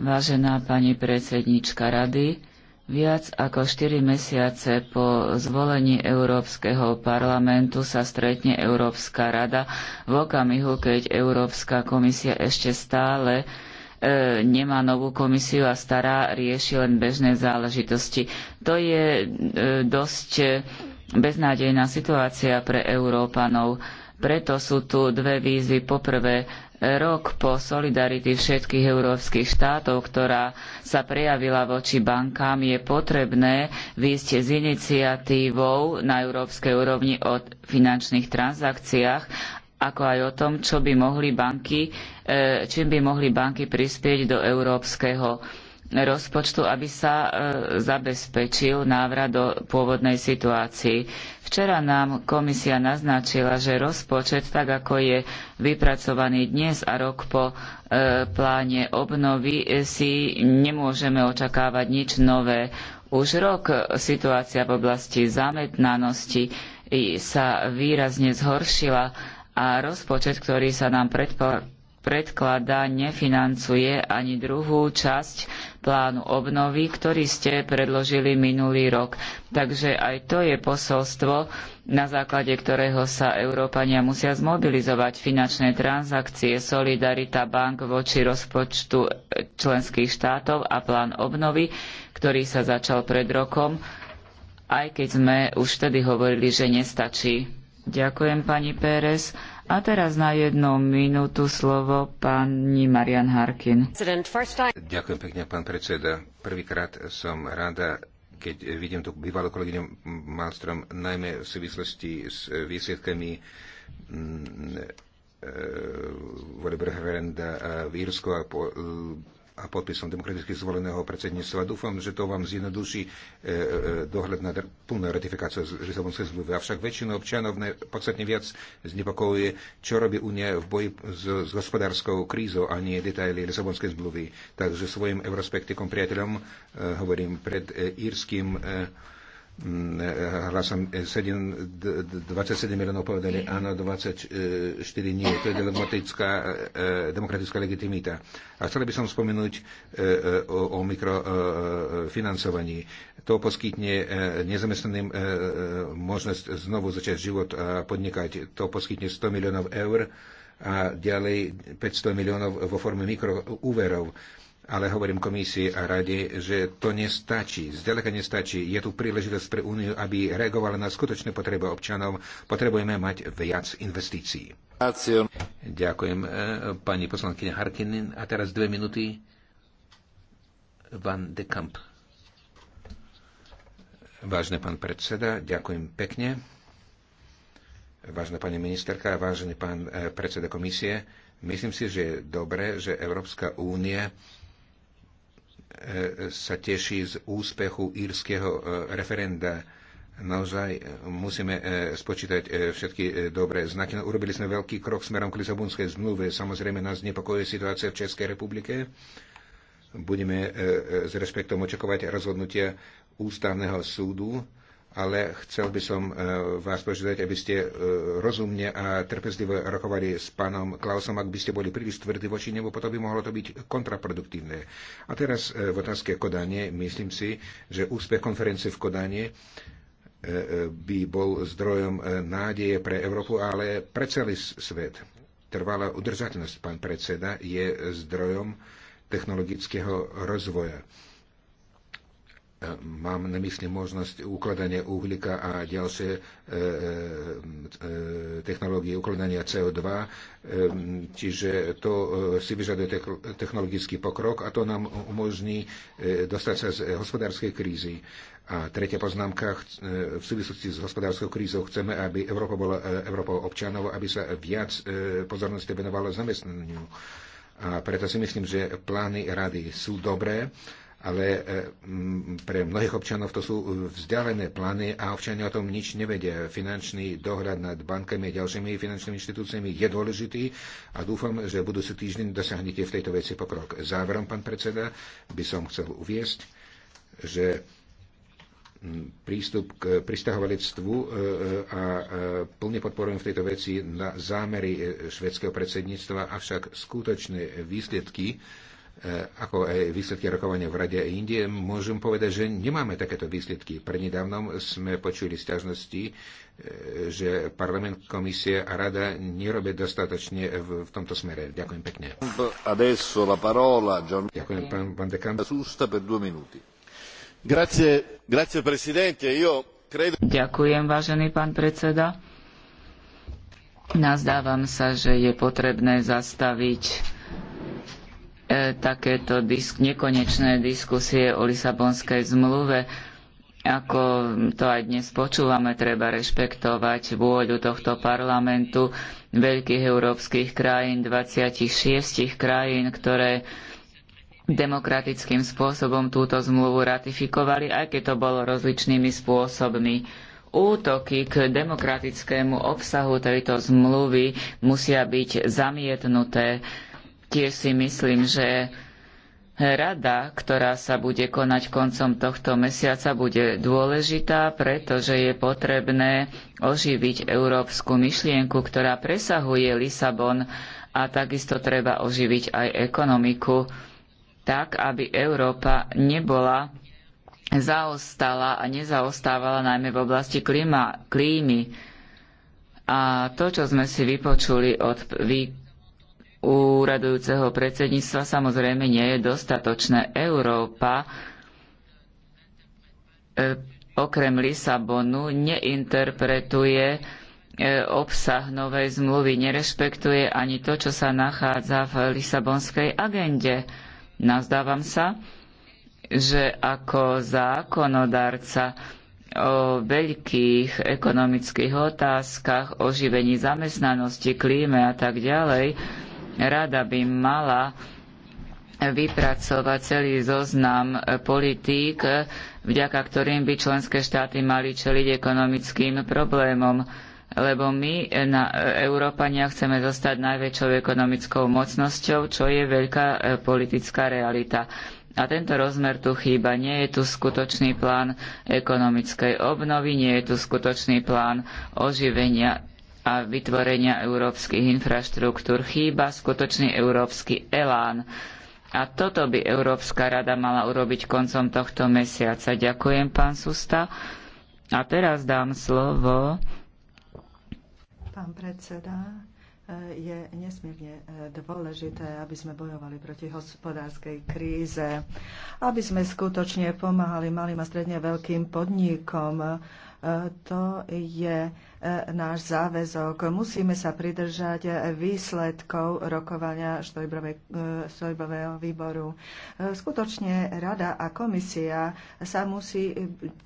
Speaker 3: Vážená pani predsednička rady, viac ako 4 mesiace po zvolení Európskeho parlamentu sa stretne Európska rada v okamihu, keď Európska komisia ešte stále e, nemá novú komisiu a stará rieši len bežné záležitosti. To je e, dosť beznádejná situácia pre Európanov. Preto sú tu dve výzvy. Poprvé, rok po solidarity všetkých európskych štátov, ktorá sa prejavila voči bankám, je potrebné výjsť s iniciatívou na európskej úrovni o finančných transakciách, ako aj o tom, čo by mohli banky, e, čím by mohli banky prispieť do európskeho rozpočtu, aby sa e, zabezpečil návrat do pôvodnej situácii. Včera nám komisia naznačila, že rozpočet, tak ako je vypracovaný dnes a rok po e, pláne obnovy, e, si nemôžeme očakávať nič nové. Už rok situácia v oblasti zamestnanosti sa výrazne zhoršila a rozpočet, ktorý sa nám predpokladá, predkladá, nefinancuje ani druhú časť plánu obnovy, ktorý ste predložili minulý rok. Takže aj to je posolstvo, na základe ktorého sa Európania musia zmobilizovať. Finančné transakcie, solidarita bank voči rozpočtu členských štátov a plán obnovy, ktorý sa začal pred rokom, aj keď sme už vtedy hovorili, že nestačí. Ďakujem pani Pérez. A teraz na jednu minútu slovo pani Marian Harkin.
Speaker 1: Ďakujem pekne, pán predseda. Prvýkrát som rada, keď vidím tú bývalú kolegyňu Malstrom, najmä v súvislosti s výsledkami mm, e, e, voľby referenda e, v Írsku a po a podpisom demokraticky zvoleného predsedníctva. Dúfam, že to vám zjednoduší e, e, dohľad na plnú ratifikáciu Lisabonskej zmluvy. Avšak väčšinu občanov podstatne viac znepokojuje, čo robí Únia v boji s, s hospodárskou krízou a nie detaily Lisabonskej zmluvy. Takže svojim eurospektikom priateľom e, hovorím pred e, írským e, hlasom 7, 27 miliónov povedali áno, 24 nie. To je demokratická, eh, demokratická legitimita. A chcel by som spomenúť eh, eh, o, o mikrofinancovaní. To poskytne nezamestnaným možnosť znovu začať život a podnikať. To poskytne 100 miliónov eur a ďalej 500 miliónov vo forme mikroúverov ale hovorím komisii a rade, že to nestačí, zďaleka nestačí. Je tu príležitosť pre Úniu, aby reagovala na skutočné potreby občanov. Potrebujeme mať viac investícií. Acion. Ďakujem, e, pani poslankyňa Harkinin. A teraz dve minúty. Van de Kamp. Vážne pán predseda, ďakujem pekne. Vážna pani ministerka, vážený pán e, predseda komisie, myslím si, že je dobré, že Európska únia sa teší z úspechu írskeho e, referenda. Naozaj e, musíme e, spočítať všetky dobré znaky. No, urobili sme veľký krok smerom k Lisabonskej zmluve. Samozrejme nás nepokojuje situácia v Českej republike. Budeme s rešpektom očakovať rozhodnutia ústavného súdu ale chcel by som e, vás požiadať, aby ste e, rozumne a trpezlivo rokovali s pánom Klausom, ak by ste boli príliš tvrdí voči nemu, potom by mohlo to byť kontraproduktívne. A teraz e, v otázke Kodanie, myslím si, že úspech konferencie v Kodanie by bol zdrojom nádeje pre Európu, ale pre celý svet. Trvalá udržateľnosť, pán predseda, je zdrojom technologického rozvoja Mám na mysli možnosť ukladania uhlíka a ďalšie e, e, e, technológie ukladania CO2, čiže to si vyžaduje technologický pokrok a to nám umožní dostať sa z hospodárskej krízy. A tretia poznámka, v súvislosti s hospodárskou krízou chceme, aby Európa bola Európou občanov, aby sa viac pozornosti venovalo zamestnaniu. A preto si myslím, že plány rady sú dobré ale e, pre mnohých občanov to sú e, vzdialené plány a občania o tom nič nevedia. Finančný dohľad nad bankami a ďalšími finančnými inštitúciami je dôležitý a dúfam, že budúci týždeň dosiahnete v tejto veci pokrok. Záverom, pán predseda, by som chcel uviesť, že prístup k pristahovalectvu e, a plne podporujem v tejto veci na zámery švedského predsedníctva, avšak skutočné výsledky E, ako aj výsledky rokovania v Rade a Indie, môžem povedať, že nemáme takéto výsledky. Prednedávnom sme počuli stiažnosti, e, že parlament, komisie a rada nerobia dostatočne v tomto smere. Ďakujem pekne. Adesso la parola, John... Ďakujem, pán Van de Kamp. per due minuti. Grazie, grazie presidente. Io credo...
Speaker 3: Ďakujem, vážený pán predseda. Nazdávam sa, že je potrebné zastaviť E, takéto disk, nekonečné diskusie o Lisabonskej zmluve. Ako to aj dnes počúvame, treba rešpektovať vôľu tohto parlamentu veľkých európskych krajín, 26 krajín, ktoré demokratickým spôsobom túto zmluvu ratifikovali, aj keď to bolo rozličnými spôsobmi útoky k demokratickému obsahu tejto zmluvy musia byť zamietnuté. Tiež si myslím, že rada, ktorá sa bude konať koncom tohto mesiaca, bude dôležitá, pretože je potrebné oživiť európsku myšlienku, ktorá presahuje Lisabon a takisto treba oživiť aj ekonomiku, tak aby Európa nebola zaostala a nezaostávala najmä v oblasti klíma, klímy. A to, čo sme si vypočuli od vý, úradujúceho predsedníctva samozrejme nie je dostatočné. Európa e, okrem Lisabonu neinterpretuje e, obsah novej zmluvy, nerešpektuje ani to, čo sa nachádza v Lisabonskej agende. Nazdávam sa, že ako zákonodarca o veľkých ekonomických otázkach, oživení zamestnanosti, klíme a tak ďalej, Rada by mala vypracovať celý zoznam e, politík, e, vďaka ktorým by členské štáty mali čeliť ekonomickým problémom lebo my e, na Európania chceme zostať najväčšou ekonomickou mocnosťou, čo je veľká politická realita. A tento rozmer tu chýba. Nie je tu skutočný plán ekonomickej obnovy, nie je tu skutočný plán oživenia a vytvorenia európskych infraštruktúr. Chýba skutočný európsky elán. A toto by Európska rada mala urobiť koncom tohto mesiaca. Ďakujem, pán Susta. A teraz dám slovo.
Speaker 2: Pán predseda, eh, je nesmierne eh, dôležité, aby sme bojovali proti hospodárskej kríze, aby sme skutočne pomáhali malým a stredne veľkým podnikom, to je e, náš záväzok. Musíme sa pridržať e, výsledkov rokovania Štojbového e, výboru. Skutočne Rada a komisia sa musí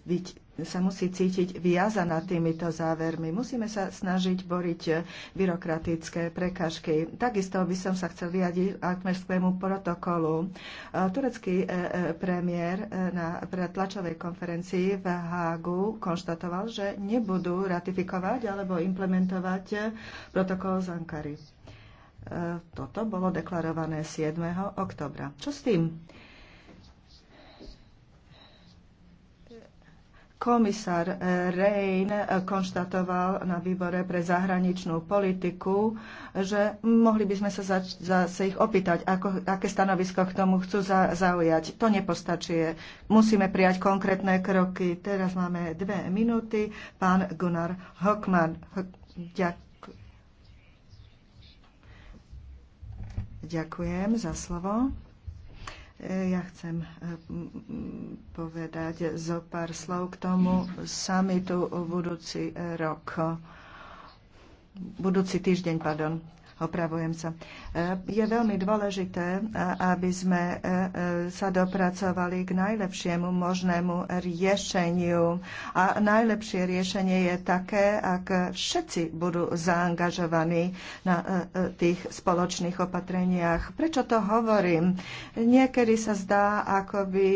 Speaker 2: byť sa musí cítiť viazaná týmito závermi. Musíme sa snažiť boriť byrokratické prekažky. Takisto by som sa chcel vyjadiť akmerskému protokolu. Turecký e, e, premiér e, na tlačovej konferencii v Hágu konštatoval, že nebudú ratifikovať alebo implementovať protokol z Ankary. Toto bolo deklarované 7. oktobra. Čo s tým? Komisár eh, Rehn eh, konštatoval na výbore pre zahraničnú politiku, že mohli by sme sa zač- zase ich opýtať, ako, aké stanovisko k tomu chcú za- zaujať. To nepostačuje. Musíme prijať konkrétne kroky. Teraz máme dve minúty. Pán Gunnar Hockman. ďak- Ďakujem za slovo. Ja chcem eh, povedať zo pár slov k tomu samitu budúci rok. Budúci týždeň, pardon. Opravujem sa. E, je veľmi dôležité, e, aby sme e, sa dopracovali k najlepšiemu možnému riešeniu. A najlepšie riešenie je také, ak všetci budú zaangažovaní na tých spoločných opatreniach. Prečo to hovorím? Niekedy sa zdá, ako by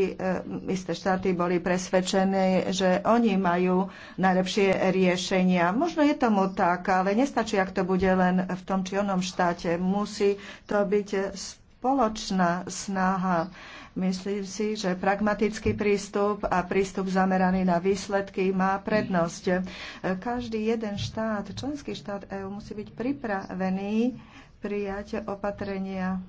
Speaker 2: isté štáty boli presvedčené, že oni majú najlepšie riešenia. Možno je tomu tak, ale nestačí, ak to bude len v tom či onom každom štáte. Musí to byť spoločná snaha. Myslím si, že pragmatický prístup a prístup zameraný na výsledky má prednosť. Každý jeden štát, členský štát EÚ musí byť pripravený prijať opatrenia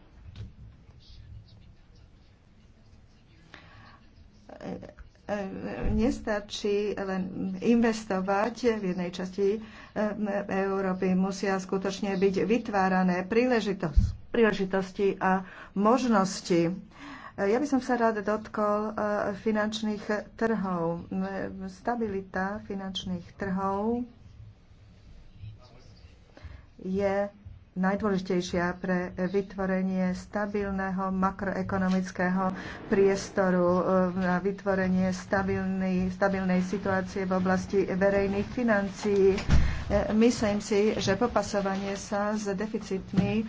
Speaker 2: nestačí len investovať v jednej časti eh, Európy. Musia skutočne byť vytvárané príležitosti a možnosti. Ja by som sa rád dotkol eh, finančných trhov. Stabilita finančných trhov je najdôležitejšia pre vytvorenie stabilného makroekonomického priestoru, e, na vytvorenie stabilnej, stabilnej situácie v oblasti verejných financií E, myslím si, že popasovanie sa s deficitmi e,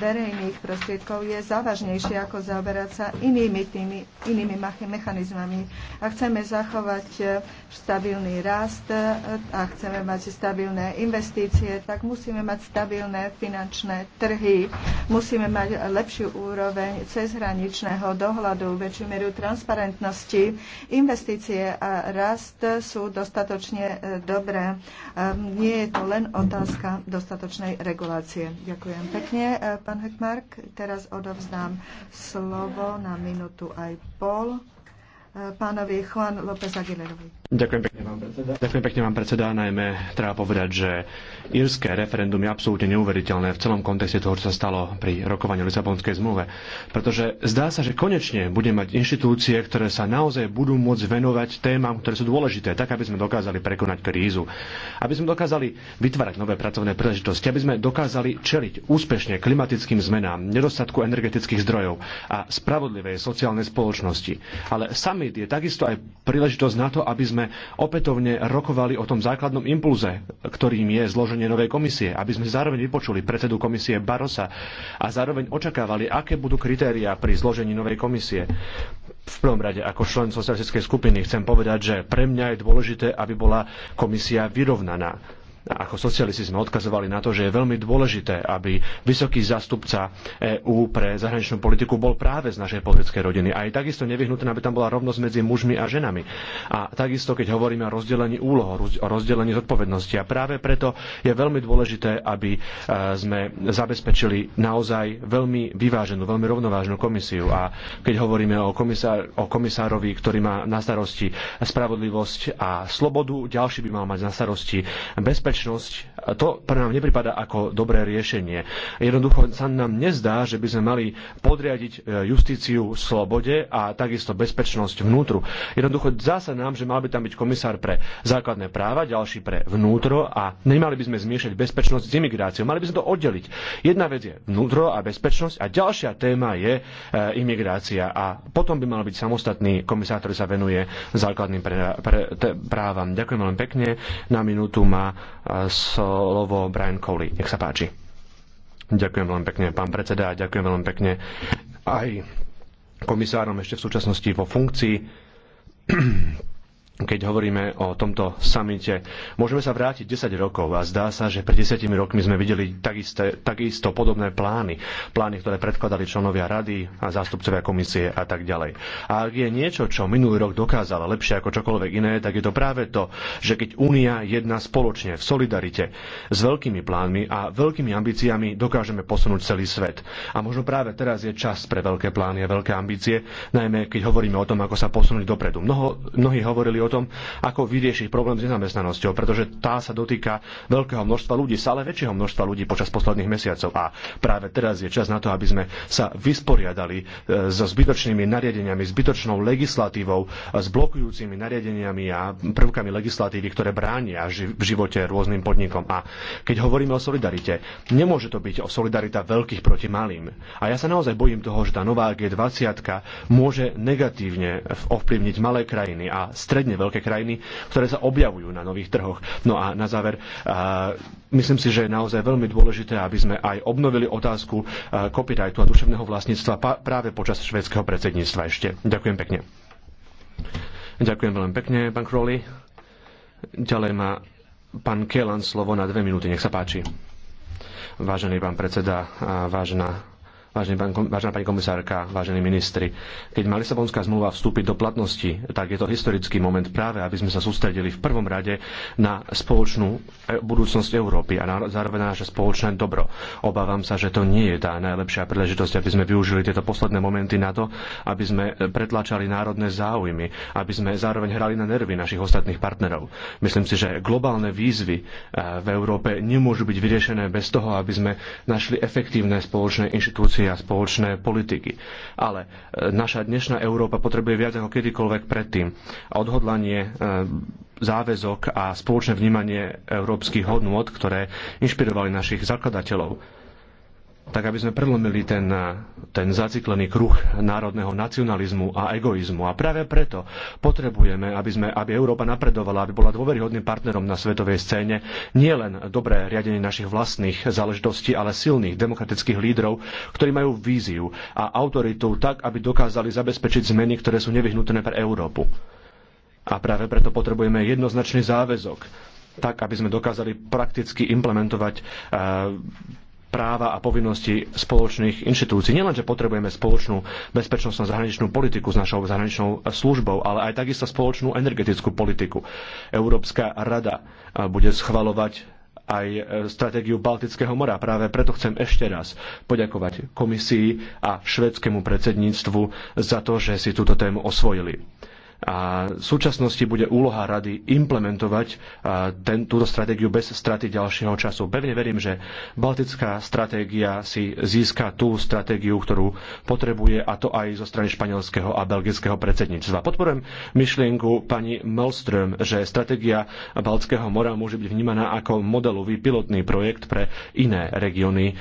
Speaker 2: verejných prostriedkov je závažnejšie ako zaoberať sa inými, tými, inými mechanizmami. A chceme zachovať e, stabilný rast a chceme mať stabilné investície, tak musíme mať stabilné finančné trhy, musíme mať lepšiu úroveň cezhraničného dohľadu, väčšiu mieru transparentnosti. Investície a rast sú dostatočne dobré nie je to len otázka dostatočnej regulácie. Ďakujem pekne, e, pán Hekmark. Teraz odovzdám slovo na minútu aj pol e, pánovi Juan López Aguilerovi.
Speaker 4: Ďakujem pekne, vám predseda. Ďakujem pekne, vám predseda. Najmä treba povedať, že írske referendum je absolútne neuveriteľné v celom kontexte toho, čo sa stalo pri rokovaní Lisabonskej zmluve. Pretože zdá sa, že konečne budeme mať inštitúcie, ktoré sa naozaj budú môcť venovať témam, ktoré sú dôležité, tak aby sme dokázali prekonať krízu, aby sme dokázali vytvárať nové pracovné príležitosti, aby sme dokázali čeliť úspešne klimatickým zmenám, nedostatku energetických zdrojov a spravodlivej sociálnej spoločnosti. Ale summit je takisto aj príležitosť na to, aby sme sme opätovne rokovali o tom základnom impulze, ktorým je zloženie novej komisie, aby sme zároveň vypočuli predsedu komisie Barosa a zároveň očakávali, aké budú kritériá pri zložení novej komisie. V prvom rade ako člen socialistickej skupiny chcem povedať, že pre mňa je dôležité, aby bola komisia vyrovnaná ako socialisti sme odkazovali na to, že je veľmi dôležité, aby vysoký zastupca EÚ pre zahraničnú politiku bol práve z našej politickej rodiny. A je takisto nevyhnutné, aby tam bola rovnosť medzi mužmi a ženami. A takisto, keď hovoríme o rozdelení úloh, o rozdelení zodpovednosti. A práve preto je veľmi dôležité, aby e, sme zabezpečili naozaj veľmi vyváženú, veľmi rovnovážnu komisiu. A keď hovoríme o, komisár, o komisárovi, ktorý má na starosti spravodlivosť a slobodu, ďalší by mal mať na starosti bezpečnosť bezpečnosť, to pre nám nepripada ako dobré riešenie. Jednoducho sa nám nezdá, že by sme mali podriadiť e, justíciu slobode a takisto bezpečnosť vnútru. Jednoducho zdá sa nám, že mal by tam byť komisár pre základné práva, ďalší pre vnútro a nemali by sme zmiešať bezpečnosť s imigráciou. Mali by sme to oddeliť. Jedna vec je vnútro a bezpečnosť a ďalšia téma je e, imigrácia a potom by mal byť samostatný komisár, ktorý sa venuje základným právam. Ďakujem veľmi pekne. Na minútu má e, slovo Brian Coley. Nech sa páči. Ďakujem veľmi pekne, pán predseda, a ďakujem veľmi pekne aj komisárom ešte v súčasnosti vo funkcii keď hovoríme o tomto samite. Môžeme sa vrátiť 10 rokov a zdá sa, že pred 10 rokmi sme videli takisté, takisto podobné plány. Plány, ktoré predkladali členovia rady a zástupcovia komisie a tak ďalej. A ak je niečo, čo minulý rok dokázala lepšie ako čokoľvek iné, tak je to práve to, že keď Únia jedná spoločne v solidarite s veľkými plánmi a veľkými ambíciami dokážeme posunúť celý svet. A možno práve teraz je čas pre veľké plány a veľké ambície, najmä keď hovoríme o tom, ako sa posunúť dopredu. Mnoho, mnohí hovorili o o tom, ako vyriešiť problém s nezamestnanosťou, pretože tá sa dotýka veľkého množstva ľudí, stále väčšieho množstva ľudí počas posledných mesiacov. A práve teraz je čas na to, aby sme sa vysporiadali e, so zbytočnými nariadeniami, zbytočnou legislatívou, s blokujúcimi nariadeniami a prvkami legislatívy, ktoré bránia v živote rôznym podnikom. A keď hovoríme o solidarite, nemôže to byť o solidarita veľkých proti malým. A ja sa naozaj bojím toho, že tá nová G20 môže negatívne ovplyvniť malé krajiny a stredne veľké krajiny, ktoré sa objavujú na nových trhoch. No a na záver, myslím si, že je naozaj veľmi dôležité, aby sme aj obnovili otázku copyrightu a duševného vlastníctva práve počas švedského predsedníctva ešte. Ďakujem pekne. Ďakujem veľmi pekne, pán Crowley. Ďalej má pán Kelan slovo na dve minúty. Nech sa páči. Vážený pán predseda, vážená vážená pani komisárka, vážení ministri, keď má Lisabonská zmluva vstúpiť do platnosti, tak je to historický moment práve, aby sme sa sústredili v prvom rade na spoločnú e, budúcnosť Európy a na, zároveň na naše spoločné dobro. Obávam sa, že to nie je tá najlepšia príležitosť, aby sme využili tieto posledné momenty na to, aby sme e, pretlačali národné záujmy, aby sme zároveň hrali na nervy našich ostatných partnerov. Myslím si, že globálne výzvy e, v Európe nemôžu byť vyriešené bez toho, aby sme našli efektívne spoločné inštitúcie a spoločné politiky. Ale e, naša dnešná Európa potrebuje viac ako kedykoľvek predtým. A odhodlanie e, záväzok a spoločné vnímanie európskych hodnôt, ktoré inšpirovali našich zakladateľov tak aby sme prelomili ten, ten zaciklený kruh národného nacionalizmu a egoizmu. A práve preto potrebujeme, aby, sme, aby Európa napredovala, aby bola dôveryhodným partnerom na svetovej scéne, nielen dobré riadenie našich vlastných záležitostí, ale silných demokratických lídrov, ktorí majú víziu a autoritu tak, aby dokázali zabezpečiť zmeny, ktoré sú nevyhnutné pre Európu. A práve preto potrebujeme jednoznačný záväzok, tak aby sme dokázali prakticky implementovať uh, práva a povinnosti spoločných inštitúcií. Nielenže potrebujeme spoločnú bezpečnostnú zahraničnú politiku s našou zahraničnou službou, ale aj takisto spoločnú energetickú politiku. Európska rada e, bude schvalovať aj e, stratégiu Baltického mora. Práve preto chcem ešte raz poďakovať komisii a švedskému predsedníctvu za to, že si túto tému osvojili. A v súčasnosti bude úloha rady implementovať ten, túto stratégiu bez straty ďalšieho času. Pevne verím, že Baltická stratégia si získa tú stratégiu, ktorú potrebuje, a to aj zo strany španielského a belgického predsedníctva. Podporujem myšlienku pani Melström, že stratégia Baltského mora môže byť vnímaná ako modelový pilotný projekt pre iné regióny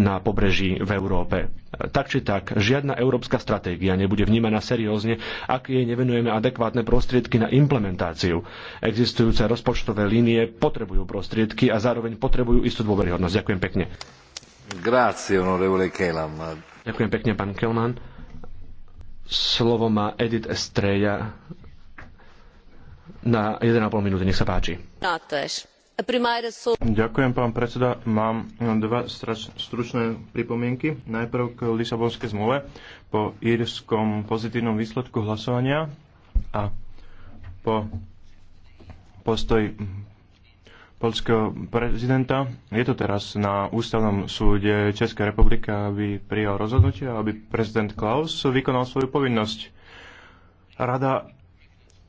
Speaker 4: na pobreží v Európe tak či tak, žiadna európska stratégia nebude vnímaná seriózne, ak jej nevenujeme adekvátne prostriedky na implementáciu. Existujúce rozpočtové línie potrebujú prostriedky a zároveň potrebujú istú dôveryhodnosť. Ďakujem pekne.
Speaker 1: Grazie, onorevole Kelam.
Speaker 4: Ďakujem pekne, pán Kelman. Slovo má Edith Estreja na 1,5 minúty. Nech sa páči.
Speaker 5: Nátež.
Speaker 4: Ďakujem,
Speaker 6: pán predseda. Mám dva stručné pripomienky. Najprv k Lisabonskej zmluve po írskom pozitívnom výsledku hlasovania a po postoj polského prezidenta. Je to teraz na Ústavnom súde Českej republiky, aby prijal rozhodnutie, aby prezident Klaus vykonal svoju povinnosť. Rada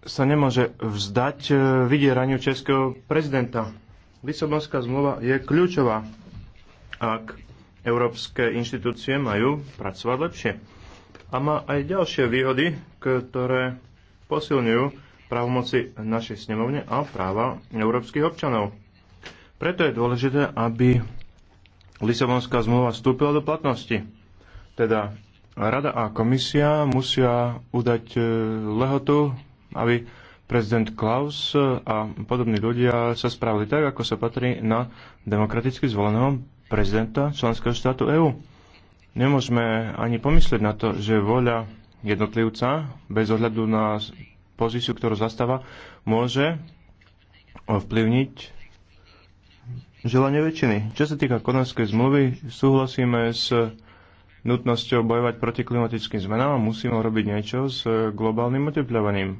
Speaker 6: sa nemôže vzdať e, vydieraniu českého prezidenta. Lisabonská zmluva je kľúčová, ak európske inštitúcie majú pracovať lepšie. A má aj ďalšie výhody, ktoré posilňujú právomoci našej snemovne a práva európskych občanov. Preto je dôležité, aby Lisabonská zmluva vstúpila do platnosti. Teda Rada a komisia musia udať e, lehotu aby prezident Klaus e, a podobní ľudia sa správali tak, ako sa patrí na demokraticky zvoleného prezidenta členského štátu EÚ. Nemôžeme ani pomyslieť na to, že voľa jednotlivca, bez ohľadu na pozíciu, ktorú zastáva, môže ovplyvniť želanie väčšiny. Čo sa týka konanskej zmluvy, súhlasíme s nutnosťou bojovať proti klimatickým zmenám a musíme robiť niečo s globálnym otepľovaním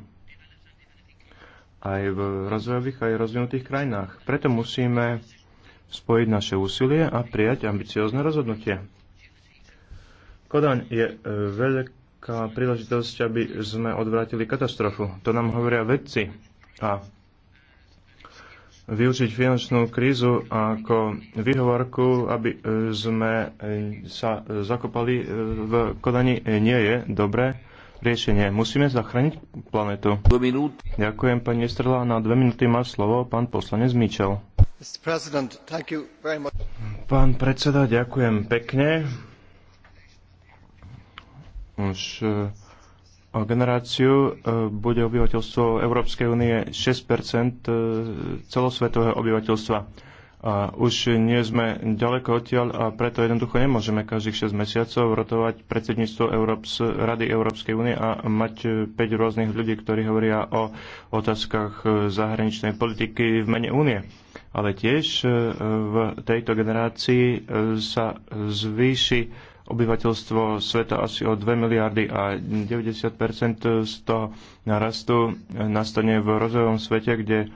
Speaker 6: aj v rozvojových, aj v rozvinutých krajinách. Preto musíme spojiť naše úsilie a prijať ambiciózne rozhodnutie. Kodaň je e, veľká príležitosť, aby sme odvrátili katastrofu. To nám hovoria vedci. A využiť finančnú krízu ako výhovorku, aby e, sme e, sa zakopali v Kodani nie je dobré riešenie. Musíme zachrániť planetu. Ďakujem pani Estrela. Na dve minúty má slovo pán poslanec Mitchell. Pán predseda, ďakujem pekne. Už e, o generáciu e, bude obyvateľstvo Európskej únie 6 e, celosvetového obyvateľstva a už nie sme ďaleko odtiaľ a preto jednoducho nemôžeme každých 6 mesiacov rotovať predsedníctvo Európs, Rady Európskej únie a mať 5 e, rôznych ľudí, ktorí hovoria o otázkach e, zahraničnej politiky v mene únie. Ale tiež e, v tejto generácii sa zvýši obyvateľstvo sveta asi o 2 miliardy a 90% z toho narastu nastane v rozvojovom svete, kde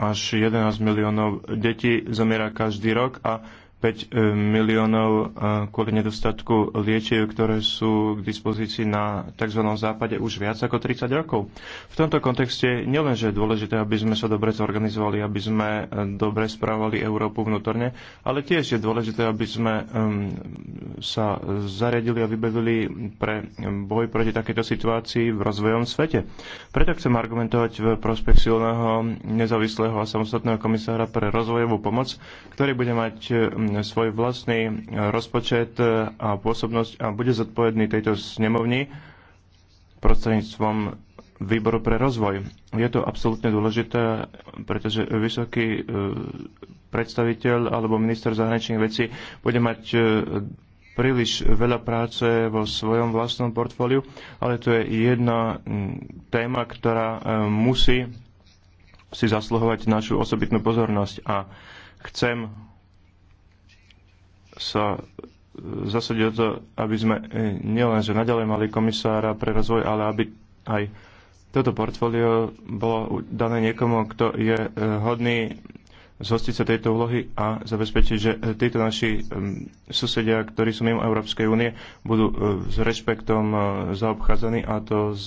Speaker 6: až 11 miliónov detí zomiera každý rok a 5 e, miliónov e, kvôli nedostatku liečiv, ktoré sú k dispozícii na tzv. západe už viac ako 30 rokov. V tomto kontexte nielen, že je dôležité, aby sme sa dobre zorganizovali, aby sme e, dobre správali Európu vnútorne, ale tiež je dôležité, aby sme sa zariadili a vybavili pre boj proti takéto situácii v rozvojom svete. Preto chcem argumentovať v prospech silného, nezávislého a samostatného komisára pre rozvojovú pomoc, ktorý bude mať svoj vlastný e, rozpočet e, a pôsobnosť a bude zodpovedný tejto snemovni prostredníctvom výboru pre rozvoj. Je to absolútne dôležité, pretože vysoký e, predstaviteľ alebo minister zahraničných vecí bude mať príliš veľa práce vo svojom vlastnom portfóliu, ale to je jedna téma, ktorá musí si zasluhovať našu osobitnú pozornosť a chcem sa zasadiť o to, aby sme e, nielen že naďalej mali komisára pre rozvoj, ale aby aj toto portfólio bolo dané niekomu, kto je e, hodný zhostiť sa tejto úlohy a zabezpečiť, že e, títo naši susedia, ktorí sú mimo Európskej únie, budú s rešpektom zaobchádzaní a to z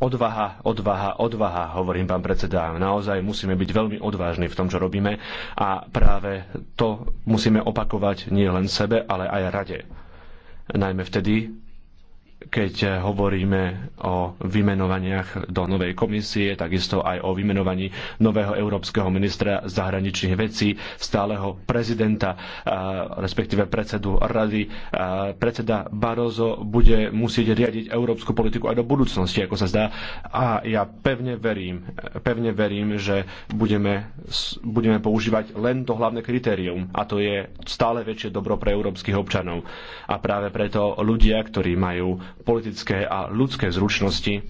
Speaker 4: Odvaha, odvaha, odvaha, hovorím pán predseda. Naozaj musíme byť veľmi odvážni v tom, čo robíme a práve to musíme opakovať nie len sebe, ale aj rade. Najmä vtedy, keď hovoríme o vymenovaniach do novej komisie, takisto aj o vymenovaní nového európskeho ministra zahraničných vecí, stáleho prezidenta, respektíve predsedu rady. Predseda Barozo bude musieť riadiť európsku politiku aj do budúcnosti, ako sa zdá. A ja pevne verím, pevne verím, že budeme, budeme používať len to hlavné kritérium, a to je stále väčšie dobro pre európskych občanov. A práve preto ľudia, ktorí majú politické a ľudské zručnosti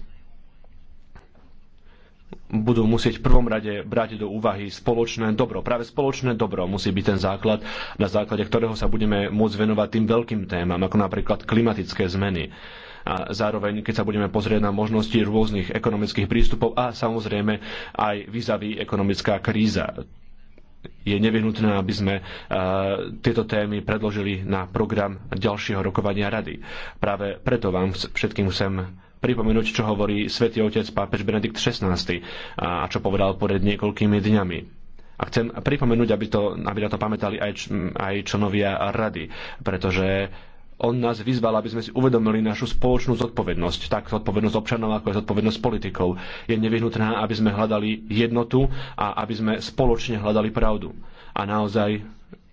Speaker 4: budú musieť v prvom rade brať do úvahy spoločné dobro. Práve spoločné dobro musí byť ten základ, na základe ktorého sa budeme môcť venovať tým veľkým témam, ako napríklad klimatické zmeny. A zároveň, keď sa budeme pozrieť na možnosti rôznych ekonomických prístupov a samozrejme aj vyzaví ekonomická kríza je nevyhnutné, aby sme e, tieto témy predložili na program ďalšieho rokovania Rady. Práve preto vám všetkým chcem pripomenúť, čo hovorí svätý otec pápež Benedikt XVI a čo povedal pred niekoľkými dňami. A chcem pripomenúť, aby, to, aby na to pamätali aj, aj členovia rady, pretože on nás vyzval, aby sme si uvedomili našu spoločnú zodpovednosť, tak zodpovednosť občanov, ako aj zodpovednosť politikov. Je nevyhnutná, aby sme hľadali jednotu a aby sme spoločne hľadali pravdu. A naozaj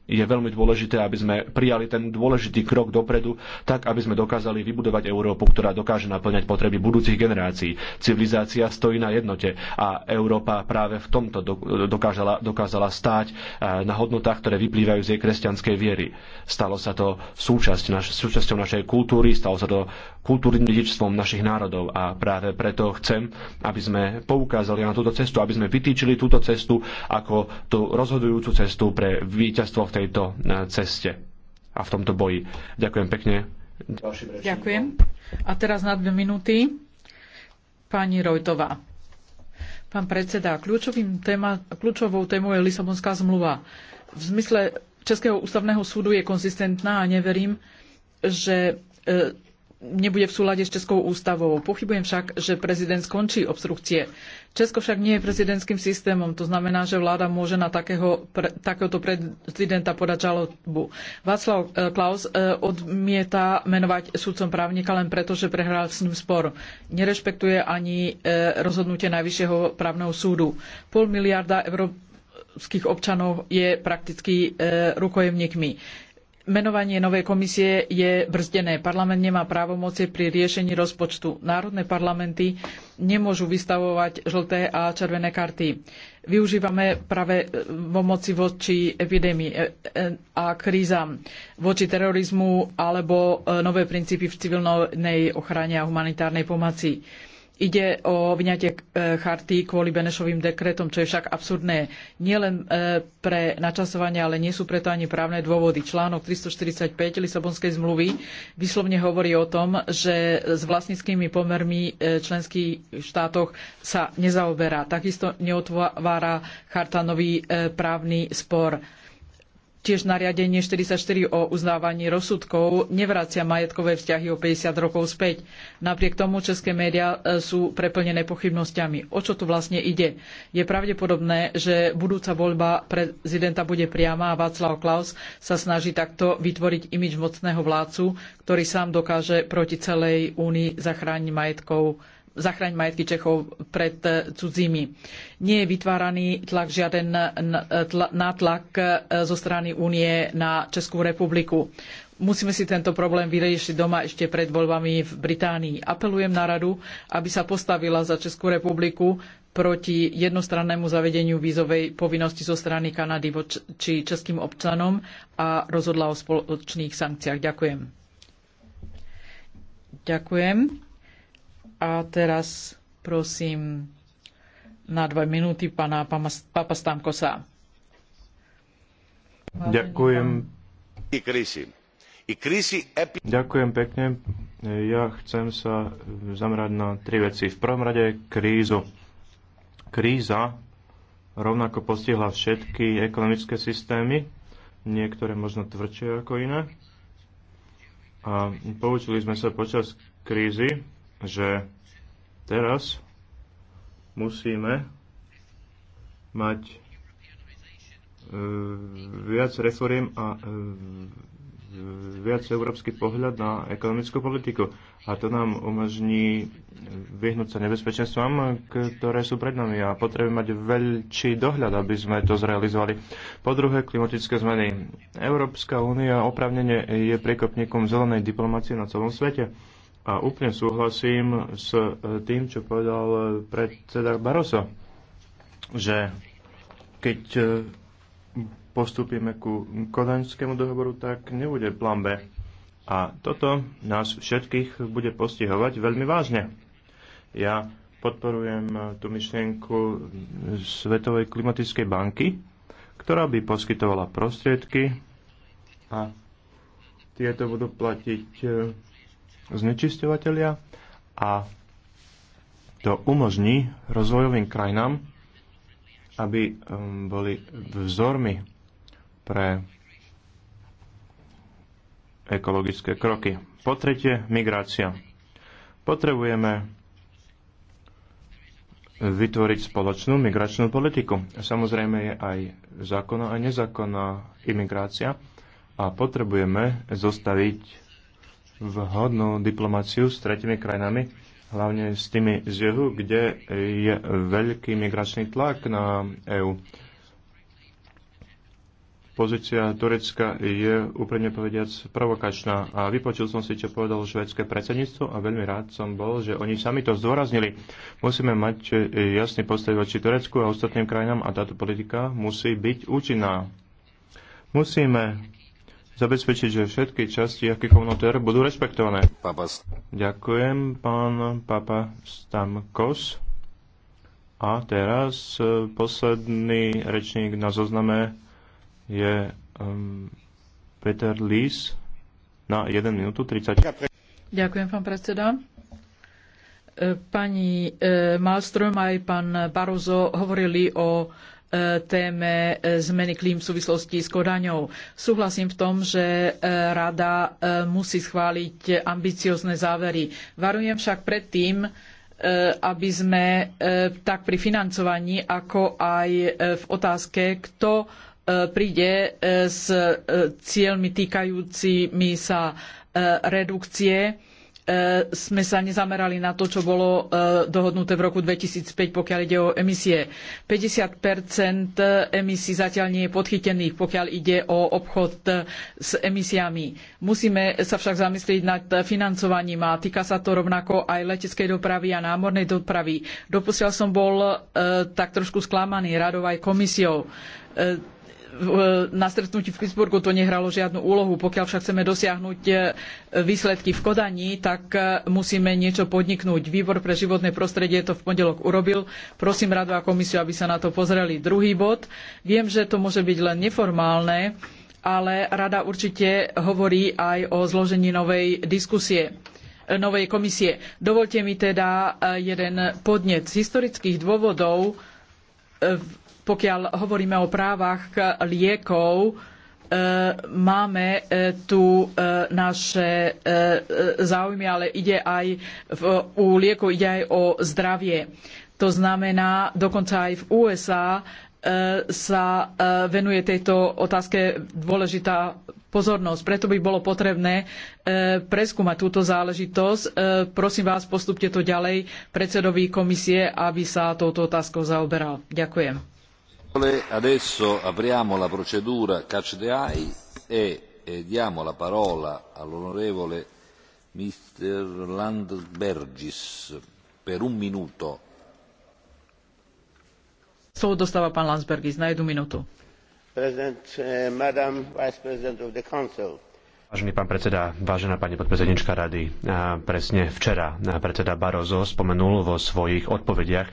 Speaker 4: je veľmi dôležité, aby sme prijali ten dôležitý krok dopredu, tak aby sme dokázali vybudovať Európu, ktorá dokáže naplňať potreby budúcich generácií. Civilizácia stojí na jednote a Európa práve v tomto dokázala, dokázala stáť eh, na hodnotách, ktoré vyplývajú z jej kresťanskej viery. Stalo sa to súčasť, naš, súčasťou našej kultúry, stalo sa to kultúrnym dedičstvom našich národov a práve preto chcem, aby sme poukázali na túto cestu, aby sme vytýčili túto cestu ako tú rozhodujúcu cestu pre víťazstvo v tejto e, ceste a v tomto boji. Ďakujem pekne.
Speaker 7: Ďakujem. A teraz na dve minúty pani Rojtová. Pán predseda, téma, kľúčovou témou je Lisabonská zmluva. V zmysle Českého ústavného súdu je konzistentná a neverím, že e, nebude v súlade s Českou ústavou. Pochybujem však, že prezident skončí obstrukcie. Česko však nie je prezidentským systémom, to znamená, že vláda môže na takého, pre, takéhoto prezidenta podať žalobu. Václav eh, Klaus eh, odmieta menovať súdcom právnika len preto, že prehral s ním spor. Nerešpektuje ani eh, rozhodnutie Najvyššieho právneho súdu. Pol miliarda európskych občanov je prakticky rukojemníkmi menovanie novej komisie je brzdené. Parlament nemá právomoci pri riešení rozpočtu. Národné parlamenty nemôžu vystavovať žlté a červené karty. Využívame práve pomoci e, voči epidémii e, e, a krízam, voči terorizmu alebo nové princípy v civilnej ochrane a humanitárnej pomoci Ide o vyňatie e, charty kvôli Benešovým dekretom, čo je však absurdné. Nielen e, pre načasovanie, ale nie sú preto ani právne dôvody. Článok 345 Lisabonskej zmluvy vyslovne hovorí o tom, že s vlastníckými pomermi e, členských štátoch sa nezaoberá. Takisto neotvára charta nový právny spor Tiež nariadenie 44 o uznávaní rozsudkov nevracia majetkové vzťahy o 50 rokov späť. Napriek tomu české médiá e, sú preplnené pochybnosťami. O čo tu vlastne ide? Je pravdepodobné, že budúca voľba prezidenta bude priama a Václav Klaus sa snaží takto vytvoriť imič mocného vládcu, ktorý sám dokáže proti celej únii zachrániť majetkov zachráň majetky Čechov pred eh, cudzími. Nie je vytváraný tlak, žiaden nátlak eh, zo strany únie na Českú republiku. Musíme si tento problém vyriešiť doma ešte pred voľbami v Británii. Apelujem na radu, aby sa postavila za Českú republiku proti jednostrannému zavedeniu vízovej povinnosti zo strany Kanady voči českým občanom a rozhodla o spoločných sankciách. Ďakujem. Ďakujem. A teraz prosím na dve minúty pána Papa Stamkosa.
Speaker 6: Ďakujem. Ďakujem pekne. Ja chcem sa zamerať na tri veci. V prvom rade krízu. Kríza rovnako postihla všetky ekonomické systémy, niektoré možno tvrdšie ako iné. A poučili sme sa počas krízy, že teraz musíme mať e, viac reforiem a e, viac európsky pohľad na ekonomickú politiku. A to nám umožní vyhnúť sa nebezpečenstvom, ktoré sú pred nami a potrebujeme mať veľký dohľad, aby sme to zrealizovali. Po druhé, klimatické zmeny. Európska únia opravnenie je prekopníkom zelenej diplomácie na celom svete a úplne súhlasím s e, tým, čo povedal e, predseda Barosa, že keď e, postupíme ku kodaňskému dohovoru, tak nebude plán B. A toto nás všetkých bude postihovať veľmi vážne. Ja podporujem tú myšlienku Svetovej klimatickej banky, ktorá by poskytovala prostriedky a tieto budú platiť znečisťovateľia a to umožní rozvojovým krajinám, aby um, boli vzormi pre ekologické kroky. Po tretie, migrácia. Potrebujeme vytvoriť spoločnú migračnú politiku. Samozrejme je aj zákonná a nezákonná imigrácia a potrebujeme zostaviť vhodnú diplomáciu s tretimi krajinami, hlavne s tými z juhu, kde je veľký migračný tlak na EÚ. Pozícia Turecka je úplne povediac provokačná a vypočul som si, čo povedal švedské predsedníctvo a veľmi rád som bol, že oni sami to zdôraznili. Musíme mať jasný postoj voči Turecku a ostatným krajinám a táto politika musí byť účinná. Musíme zabezpečiť, že všetky časti aký komunitér budú rešpektované. Papas. Ďakujem, pán Papa Stamkos. A teraz e, posledný rečník na zozname je um, Peter Lís na 1 minútu 30.
Speaker 7: Ďakujem, pán predseda. E, pani e, Malström aj pán Barozo hovorili o E, téme e, zmeny klím v súvislosti s Kodaňou. Súhlasím v tom, že e, rada musí schváliť ambiciozne závery. Varujem však pred tým, aby sme tak pri financovaní, ako aj v otázke, kto príde s cieľmi týkajúcimi sa redukcie E, sme sa nezamerali na to, čo bolo e, dohodnuté v roku 2005, pokiaľ ide o emisie. 50 emisí zatiaľ nie je podchytených, pokiaľ ide o obchod s emisiami. Musíme sa však zamyslieť nad financovaním a týka sa to rovnako aj leteckej dopravy a námornej dopravy. Doposiaľ som bol e, tak trošku sklamaný radou aj komisiou E, na stretnutí v Pittsburghu to nehralo žiadnu úlohu. Pokiaľ však chceme dosiahnuť e, výsledky v Kodani, tak e, musíme niečo podniknúť. Výbor pre životné prostredie to v pondelok urobil. Prosím radu a komisiu, aby sa na to pozreli. Druhý bod. Viem, že to môže byť len neformálne, ale rada určite hovorí aj o zložení novej diskusie novej komisie. Dovolte mi teda jeden podnet. Z historických dôvodov pokiaľ hovoríme o právach liekov, e, máme e, tu e, naše záujmy, ale ide aj v, u liekov ide aj o zdravie. To znamená, dokonca aj v USA sa venuje tejto otázke dôležitá pozornosť. Preto by bolo potrebné preskúmať túto záležitosť. Prosím vás, postupte to ďalej predsedovi komisie, aby sa touto otázkou zaoberal. Ďakujem.
Speaker 1: Adesso apriamo la procedura Catch the Eye e, e diamo la parola all'onorevole Mister Landbergis per un minuto.
Speaker 7: Slovo dostáva pán Landsbergis na jednu minútu.
Speaker 1: President, uh, Madam Vice President of the Council,
Speaker 4: Vážený pán predseda, vážená pani podpredsednička rady, presne včera predseda Barozo spomenul vo svojich odpovediach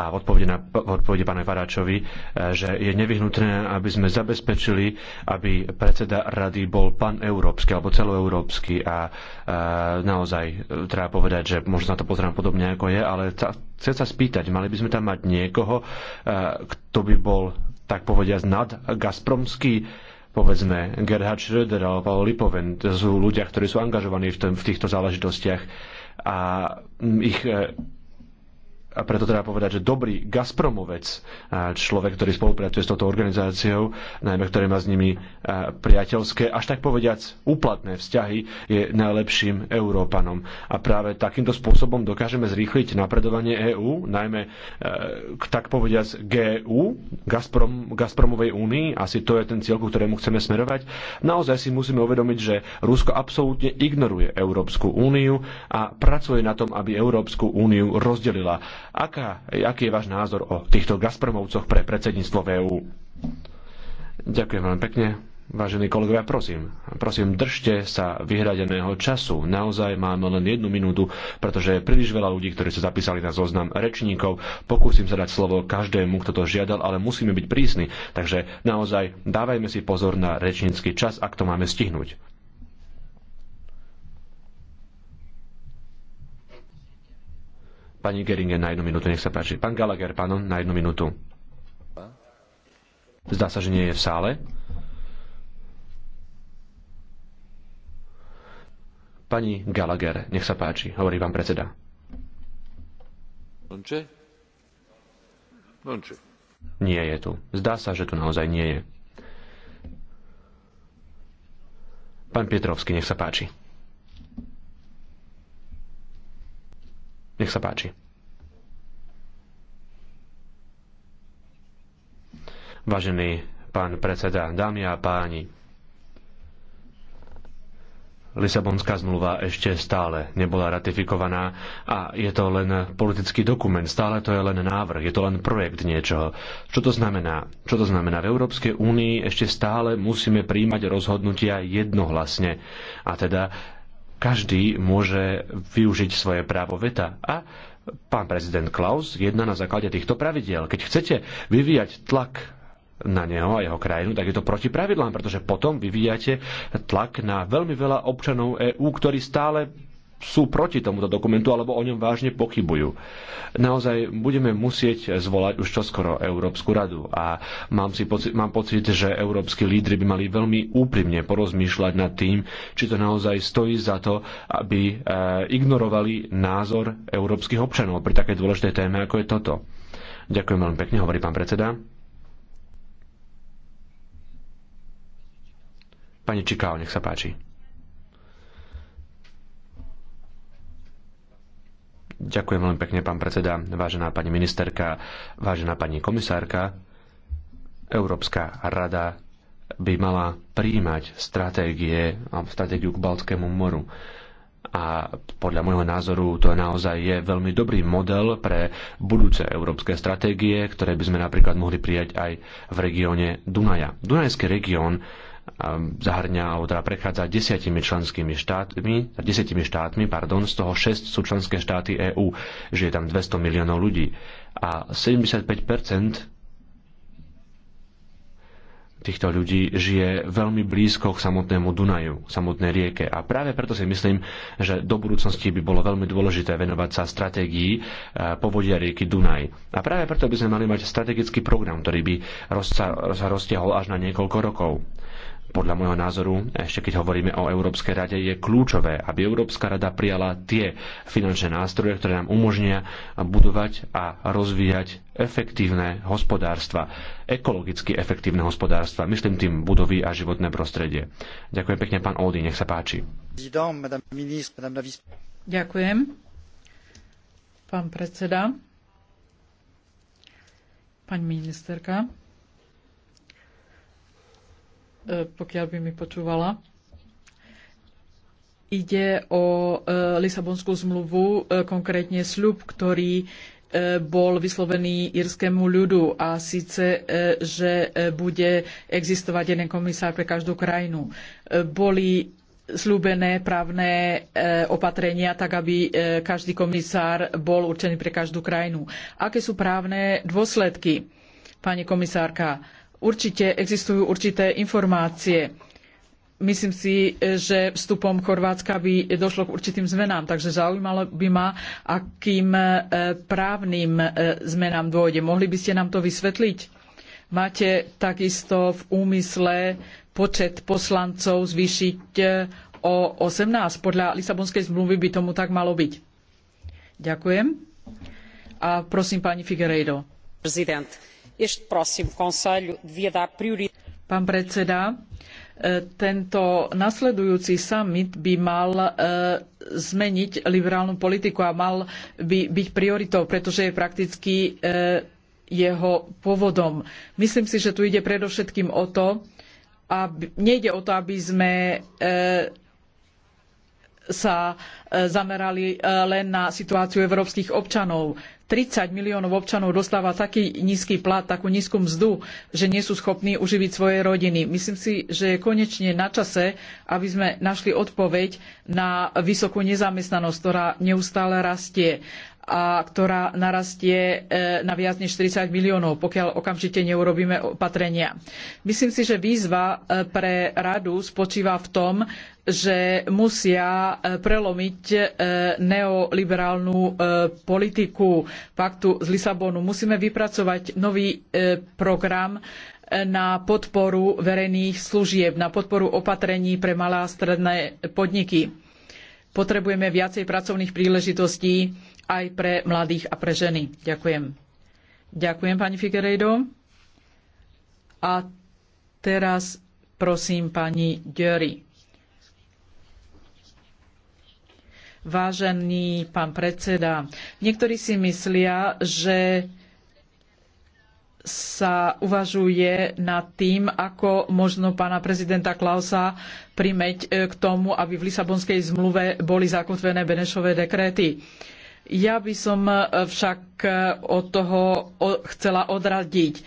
Speaker 4: a v odpovedi, na, v odpovedi pánovi Varáčovi, e, že je nevyhnutné, aby sme zabezpečili, aby predseda rady bol európsky alebo celoeurópsky a, a e, naozaj e, treba povedať, že možno na to pozerám podobne ako je, ale chcem sa spýtať, mali by sme tam mať niekoho, kto by bol tak povediať nad Gazpromský povedzme Gerhard Schröder alebo Lipoven, to sú ľudia, ktorí sú angažovaní v, v týchto záležitostiach a ich eh, a preto treba povedať, že dobrý Gazpromovec, človek, ktorý spolupracuje s touto organizáciou, najmä ktorý má s nimi priateľské, až tak povediac úplatné vzťahy, je najlepším Európanom. A práve takýmto spôsobom dokážeme zrýchliť napredovanie EÚ, najmä k tak povediac GU, Gazprom, Gazpromovej únii, asi to je ten cieľ, ku ktorému chceme smerovať. Naozaj si musíme uvedomiť, že Rusko absolútne ignoruje Európsku úniu a pracuje na tom, aby Európsku úniu rozdelila Aká, aký je váš názor o týchto Gazpromovcoch pre predsedníctvo VÚ? E Ďakujem veľmi pekne. Vážení kolegovia, prosím, prosím, držte sa vyhradeného času. Naozaj máme len jednu minútu, pretože je príliš veľa ľudí, ktorí sa zapísali na zoznam rečníkov. Pokúsim sa dať slovo každému, kto to žiadal, ale musíme byť prísni. Takže naozaj dávajme si pozor na rečnícky čas, ak to máme stihnúť. Pani Geringe na jednu minútu, nech sa páči. Pán Gallagher, pánom, na jednu minútu. Zdá sa, že nie je v sále. Pani Gallagher, nech sa páči, hovorí vám predseda.
Speaker 2: Nonče? Nonče.
Speaker 4: Nie je tu. Zdá sa, že tu naozaj nie je. Pán Pietrovský, nech sa páči. Nech sa páči. Vážený pán predseda, dámy a páni, Lisabonská zmluva ešte stále nebola ratifikovaná a je to len politický dokument, stále to je len návrh, je to len projekt niečoho. Čo to znamená? Čo to znamená? V Európskej únii ešte stále musíme príjmať rozhodnutia jednohlasne. A teda každý môže využiť svoje právo veta. A pán prezident Klaus jedna na základe týchto pravidiel. Keď chcete vyvíjať tlak na neho a jeho krajinu, tak je to proti pravidlám, pretože potom vyvíjate tlak na veľmi veľa občanov EÚ, ktorí stále sú proti tomuto dokumentu alebo o ňom vážne pochybujú. Naozaj budeme musieť zvolať už čoskoro Európsku radu a mám, si poci- mám pocit, že európsky lídry by mali veľmi úprimne porozmýšľať nad tým, či to naozaj stojí za to, aby e, ignorovali názor európskych občanov pri takej dôležitej téme, ako je toto. Ďakujem veľmi pekne, hovorí pán predseda. Pani Čikáo, nech sa páči. Ďakujem veľmi pekne, pán predseda, vážená pani ministerka, vážená pani komisárka. Európska rada by mala príjmať stratégie, stratégiu k Baltskému moru. A podľa môjho názoru to naozaj je veľmi dobrý model pre budúce európske stratégie, ktoré by sme napríklad mohli prijať aj v regióne Dunaja. Dunajský región zahrňa, alebo teda prechádza desiatimi členskými štátmi, desiatimi štátmi, pardon, z toho 6 sú členské štáty EÚ, že je tam 200 miliónov ľudí. A 75 týchto ľudí žije veľmi blízko k samotnému Dunaju, k samotnej rieke. A práve preto si myslím, že do budúcnosti by bolo veľmi dôležité venovať sa stratégii e, povodia rieky Dunaj. A práve preto by sme mali mať strategický program, ktorý by sa roztiahol až na niekoľko rokov podľa môjho názoru, ešte keď hovoríme o Európskej rade, je kľúčové, aby Európska rada prijala tie finančné nástroje, ktoré nám umožnia budovať a rozvíjať efektívne hospodárstva, ekologicky efektívne hospodárstva, myslím tým budovy a životné prostredie. Ďakujem pekne, pán Oldy, nech sa páči.
Speaker 7: Ďakujem, pán predseda, pani ministerka. E, pokiaľ by mi počúvala. Ide o e, Lisabonskú zmluvu, e, konkrétne sľub, ktorý bol vyslovený írskému ľudu a síce, že bude existovať jeden komisár pre každú krajinu. Boli slúbené právne opatrenia, tak aby každý komisár bol určený pre každú krajinu. Aké sú právne dôsledky, pani komisárka? Určite existujú určité informácie. Myslím si, že vstupom Chorvátska by došlo k určitým zmenám, takže zaujímalo by ma, akým e, právnym e, zmenám dôjde. Mohli by ste nám to vysvetliť? Máte takisto v úmysle počet poslancov zvýšiť e, o 18. Podľa Lisabonskej zmluvy by tomu tak malo byť. Ďakujem. A prosím pani Figueiredo. Prezident Pán predseda, e, tento nasledujúci summit by mal e, zmeniť liberálnu politiku a mal by byť prioritou, pretože je prakticky e, jeho pôvodom. Myslím si, že tu ide predovšetkým o to, aby, nejde o to, aby sme sa zamerali len na situáciu európskych občanov. 30 miliónov občanov dostáva taký nízky plat, takú nízku mzdu, že nie sú schopní uživiť svoje rodiny. Myslím si, že je konečne na čase, aby sme našli odpoveď na vysokú nezamestnanosť, ktorá neustále rastie a ktorá narastie e, na viac než 40 miliónov, pokiaľ okamžite neurobíme opatrenia. Myslím si, že výzva e, pre radu spočíva v tom, že musia e, prelomiť neoliberálnu politiku paktu z Lisabonu. Musíme vypracovať nový program na podporu verejných služieb, na podporu opatrení pre malé a stredné podniky. Potrebujeme viacej pracovných príležitostí aj pre mladých a pre ženy. Ďakujem. Ďakujem, pani Figueiredo. A teraz prosím pani Dury. Vážený pán predseda, niektorí si myslia, že sa uvažuje nad tým, ako možno pána prezidenta Klausa primeť eh, k tomu, aby v Lisabonskej zmluve boli zakotvené Benešové dekréty. Ja by som e, však e, od toho chcela odradiť.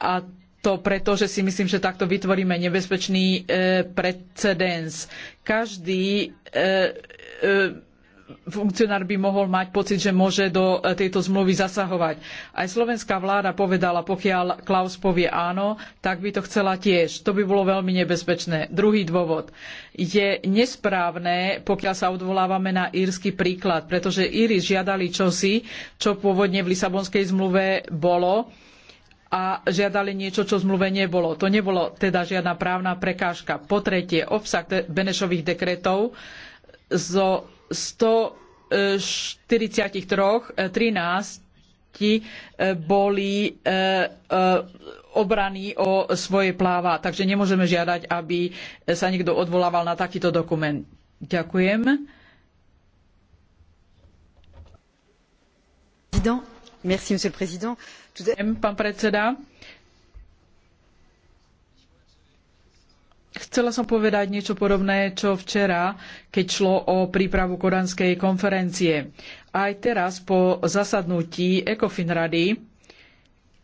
Speaker 7: A to preto, že si myslím, že takto vytvoríme nebezpečný e, precedens. Každý funkcionár by mohol mať pocit, že môže do e, tejto zmluvy zasahovať. Aj slovenská vláda povedala, pokiaľ Klaus povie áno, tak by to chcela tiež. To by bolo veľmi nebezpečné. Druhý dôvod. Je nesprávne, pokiaľ sa odvolávame na írsky príklad, pretože Íri žiadali čosi, čo pôvodne v Lisabonskej zmluve bolo a žiadali niečo, čo v zmluve nebolo. To nebolo teda žiadna právna prekážka. Po tretie, obsah Benešových dekretov zo 143, 13 eh, eh, boli eh, obraní o svoje pláva. Takže nemôžeme žiadať, aby sa niekto odvolával na takýto dokument. Ďakujem. Pán predseda, Chcela som povedať niečo podobné, čo včera, keď šlo o prípravu kodanskej konferencie. Aj teraz po zasadnutí ECOFIN rady, e,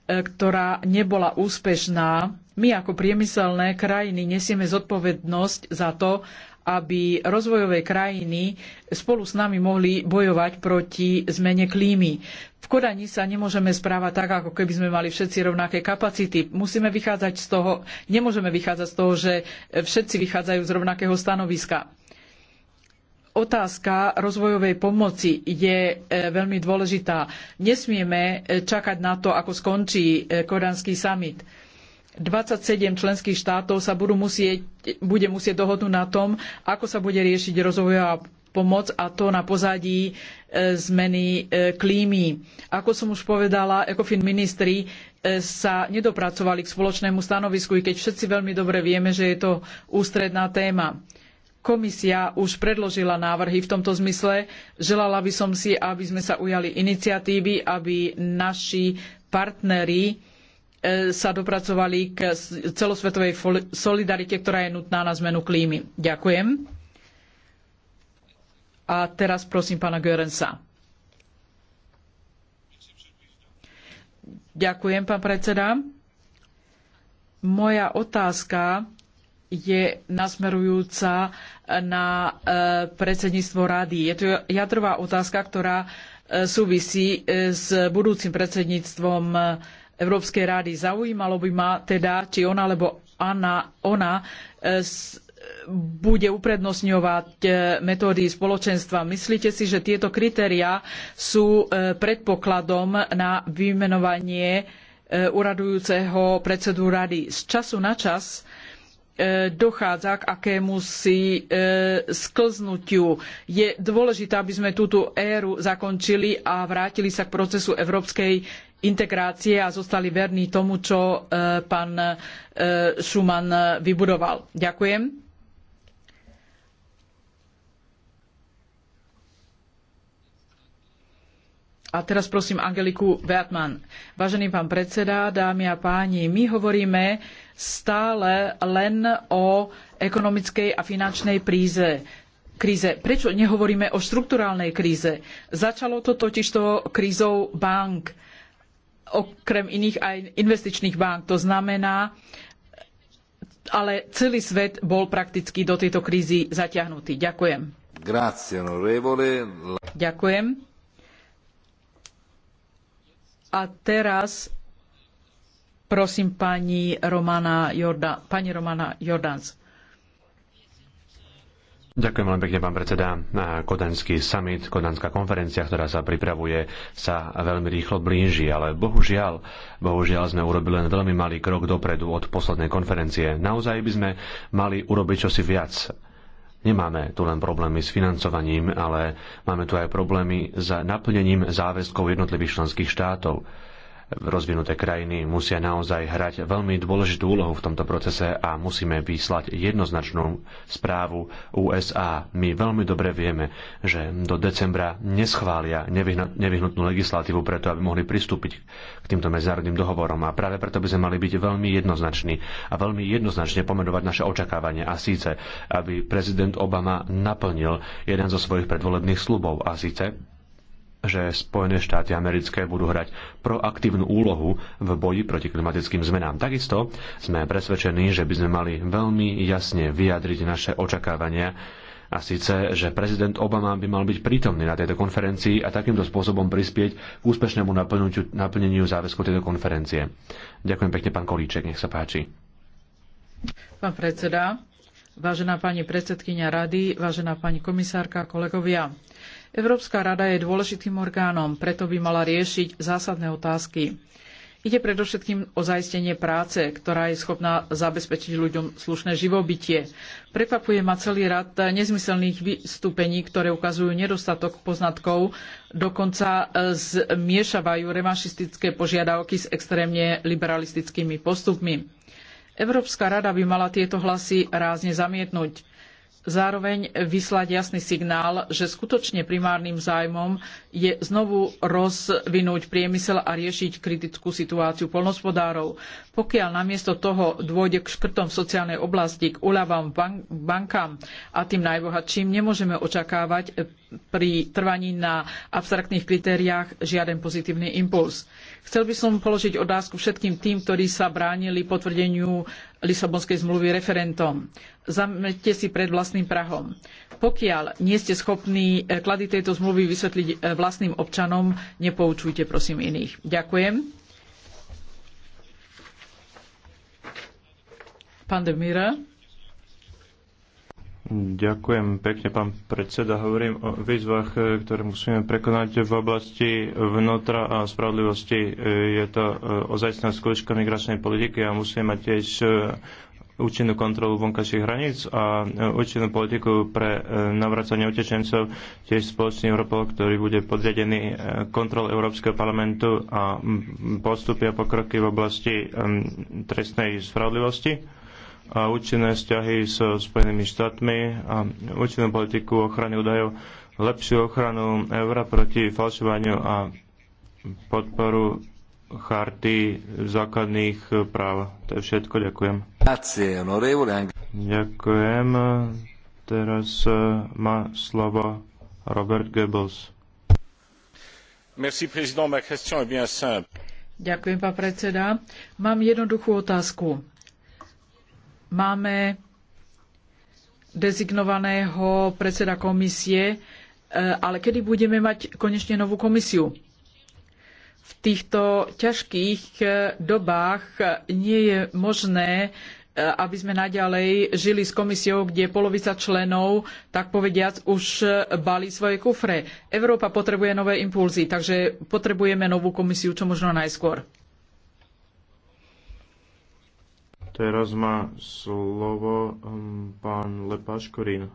Speaker 7: ktorá nebola úspešná, my ako priemyselné krajiny nesieme zodpovednosť za to, aby rozvojové krajiny spolu s nami mohli bojovať proti zmene klímy. V Kodani sa nemôžeme správať tak, ako keby sme mali všetci rovnaké kapacity. Musíme vychádzať z toho, nemôžeme vychádzať z toho, že všetci vychádzajú z rovnakého stanoviska. Otázka rozvojovej pomoci je e, veľmi dôležitá. Nesmieme e, čakať na to, ako skončí e, kodanský summit 27 členských štátov sa budú musieť, bude musieť dohodnúť na tom, ako sa bude riešiť rozvojová pomoc a to na pozadí e, zmeny e, klímy. Ako som už povedala, ECOFIN ministri e, sa nedopracovali k spoločnému stanovisku, i keď všetci veľmi dobre vieme, že je to ústredná téma. Komisia už predložila návrhy v tomto zmysle. Želala by som si, aby sme sa ujali iniciatívy, aby naši partneri E, sa dopracovali k celosvetovej solidarite, ktorá je nutná na zmenu klímy. Ďakujem. A teraz prosím pána Görensa. Ďakujem, pán predseda. Moja otázka je nasmerujúca na e, predsedníctvo rady. Je to jadrová otázka, ktorá e, súvisí s budúcim predsedníctvom rady Európskej rady. Zaujímalo by ma teda, či ona alebo Anna, ona e, bude uprednostňovať e, metódy spoločenstva. Myslíte si, že tieto kritériá sú e, predpokladom na vymenovanie uradujúceho predsedu rady? Z času na čas dochádza k akémusi sklznutiu. Je dôležité, aby sme túto éru zakončili a vrátili sa k procesu európskej integrácie a zostali verní tomu, čo e, pán e, Schuman vybudoval. Ďakujem. A teraz prosím Angeliku Wertmann. Vážený pán predseda, dámy a páni, my hovoríme stále len o ekonomickej a finančnej príze kríze. Prečo nehovoríme o štrukturálnej kríze? Začalo to totižto krízou bank okrem iných aj investičných bank. To znamená, ale celý svet bol prakticky do tejto krízy zaťahnutý. Ďakujem. Ďakujem. A teraz prosím pani Romana pani Romana Jordans.
Speaker 4: Ďakujem veľmi pekne, pán predseda. Kodanský summit, kodanská konferencia, ktorá sa pripravuje, sa veľmi rýchlo blíži, ale bohužiaľ, bohužiaľ sme urobili len veľmi malý krok dopredu od poslednej konferencie. Naozaj by sme mali urobiť čosi viac. Nemáme tu len problémy s financovaním, ale máme tu aj problémy s naplnením záväzkov jednotlivých členských štátov rozvinuté krajiny musia naozaj hrať veľmi dôležitú úlohu v tomto procese a musíme vyslať jednoznačnú správu USA. My veľmi dobre vieme, že do decembra neschvália nevyhnutnú legislatívu preto, aby mohli pristúpiť k týmto medzinárodným dohovorom. A práve preto by sme mali byť veľmi jednoznační a veľmi jednoznačne pomenovať naše očakávanie. A síce, aby prezident Obama naplnil jeden zo svojich predvolebných slubov. A síce, že Spojené štáty americké budú hrať proaktívnu úlohu v boji proti klimatickým zmenám. Takisto sme presvedčení, že by sme mali veľmi jasne vyjadriť naše očakávania a síce, že prezident Obama by mal byť prítomný na tejto konferencii a takýmto spôsobom prispieť k úspešnému naplneniu záväzku tejto konferencie. Ďakujem pekne, pán Kolíček, nech sa páči.
Speaker 7: Pán predseda, vážená pani predsedkynia rady, vážená pani komisárka, kolegovia. Európska rada je dôležitým orgánom, preto by mala riešiť zásadné otázky. Ide predovšetkým o zaistenie práce, ktorá je schopná zabezpečiť ľuďom slušné živobytie. Prekvapuje ma celý rad nezmyselných vystúpení, ktoré ukazujú nedostatok poznatkov, dokonca e, zmiešavajú revanšistické požiadavky s extrémne liberalistickými postupmi. Európska rada by mala tieto hlasy rázne zamietnúť zároveň vyslať jasný signál, že skutočne primárnym zájmom je znovu rozvinúť priemysel a riešiť kritickú situáciu poľnohospodárov. Pokiaľ namiesto toho dôjde k škrtom v sociálnej oblasti, k uľavám bankám a tým najbohatším, nemôžeme očakávať pri trvaní na abstraktných kritériách žiaden pozitívny impuls. Chcel by som položiť otázku všetkým tým, ktorí sa bránili potvrdeniu Lisabonskej zmluvy referentom. Zamete si pred vlastným prahom. Pokiaľ nie ste schopní eh, klady tejto zmluvy vysvetliť eh, vlastným občanom, nepoučujte prosím iných. Ďakujem. Pán Demira.
Speaker 6: Ďakujem pekne, pán predseda. Hovorím o výzvach, ktoré musíme prekonať v oblasti vnútra a spravodlivosti. Je to e, ozajstná skúška migračnej politiky a musíme mať tiež e, účinnú kontrolu vonkajších hraníc a e, účinnú politiku pre e, navracanie utečencov, tiež spoločný Europol, ktorý bude podriadený e, kontrol Európskeho parlamentu a postupy a pokroky v oblasti trestnej spravodlivosti a účinné vzťahy so Spojenými štátmi a účinnú politiku ochrany údajov, lepšiu ochranu eura proti falšovaniu a podporu charty základných práv. To je všetko, ďakujem. Ďakujem. Teraz eh, má slovo Robert Goebbels.
Speaker 4: Merci, président. Ma question est bien simple.
Speaker 7: Ďakujem, pán predseda. Mám jednoduchú otázku. Máme dezignovaného predseda komisie, eh, ale kedy budeme mať konečne novú komisiu? v týchto ťažkých eh, dobách nie je možné eh, aby sme naďalej žili s komisiou, kde polovica členov, tak povediac, už eh, balí svoje kufre. Európa potrebuje nové impulzy, takže potrebujeme novú komisiu čo možno najskôr.
Speaker 6: Teraz má slovo mm, pán Lepáš Korín.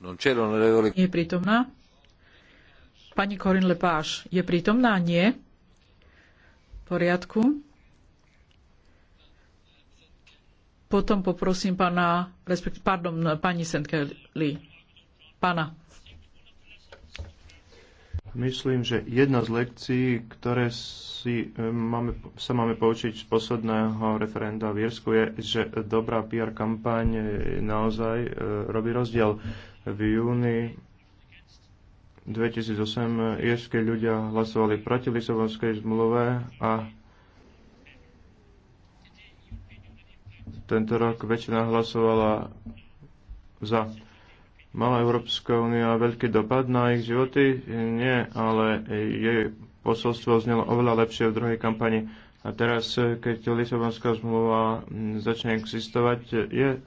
Speaker 6: Non Je
Speaker 7: prítomná? Pani Corinne Lepáš, je prítomná? Nie? V poriadku. Potom poprosím pána, respektíve, pardon, pani Sentkeli, pána
Speaker 6: Myslím, že jedna z lekcií, ktoré si e, máme, sa máme poučiť z posledného referenda v Írsku, je, že dobrá PR kampaň naozaj e, robí rozdiel. V júni 2008 írske ľudia hlasovali proti Lisabonskej zmluve a tento rok väčšina hlasovala za mala Európska únia veľký dopad na ich životy? Nie, ale jej posolstvo znelo oveľa lepšie v druhej kampani. A teraz, keď Lisabonská zmluva začne existovať, je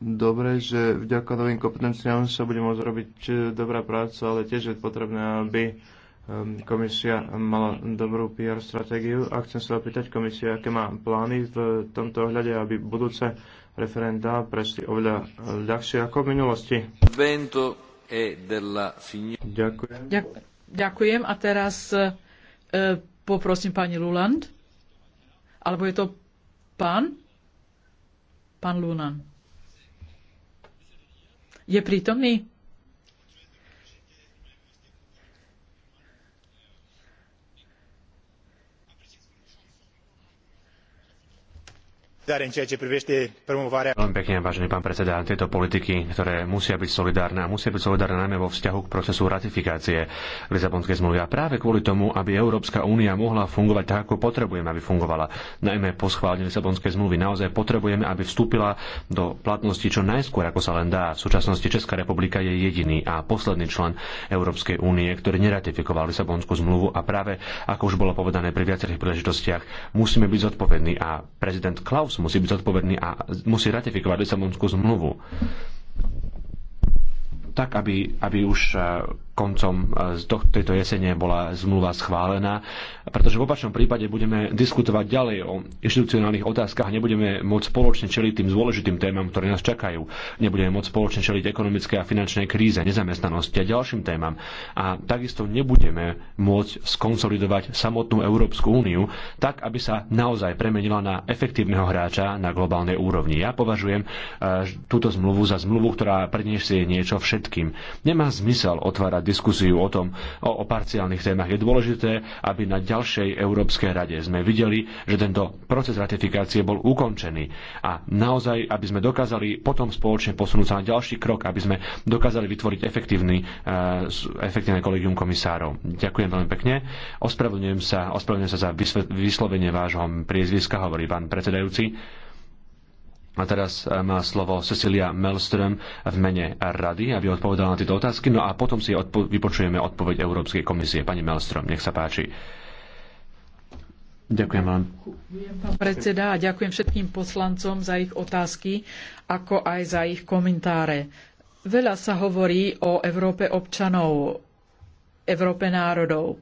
Speaker 6: dobre, že vďaka novým kompetenciám sa bude môcť robiť eh, dobrá práca, ale tiež je potrebné, aby ehm, komisia mala dobrú PR stratégiu a chcem sa opýtať komisia, aké má plány v tomto ohľade, aby budúce referenda prešli oveľa ľahšie ako v minulosti.
Speaker 1: Ďakujem.
Speaker 7: Ďakujem a teraz e, poprosím pani Luland. Alebo je to pán? Pán Lunan. Je prítomný?
Speaker 1: Veľmi
Speaker 4: pekne, vážený pán predseda, tieto politiky, ktoré musia byť solidárne a musia byť solidárne najmä vo vzťahu k procesu ratifikácie Lisabonskej zmluvy a práve kvôli tomu, aby Európska únia mohla fungovať tak, ako potrebujeme, aby fungovala. Najmä po schválení Lisabonskej zmluvy naozaj potrebujeme, aby vstúpila do platnosti čo najskôr, ako sa len dá. V súčasnosti Česká republika je jediný a posledný člen Európskej únie, ktorý neratifikoval Lisabonskú zmluvu a práve, ako už bolo povedané pri viacerých príležitostiach, musíme byť zodpovední a prezident Klaus Cyprus musí byť zodpovedný a musí ratifikovať Lisabonskú zmluvu tak, aby, aby už eh, koncom e, z tejto jesene bola zmluva schválená, pretože v opačnom prípade budeme diskutovať ďalej o inštitucionálnych otázkach a nebudeme môcť spoločne čeliť tým dôležitým témam, ktoré nás čakajú. Nebudeme môcť spoločne čeliť ekonomické a finančnej kríze, nezamestnanosti a ďalším témam. A takisto nebudeme môcť skonsolidovať samotnú Európsku úniu tak, aby sa naozaj premenila na efektívneho hráča na globálnej úrovni. Ja považujem e, túto zmluvu za zmluvu, ktorá predniesie niečo všetkým. Nemá zmysel otvárať diskusiu o tom, o, o parciálnych témach. Je dôležité, aby na ďalšej Európskej rade sme videli, že tento proces ratifikácie bol ukončený a naozaj, aby sme dokázali potom spoločne posunúť sa na ďalší krok, aby sme dokázali vytvoriť efektívny, eh, efektívne kolegium komisárov. Ďakujem veľmi pekne. Ospravedlňujem sa, ospravedlňujem sa za vyslovenie vášho priezviska, hovorí pán predsedajúci. A teraz e, má slovo Cecilia Melström v mene Rady, aby odpovedala na tieto otázky. No a potom si odpo- vypočujeme odpoveď Európskej komisie. Pani Melström, nech sa páči. Ďakujem vám.
Speaker 7: Ďakujem, pán predseda, a ďakujem všetkým poslancom za ich otázky, ako aj za ich komentáre. Veľa sa hovorí o Európe občanov, Európe národov.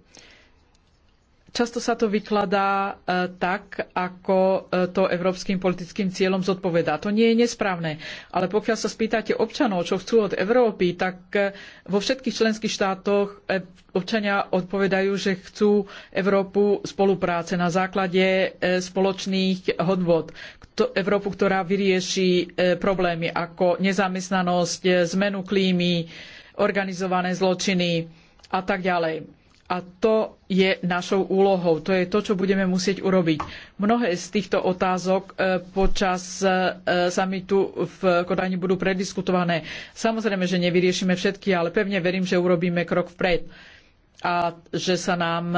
Speaker 7: Často sa to vykladá e, tak, ako e, to európskym politickým cieľom zodpovedá. To nie je nesprávne. Ale pokiaľ sa spýtate občanov, čo chcú od Európy, tak e, vo všetkých členských štátoch občania odpovedajú, že chcú Európu spolupráce na základe spoločných hodnot. Európu, ktorá vyrieši problémy ako nezamestnanosť, zmenu klímy, organizované zločiny a tak ďalej a to je našou úlohou. To je to, čo budeme musieť urobiť. Mnohé z týchto otázok e, počas e, e, samitu v Kodani budú prediskutované. Samozrejme, že nevyriešime všetky, ale pevne verím, že urobíme krok vpred a že sa nám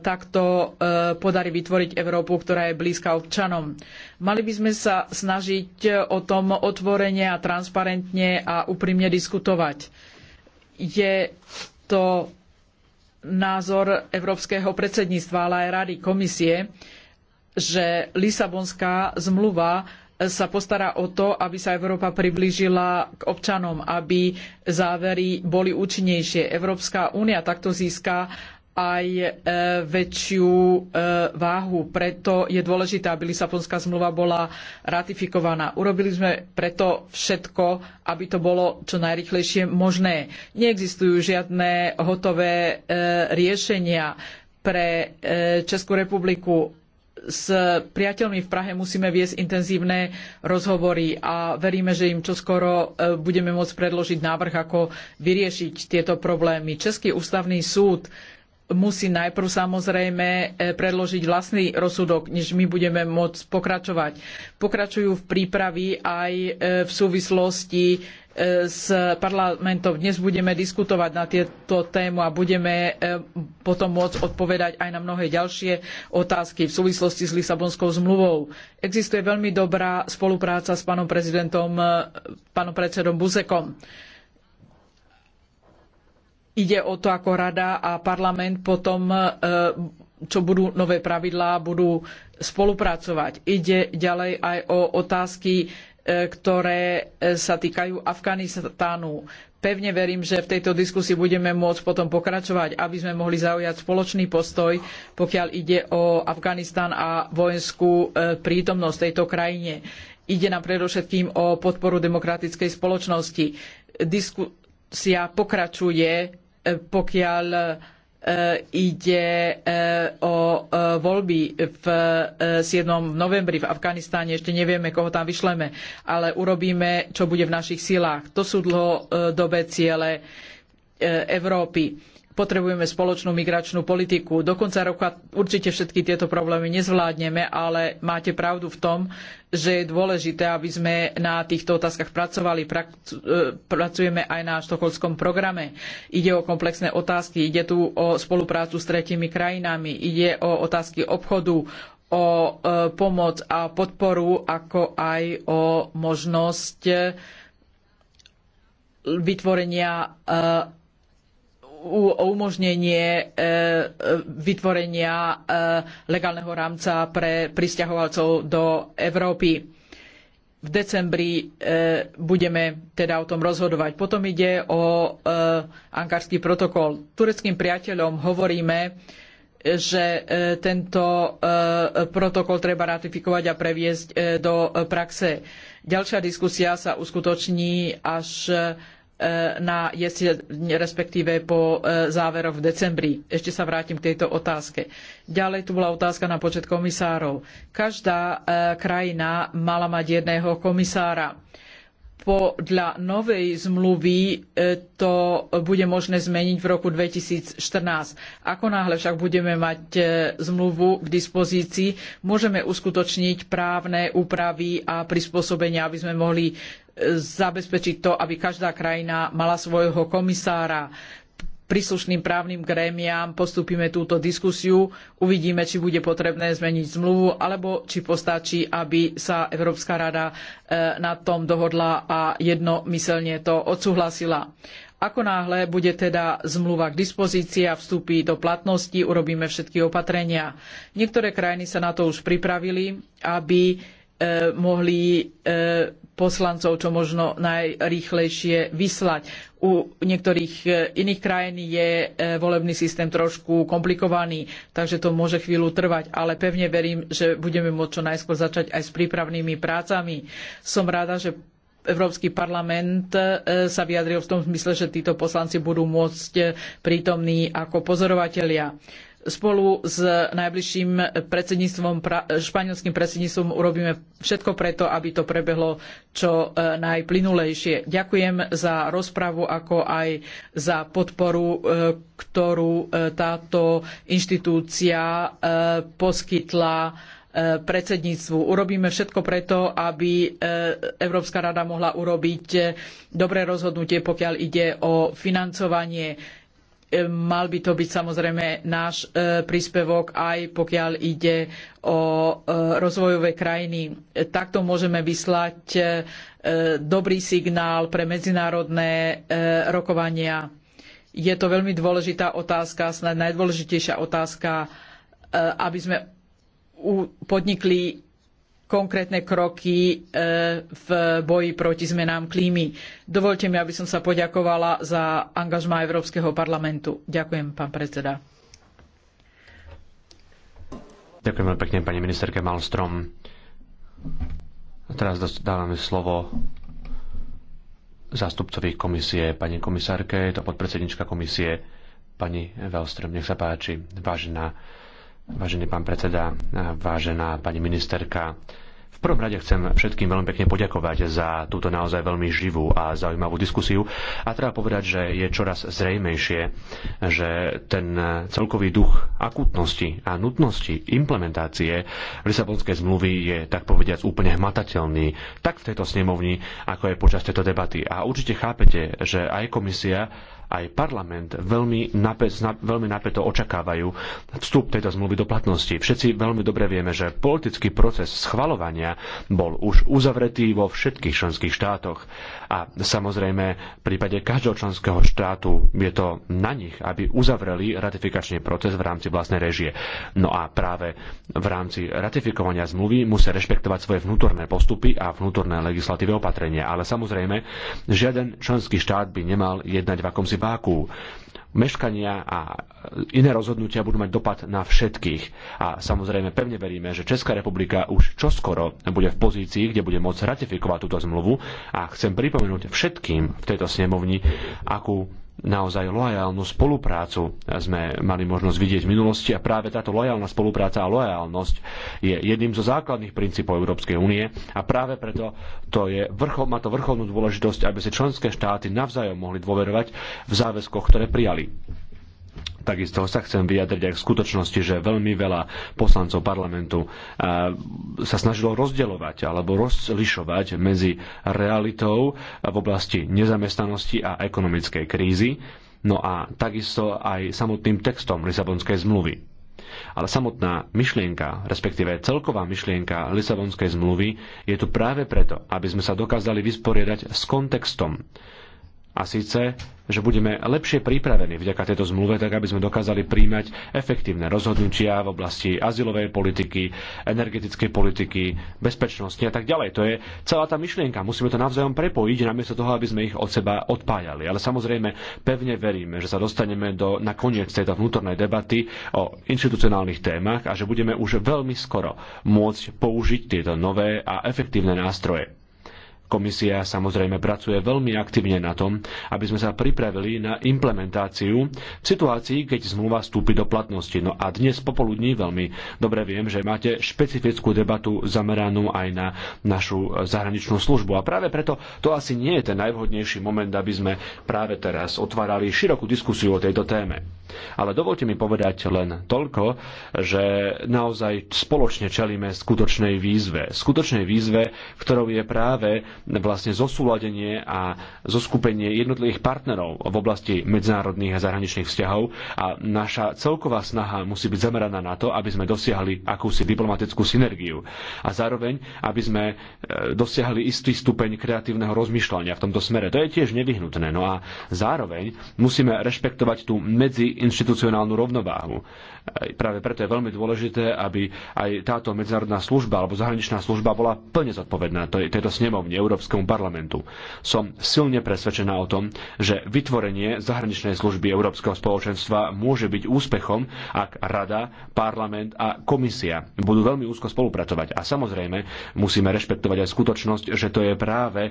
Speaker 7: takto podarí vytvoriť Európu, ktorá je blízka občanom. Mali by sme sa snažiť o tom otvorene a transparentne a úprimne diskutovať. Je to názor európskeho predsedníctva, ale aj rady komisie, že Lisabonská zmluva sa postará o to, aby sa Európa priblížila k občanom, aby závery boli účinnejšie. Európska únia takto získa aj e, väčšiu e, váhu. Preto je dôležité, aby Lisabonská zmluva bola ratifikovaná. Urobili sme preto všetko, aby to bolo čo najrychlejšie možné. Neexistujú žiadne hotové e, riešenia pre Českú republiku. S priateľmi v Prahe musíme viesť intenzívne rozhovory a veríme, že im čoskoro budeme môcť predložiť návrh, ako vyriešiť tieto problémy. Český ústavný súd musí najprv samozrejme e, predložiť vlastný rozsudok, než my budeme môcť pokračovať. Pokračujú v prípravi aj e, v súvislosti e, s parlamentom. Dnes budeme diskutovať na tieto tému a budeme potom môcť odpovedať aj na mnohé ďalšie otázky v súvislosti s Lisabonskou zmluvou. Existuje veľmi dobrá spolupráca s pánom prezidentom, pánom predsedom Buzekom ide o to, ako rada a parlament potom, e, čo budú nové pravidlá, budú spolupracovať. Ide ďalej aj o otázky, e, ktoré e, sa týkajú Afganistánu. Pevne verím, že v tejto diskusii budeme môcť potom pokračovať, aby sme mohli zaujať spoločný postoj, pokiaľ ide o Afganistan a vojenskú prítomnosť v tejto krajine. Ide nám predovšetkým o podporu demokratickej spoločnosti. Disku- diskusia pokračuje pokiaľ e, ide e, o e, voľby v 7. novembri v Afganistáne. Ešte nevieme, koho tam vyšleme, ale urobíme, čo bude v našich silách. To sú dlhodobé ciele Európy Potrebujeme spoločnú migračnú politiku. Do konca roka určite všetky tieto problémy nezvládneme, ale máte pravdu v tom, že je dôležité, aby sme na týchto otázkach pracovali. E, pracujeme aj na štokholskom programe. Ide o komplexné otázky, ide tu o spoluprácu s tretimi krajinami, ide o otázky obchodu, o e, pomoc a podporu, ako aj o možnosť e, vytvorenia o umožnenie e, e, vytvorenia e, legálneho rámca pre prisťahovalcov do Európy. V decembri budeme teda o tom rozhodovať. Potom ide o ankarský protokol. Tureckým priateľom hovoríme, že tento protokol treba ratifikovať a previesť do praxe. Ďalšia diskusia sa uskutoční až E, na jeseň, respektíve po e, záveroch v decembri. Ešte sa vrátim k tejto otázke. Ďalej tu bola otázka na počet komisárov. Každá e, krajina mala mať jedného komisára. Podľa novej zmluvy to bude možné zmeniť v roku 2014. Ako náhle však budeme mať zmluvu k dispozícii, môžeme uskutočniť právne úpravy a prispôsobenia, aby sme mohli zabezpečiť to, aby každá krajina mala svojho komisára príslušným právnym grémiám postupíme túto diskusiu, uvidíme, či bude potrebné zmeniť zmluvu, alebo či postačí, aby sa Európska rada e, na tom dohodla a jednomyselne to odsúhlasila. Ako náhle bude teda zmluva k dispozícii a vstúpi do platnosti, urobíme všetky opatrenia. Niektoré krajiny sa na to už pripravili, aby E, mohli e, poslancov čo možno najrýchlejšie vyslať. U niektorých e, iných krajín je volebný systém trošku komplikovaný, takže to môže chvíľu trvať, ale pevne verím, že budeme môcť čo najskôr začať aj s prípravnými prácami. Som rada, že Európsky parlament sa vyjadril v tom zmysle, že títo poslanci budú môcť prítomní ako pozorovatelia spolu s najbližším predsedníctvom, španielským predsedníctvom urobíme všetko preto, aby to prebehlo čo e, najplynulejšie. Ďakujem za rozpravu, ako aj za podporu, e, ktorú e, táto inštitúcia poskytla predsedníctvu. Urobíme všetko preto, aby Európska rada mohla urobiť dobré rozhodnutie, pokiaľ ide o financovanie E, mal by to byť samozrejme náš e, príspevok aj pokiaľ ide o e, rozvojové krajiny. Takto môžeme vyslať dobrý signál pre medzinárodné rokovania. Je to veľmi dôležitá otázka, snad najdôležitejšia otázka, aby sme podnikli konkrétne kroky e, v boji proti zmenám klímy. Dovolte mi, aby som sa poďakovala za angažma Európskeho parlamentu. Ďakujem, pán predseda.
Speaker 4: Ďakujem pekne, pani ministerke Malstrom. A teraz dávame slovo zástupcovi komisie, pani komisárke, je to podpredsednička komisie, pani Velström, nech sa páči, vážená Vážený pán predseda, vážená pani ministerka, v prvom rade chcem všetkým veľmi pekne poďakovať za túto naozaj veľmi živú a zaujímavú diskusiu a treba povedať, že je čoraz zrejmejšie, že ten celkový duch akutnosti a nutnosti implementácie Lisabonskej zmluvy je tak povediac úplne hmatateľný tak v tejto snemovni, ako aj počas tejto debaty. A určite chápete, že aj komisia aj parlament veľmi, napä, veľmi napäto očakávajú vstup tejto zmluvy do platnosti. Všetci veľmi dobre vieme, že politický proces schvalovania bol už uzavretý vo všetkých členských štátoch. A samozrejme, v prípade každého členského štátu je to na nich, aby uzavreli ratifikačný proces v rámci vlastnej režie. No a práve v rámci ratifikovania zmluvy musia rešpektovať svoje vnútorné postupy a vnútorné legislatívne opatrenia. Ale samozrejme, žiaden členský štát by nemal jednať v akomsi akúmsi váku meškania a iné rozhodnutia budú mať dopad na všetkých. A samozrejme pevne veríme, že Česká republika už čoskoro bude v pozícii, kde bude môcť ratifikovať túto zmluvu a chcem pripomenúť všetkým v tejto snemovni, akú naozaj lojálnu spoluprácu sme mali možnosť vidieť v minulosti a práve táto lojálna spolupráca a lojálnosť je jedným zo základných princípov Európskej únie a práve preto to je vrchol, má to vrcholnú dôležitosť, aby si členské štáty navzájom mohli dôverovať v záväzkoch, ktoré prijali. Takisto sa chcem vyjadriť aj k skutočnosti, že veľmi veľa poslancov parlamentu eh, sa snažilo rozdeľovať alebo rozlišovať medzi realitou v oblasti nezamestnanosti a ekonomickej krízy, no a takisto aj samotným textom Lisabonskej zmluvy. Ale samotná myšlienka, respektíve celková myšlienka Lisabonskej zmluvy je tu práve preto, aby sme sa dokázali vysporiadať s kontextom, a síce, že budeme lepšie pripravení vďaka tejto zmluve, tak aby sme dokázali príjmať efektívne rozhodnutia v oblasti azylovej politiky, energetickej politiky, bezpečnosti a tak ďalej. To je celá tá myšlienka. Musíme to navzájom prepojiť, namiesto toho, aby sme ich od seba odpájali. Ale samozrejme, pevne veríme, že sa dostaneme do, na koniec tejto vnútornej debaty o inštitucionálnych témach a že budeme už veľmi skoro môcť použiť tieto nové a efektívne nástroje. Komisia samozrejme pracuje veľmi aktívne na tom, aby sme sa pripravili na implementáciu v situácii, keď zmluva vstúpi do platnosti. No a dnes popoludní veľmi dobre viem, že máte špecifickú debatu zameranú aj na našu zahraničnú službu. A práve preto to asi nie je ten najvhodnejší moment, aby sme práve teraz otvárali širokú diskusiu o tejto téme. Ale dovolte mi povedať len toľko, že naozaj spoločne čelíme skutočnej výzve. Skutočnej výzve, ktorou je práve vlastne zosúladenie a zoskupenie jednotlivých partnerov v oblasti medzinárodných a zahraničných vzťahov a naša celková snaha musí byť zameraná na to, aby sme dosiahli akúsi diplomatickú synergiu a zároveň, aby sme e, dosiahli istý stupeň kreatívneho rozmýšľania v tomto smere. To je tiež nevyhnutné. No a zároveň musíme rešpektovať tú medziinstitucionálnu rovnováhu. Práve preto je veľmi dôležité, aby aj táto medzinárodná služba alebo zahraničná služba bola plne zodpovedná tejto snemovne Európskemu parlamentu. Som silne presvedčená o tom, že vytvorenie zahraničnej služby Európskeho spoločenstva môže byť úspechom, ak Rada, Parlament a Komisia budú veľmi úzko spolupracovať. A samozrejme musíme rešpektovať aj skutočnosť, že to je práve e,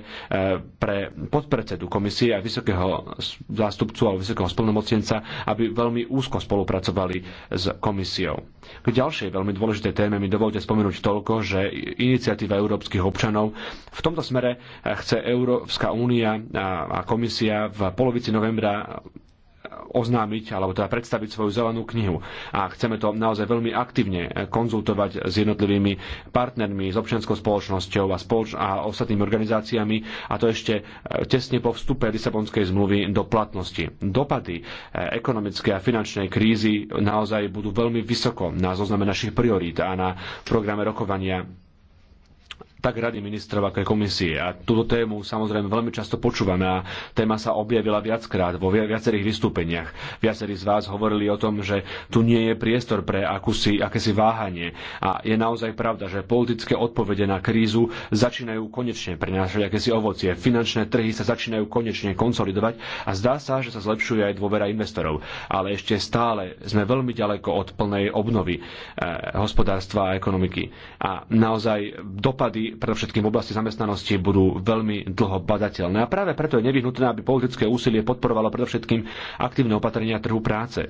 Speaker 4: pre podpredsedu komisie a vysokého zástupcu alebo vysokého splnomocnenca, aby veľmi úzko spolupracovali s komisiou. K ďalšej veľmi dôležitej téme mi dovolte spomenúť toľko, že iniciatíva európskych občanov v tomto smere chce Európska únia a komisia v polovici novembra oznámiť alebo teda predstaviť svoju zelenú knihu. A chceme to naozaj veľmi aktívne konzultovať s jednotlivými partnermi, s občianskou spoločnosťou a, spoloč- a ostatnými organizáciami a to ešte e, tesne po vstupe Lisabonskej zmluvy do platnosti. Dopady e, ekonomickej a finančnej krízy naozaj budú veľmi vysoko na zozname našich priorít a na programe rokovania tak Rady ministrov, ako aj komisie. A túto tému samozrejme veľmi často počúvame a téma sa objavila viackrát vo viacerých vystúpeniach. Viacerí z vás hovorili o tom, že tu nie je priestor pre akúsi, akési váhanie. A je naozaj pravda, že politické odpovede na krízu začínajú konečne prinášať akési ovocie. Finančné trhy sa začínajú konečne konsolidovať a zdá sa, že sa zlepšuje aj dôvera investorov. Ale ešte stále sme veľmi ďaleko od plnej obnovy e, hospodárstva a ekonomiky. A naozaj dopady predovšetkým v oblasti zamestnanosti, budú veľmi dlho badateľné. A práve preto je nevyhnutné, aby politické úsilie podporovalo predovšetkým aktívne opatrenia trhu práce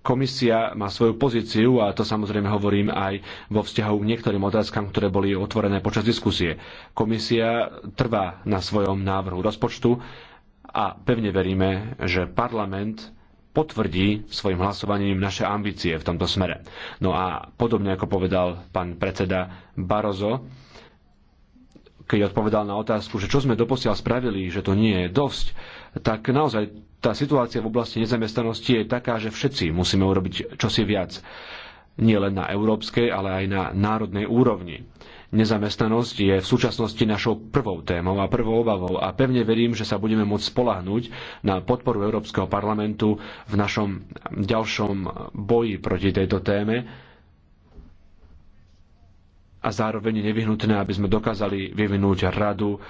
Speaker 4: komisia má svoju pozíciu a to samozrejme hovorím aj vo vzťahu k niektorým otázkam, ktoré boli otvorené počas diskusie. Komisia trvá na svojom návrhu rozpočtu a pevne veríme, že parlament potvrdí svojim hlasovaním naše ambície v tomto smere. No a podobne ako povedal pán predseda Barozo, keď odpovedal na otázku, že čo sme doposiaľ spravili, že to nie je dosť, tak naozaj tá situácia v oblasti nezamestnanosti je taká, že všetci musíme urobiť čosi viac. Nie len na európskej, ale aj na národnej úrovni. Nezamestnanosť je v súčasnosti našou prvou témou a prvou obavou a pevne verím, že sa budeme môcť spolahnúť na podporu Európskeho parlamentu v našom ďalšom boji proti tejto téme a zároveň je nevyhnutné, aby sme dokázali vyvinúť radu,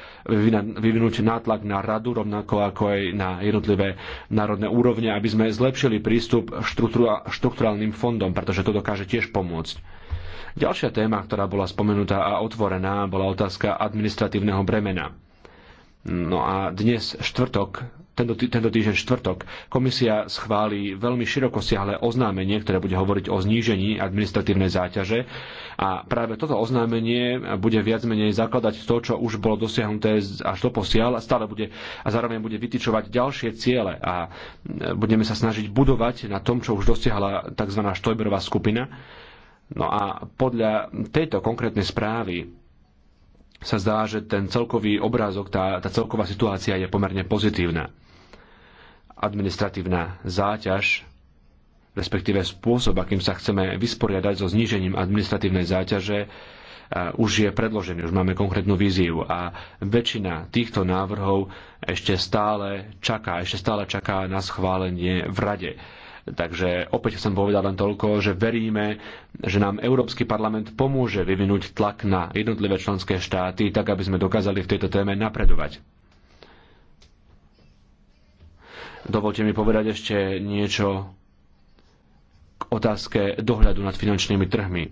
Speaker 4: vyvinúť nátlak na radu, rovnako ako aj na jednotlivé národné úrovne, aby sme zlepšili prístup štruktúrálnym fondom, pretože to dokáže tiež pomôcť. Ďalšia téma, ktorá bola spomenutá a otvorená, bola otázka administratívneho bremena. No a dnes štvrtok, tento, tý, tento týždeň štvrtok, komisia schváli veľmi širokosiahle oznámenie, ktoré bude hovoriť o znížení administratívnej záťaže a práve toto oznámenie bude viac menej zakladať to, čo už bolo dosiahnuté až do posiaľ a stále bude a zároveň bude vytičovať ďalšie ciele a budeme sa snažiť budovať na tom, čo už dosiahla tzv. Štojberová skupina No a podľa tejto konkrétnej správy sa zdá, že ten celkový obrázok, tá, tá celková situácia je pomerne pozitívna. Administratívna záťaž, respektíve spôsob, akým sa chceme vysporiadať so znížením administratívnej záťaže, už je predložený, už máme konkrétnu víziu a väčšina týchto návrhov ešte stále čaká, ešte stále čaká na schválenie v Rade Takže opäť som povedal len toľko, že veríme, že nám Európsky parlament pomôže vyvinúť tlak na jednotlivé členské štáty, tak aby sme dokázali v tejto téme napredovať. Dovolte mi povedať ešte niečo k otázke dohľadu nad finančnými trhmi.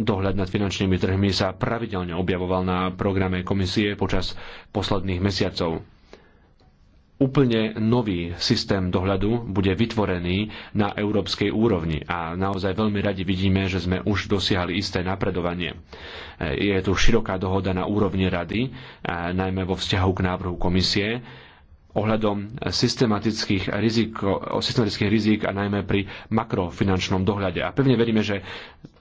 Speaker 4: Dohľad nad finančnými trhmi sa pravidelne objavoval na programe komisie počas posledných mesiacov úplne nový systém dohľadu bude vytvorený na európskej úrovni a naozaj veľmi radi vidíme, že sme už dosiahli isté napredovanie. E, je tu široká dohoda na úrovni rady, e, najmä vo vzťahu k návrhu komisie, ohľadom systematických rizik, systematických rizik a najmä pri makrofinančnom dohľade. A pevne veríme, že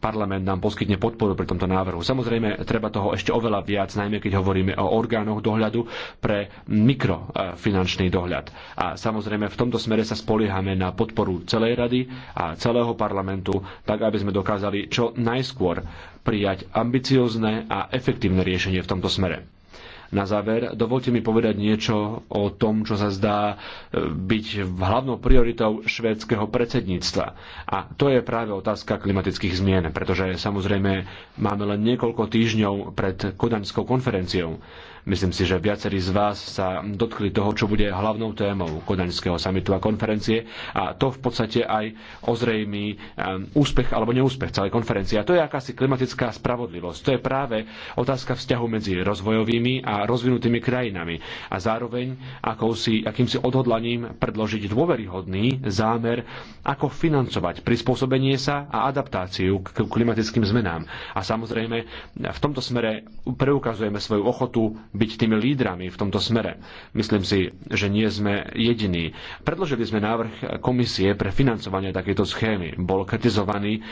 Speaker 4: parlament nám poskytne podporu pri tomto návrhu. Samozrejme, treba toho ešte oveľa viac, najmä keď hovoríme o orgánoch dohľadu pre mikrofinančný dohľad. A samozrejme, v tomto smere sa spoliehame na podporu celej rady a celého parlamentu, tak aby sme dokázali čo najskôr prijať ambiciozne a efektívne riešenie v tomto smere. Na záver, dovolte mi povedať niečo o tom, čo sa zdá e, byť hlavnou prioritou švédskeho predsedníctva. A to je práve otázka klimatických zmien, pretože samozrejme máme len niekoľko týždňov pred Kodanskou konferenciou. Myslím si, že viacerí z vás sa dotkli toho, čo bude hlavnou témou kodaňského samitu a konferencie a to v podstate aj ozrejmí um, úspech alebo neúspech celej konferencie. A to je akási klimatická spravodlivosť. To je práve otázka vzťahu medzi rozvojovými a rozvinutými krajinami a zároveň akousi, akýmsi odhodlaním predložiť dôveryhodný zámer, ako financovať prispôsobenie sa a adaptáciu k klimatickým zmenám. A samozrejme v tomto smere preukazujeme svoju ochotu byť tými lídrami v tomto smere. Myslím si, že nie sme jediní. Predložili sme návrh komisie pre financovanie takéto schémy. Bol kritizovaný eh,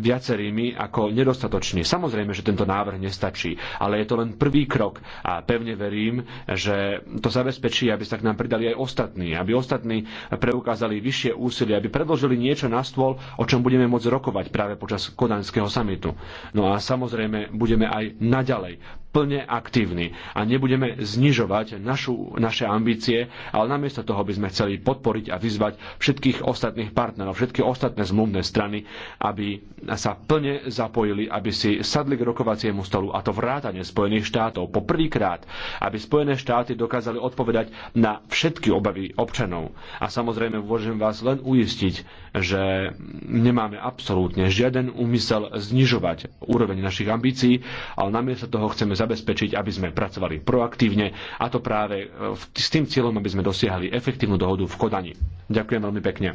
Speaker 4: viacerými ako nedostatočný. Samozrejme, že tento návrh nestačí, ale je to len prvý krok a pevne verím, že to zabezpečí, aby sa k nám pridali aj ostatní, aby ostatní preukázali vyššie úsilie, aby predložili niečo na stôl, o čom budeme môcť rokovať práve počas kodaňského samitu. No a samozrejme budeme aj naďalej plne aktívni a nebudeme znižovať našu, naše ambície, ale namiesto toho by sme chceli podporiť a vyzvať všetkých ostatných partnerov, všetky ostatné zmluvné strany, aby sa plne zapojili, aby si sadli k rokovaciemu stolu a to vrátane Spojených štátov po prvýkrát, aby Spojené štáty dokázali odpovedať na všetky obavy občanov. A samozrejme môžem vás len uistiť, že nemáme absolútne žiaden úmysel znižovať úroveň našich ambícií, ale namiesto toho chceme zabezpečiť, aby sme pracovali proaktívne a to práve e, s tým cieľom, aby sme dosiahli efektívnu dohodu v Kodani. Ďakujem veľmi pekne.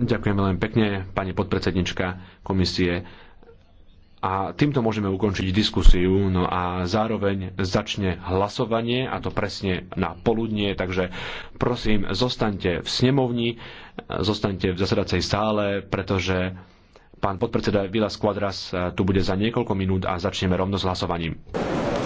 Speaker 4: Ďakujem veľmi pekne, pani podpredsednička komisie. A týmto môžeme ukončiť diskusiu, no a zároveň začne hlasovanie, a to presne na poludnie, takže prosím, zostaňte v snemovni, zostaňte v zasedacej sále, pretože Pán podpredseda Vilas Quadras eh, tu bude za niekoľko minút a začneme rovno s hlasovaním.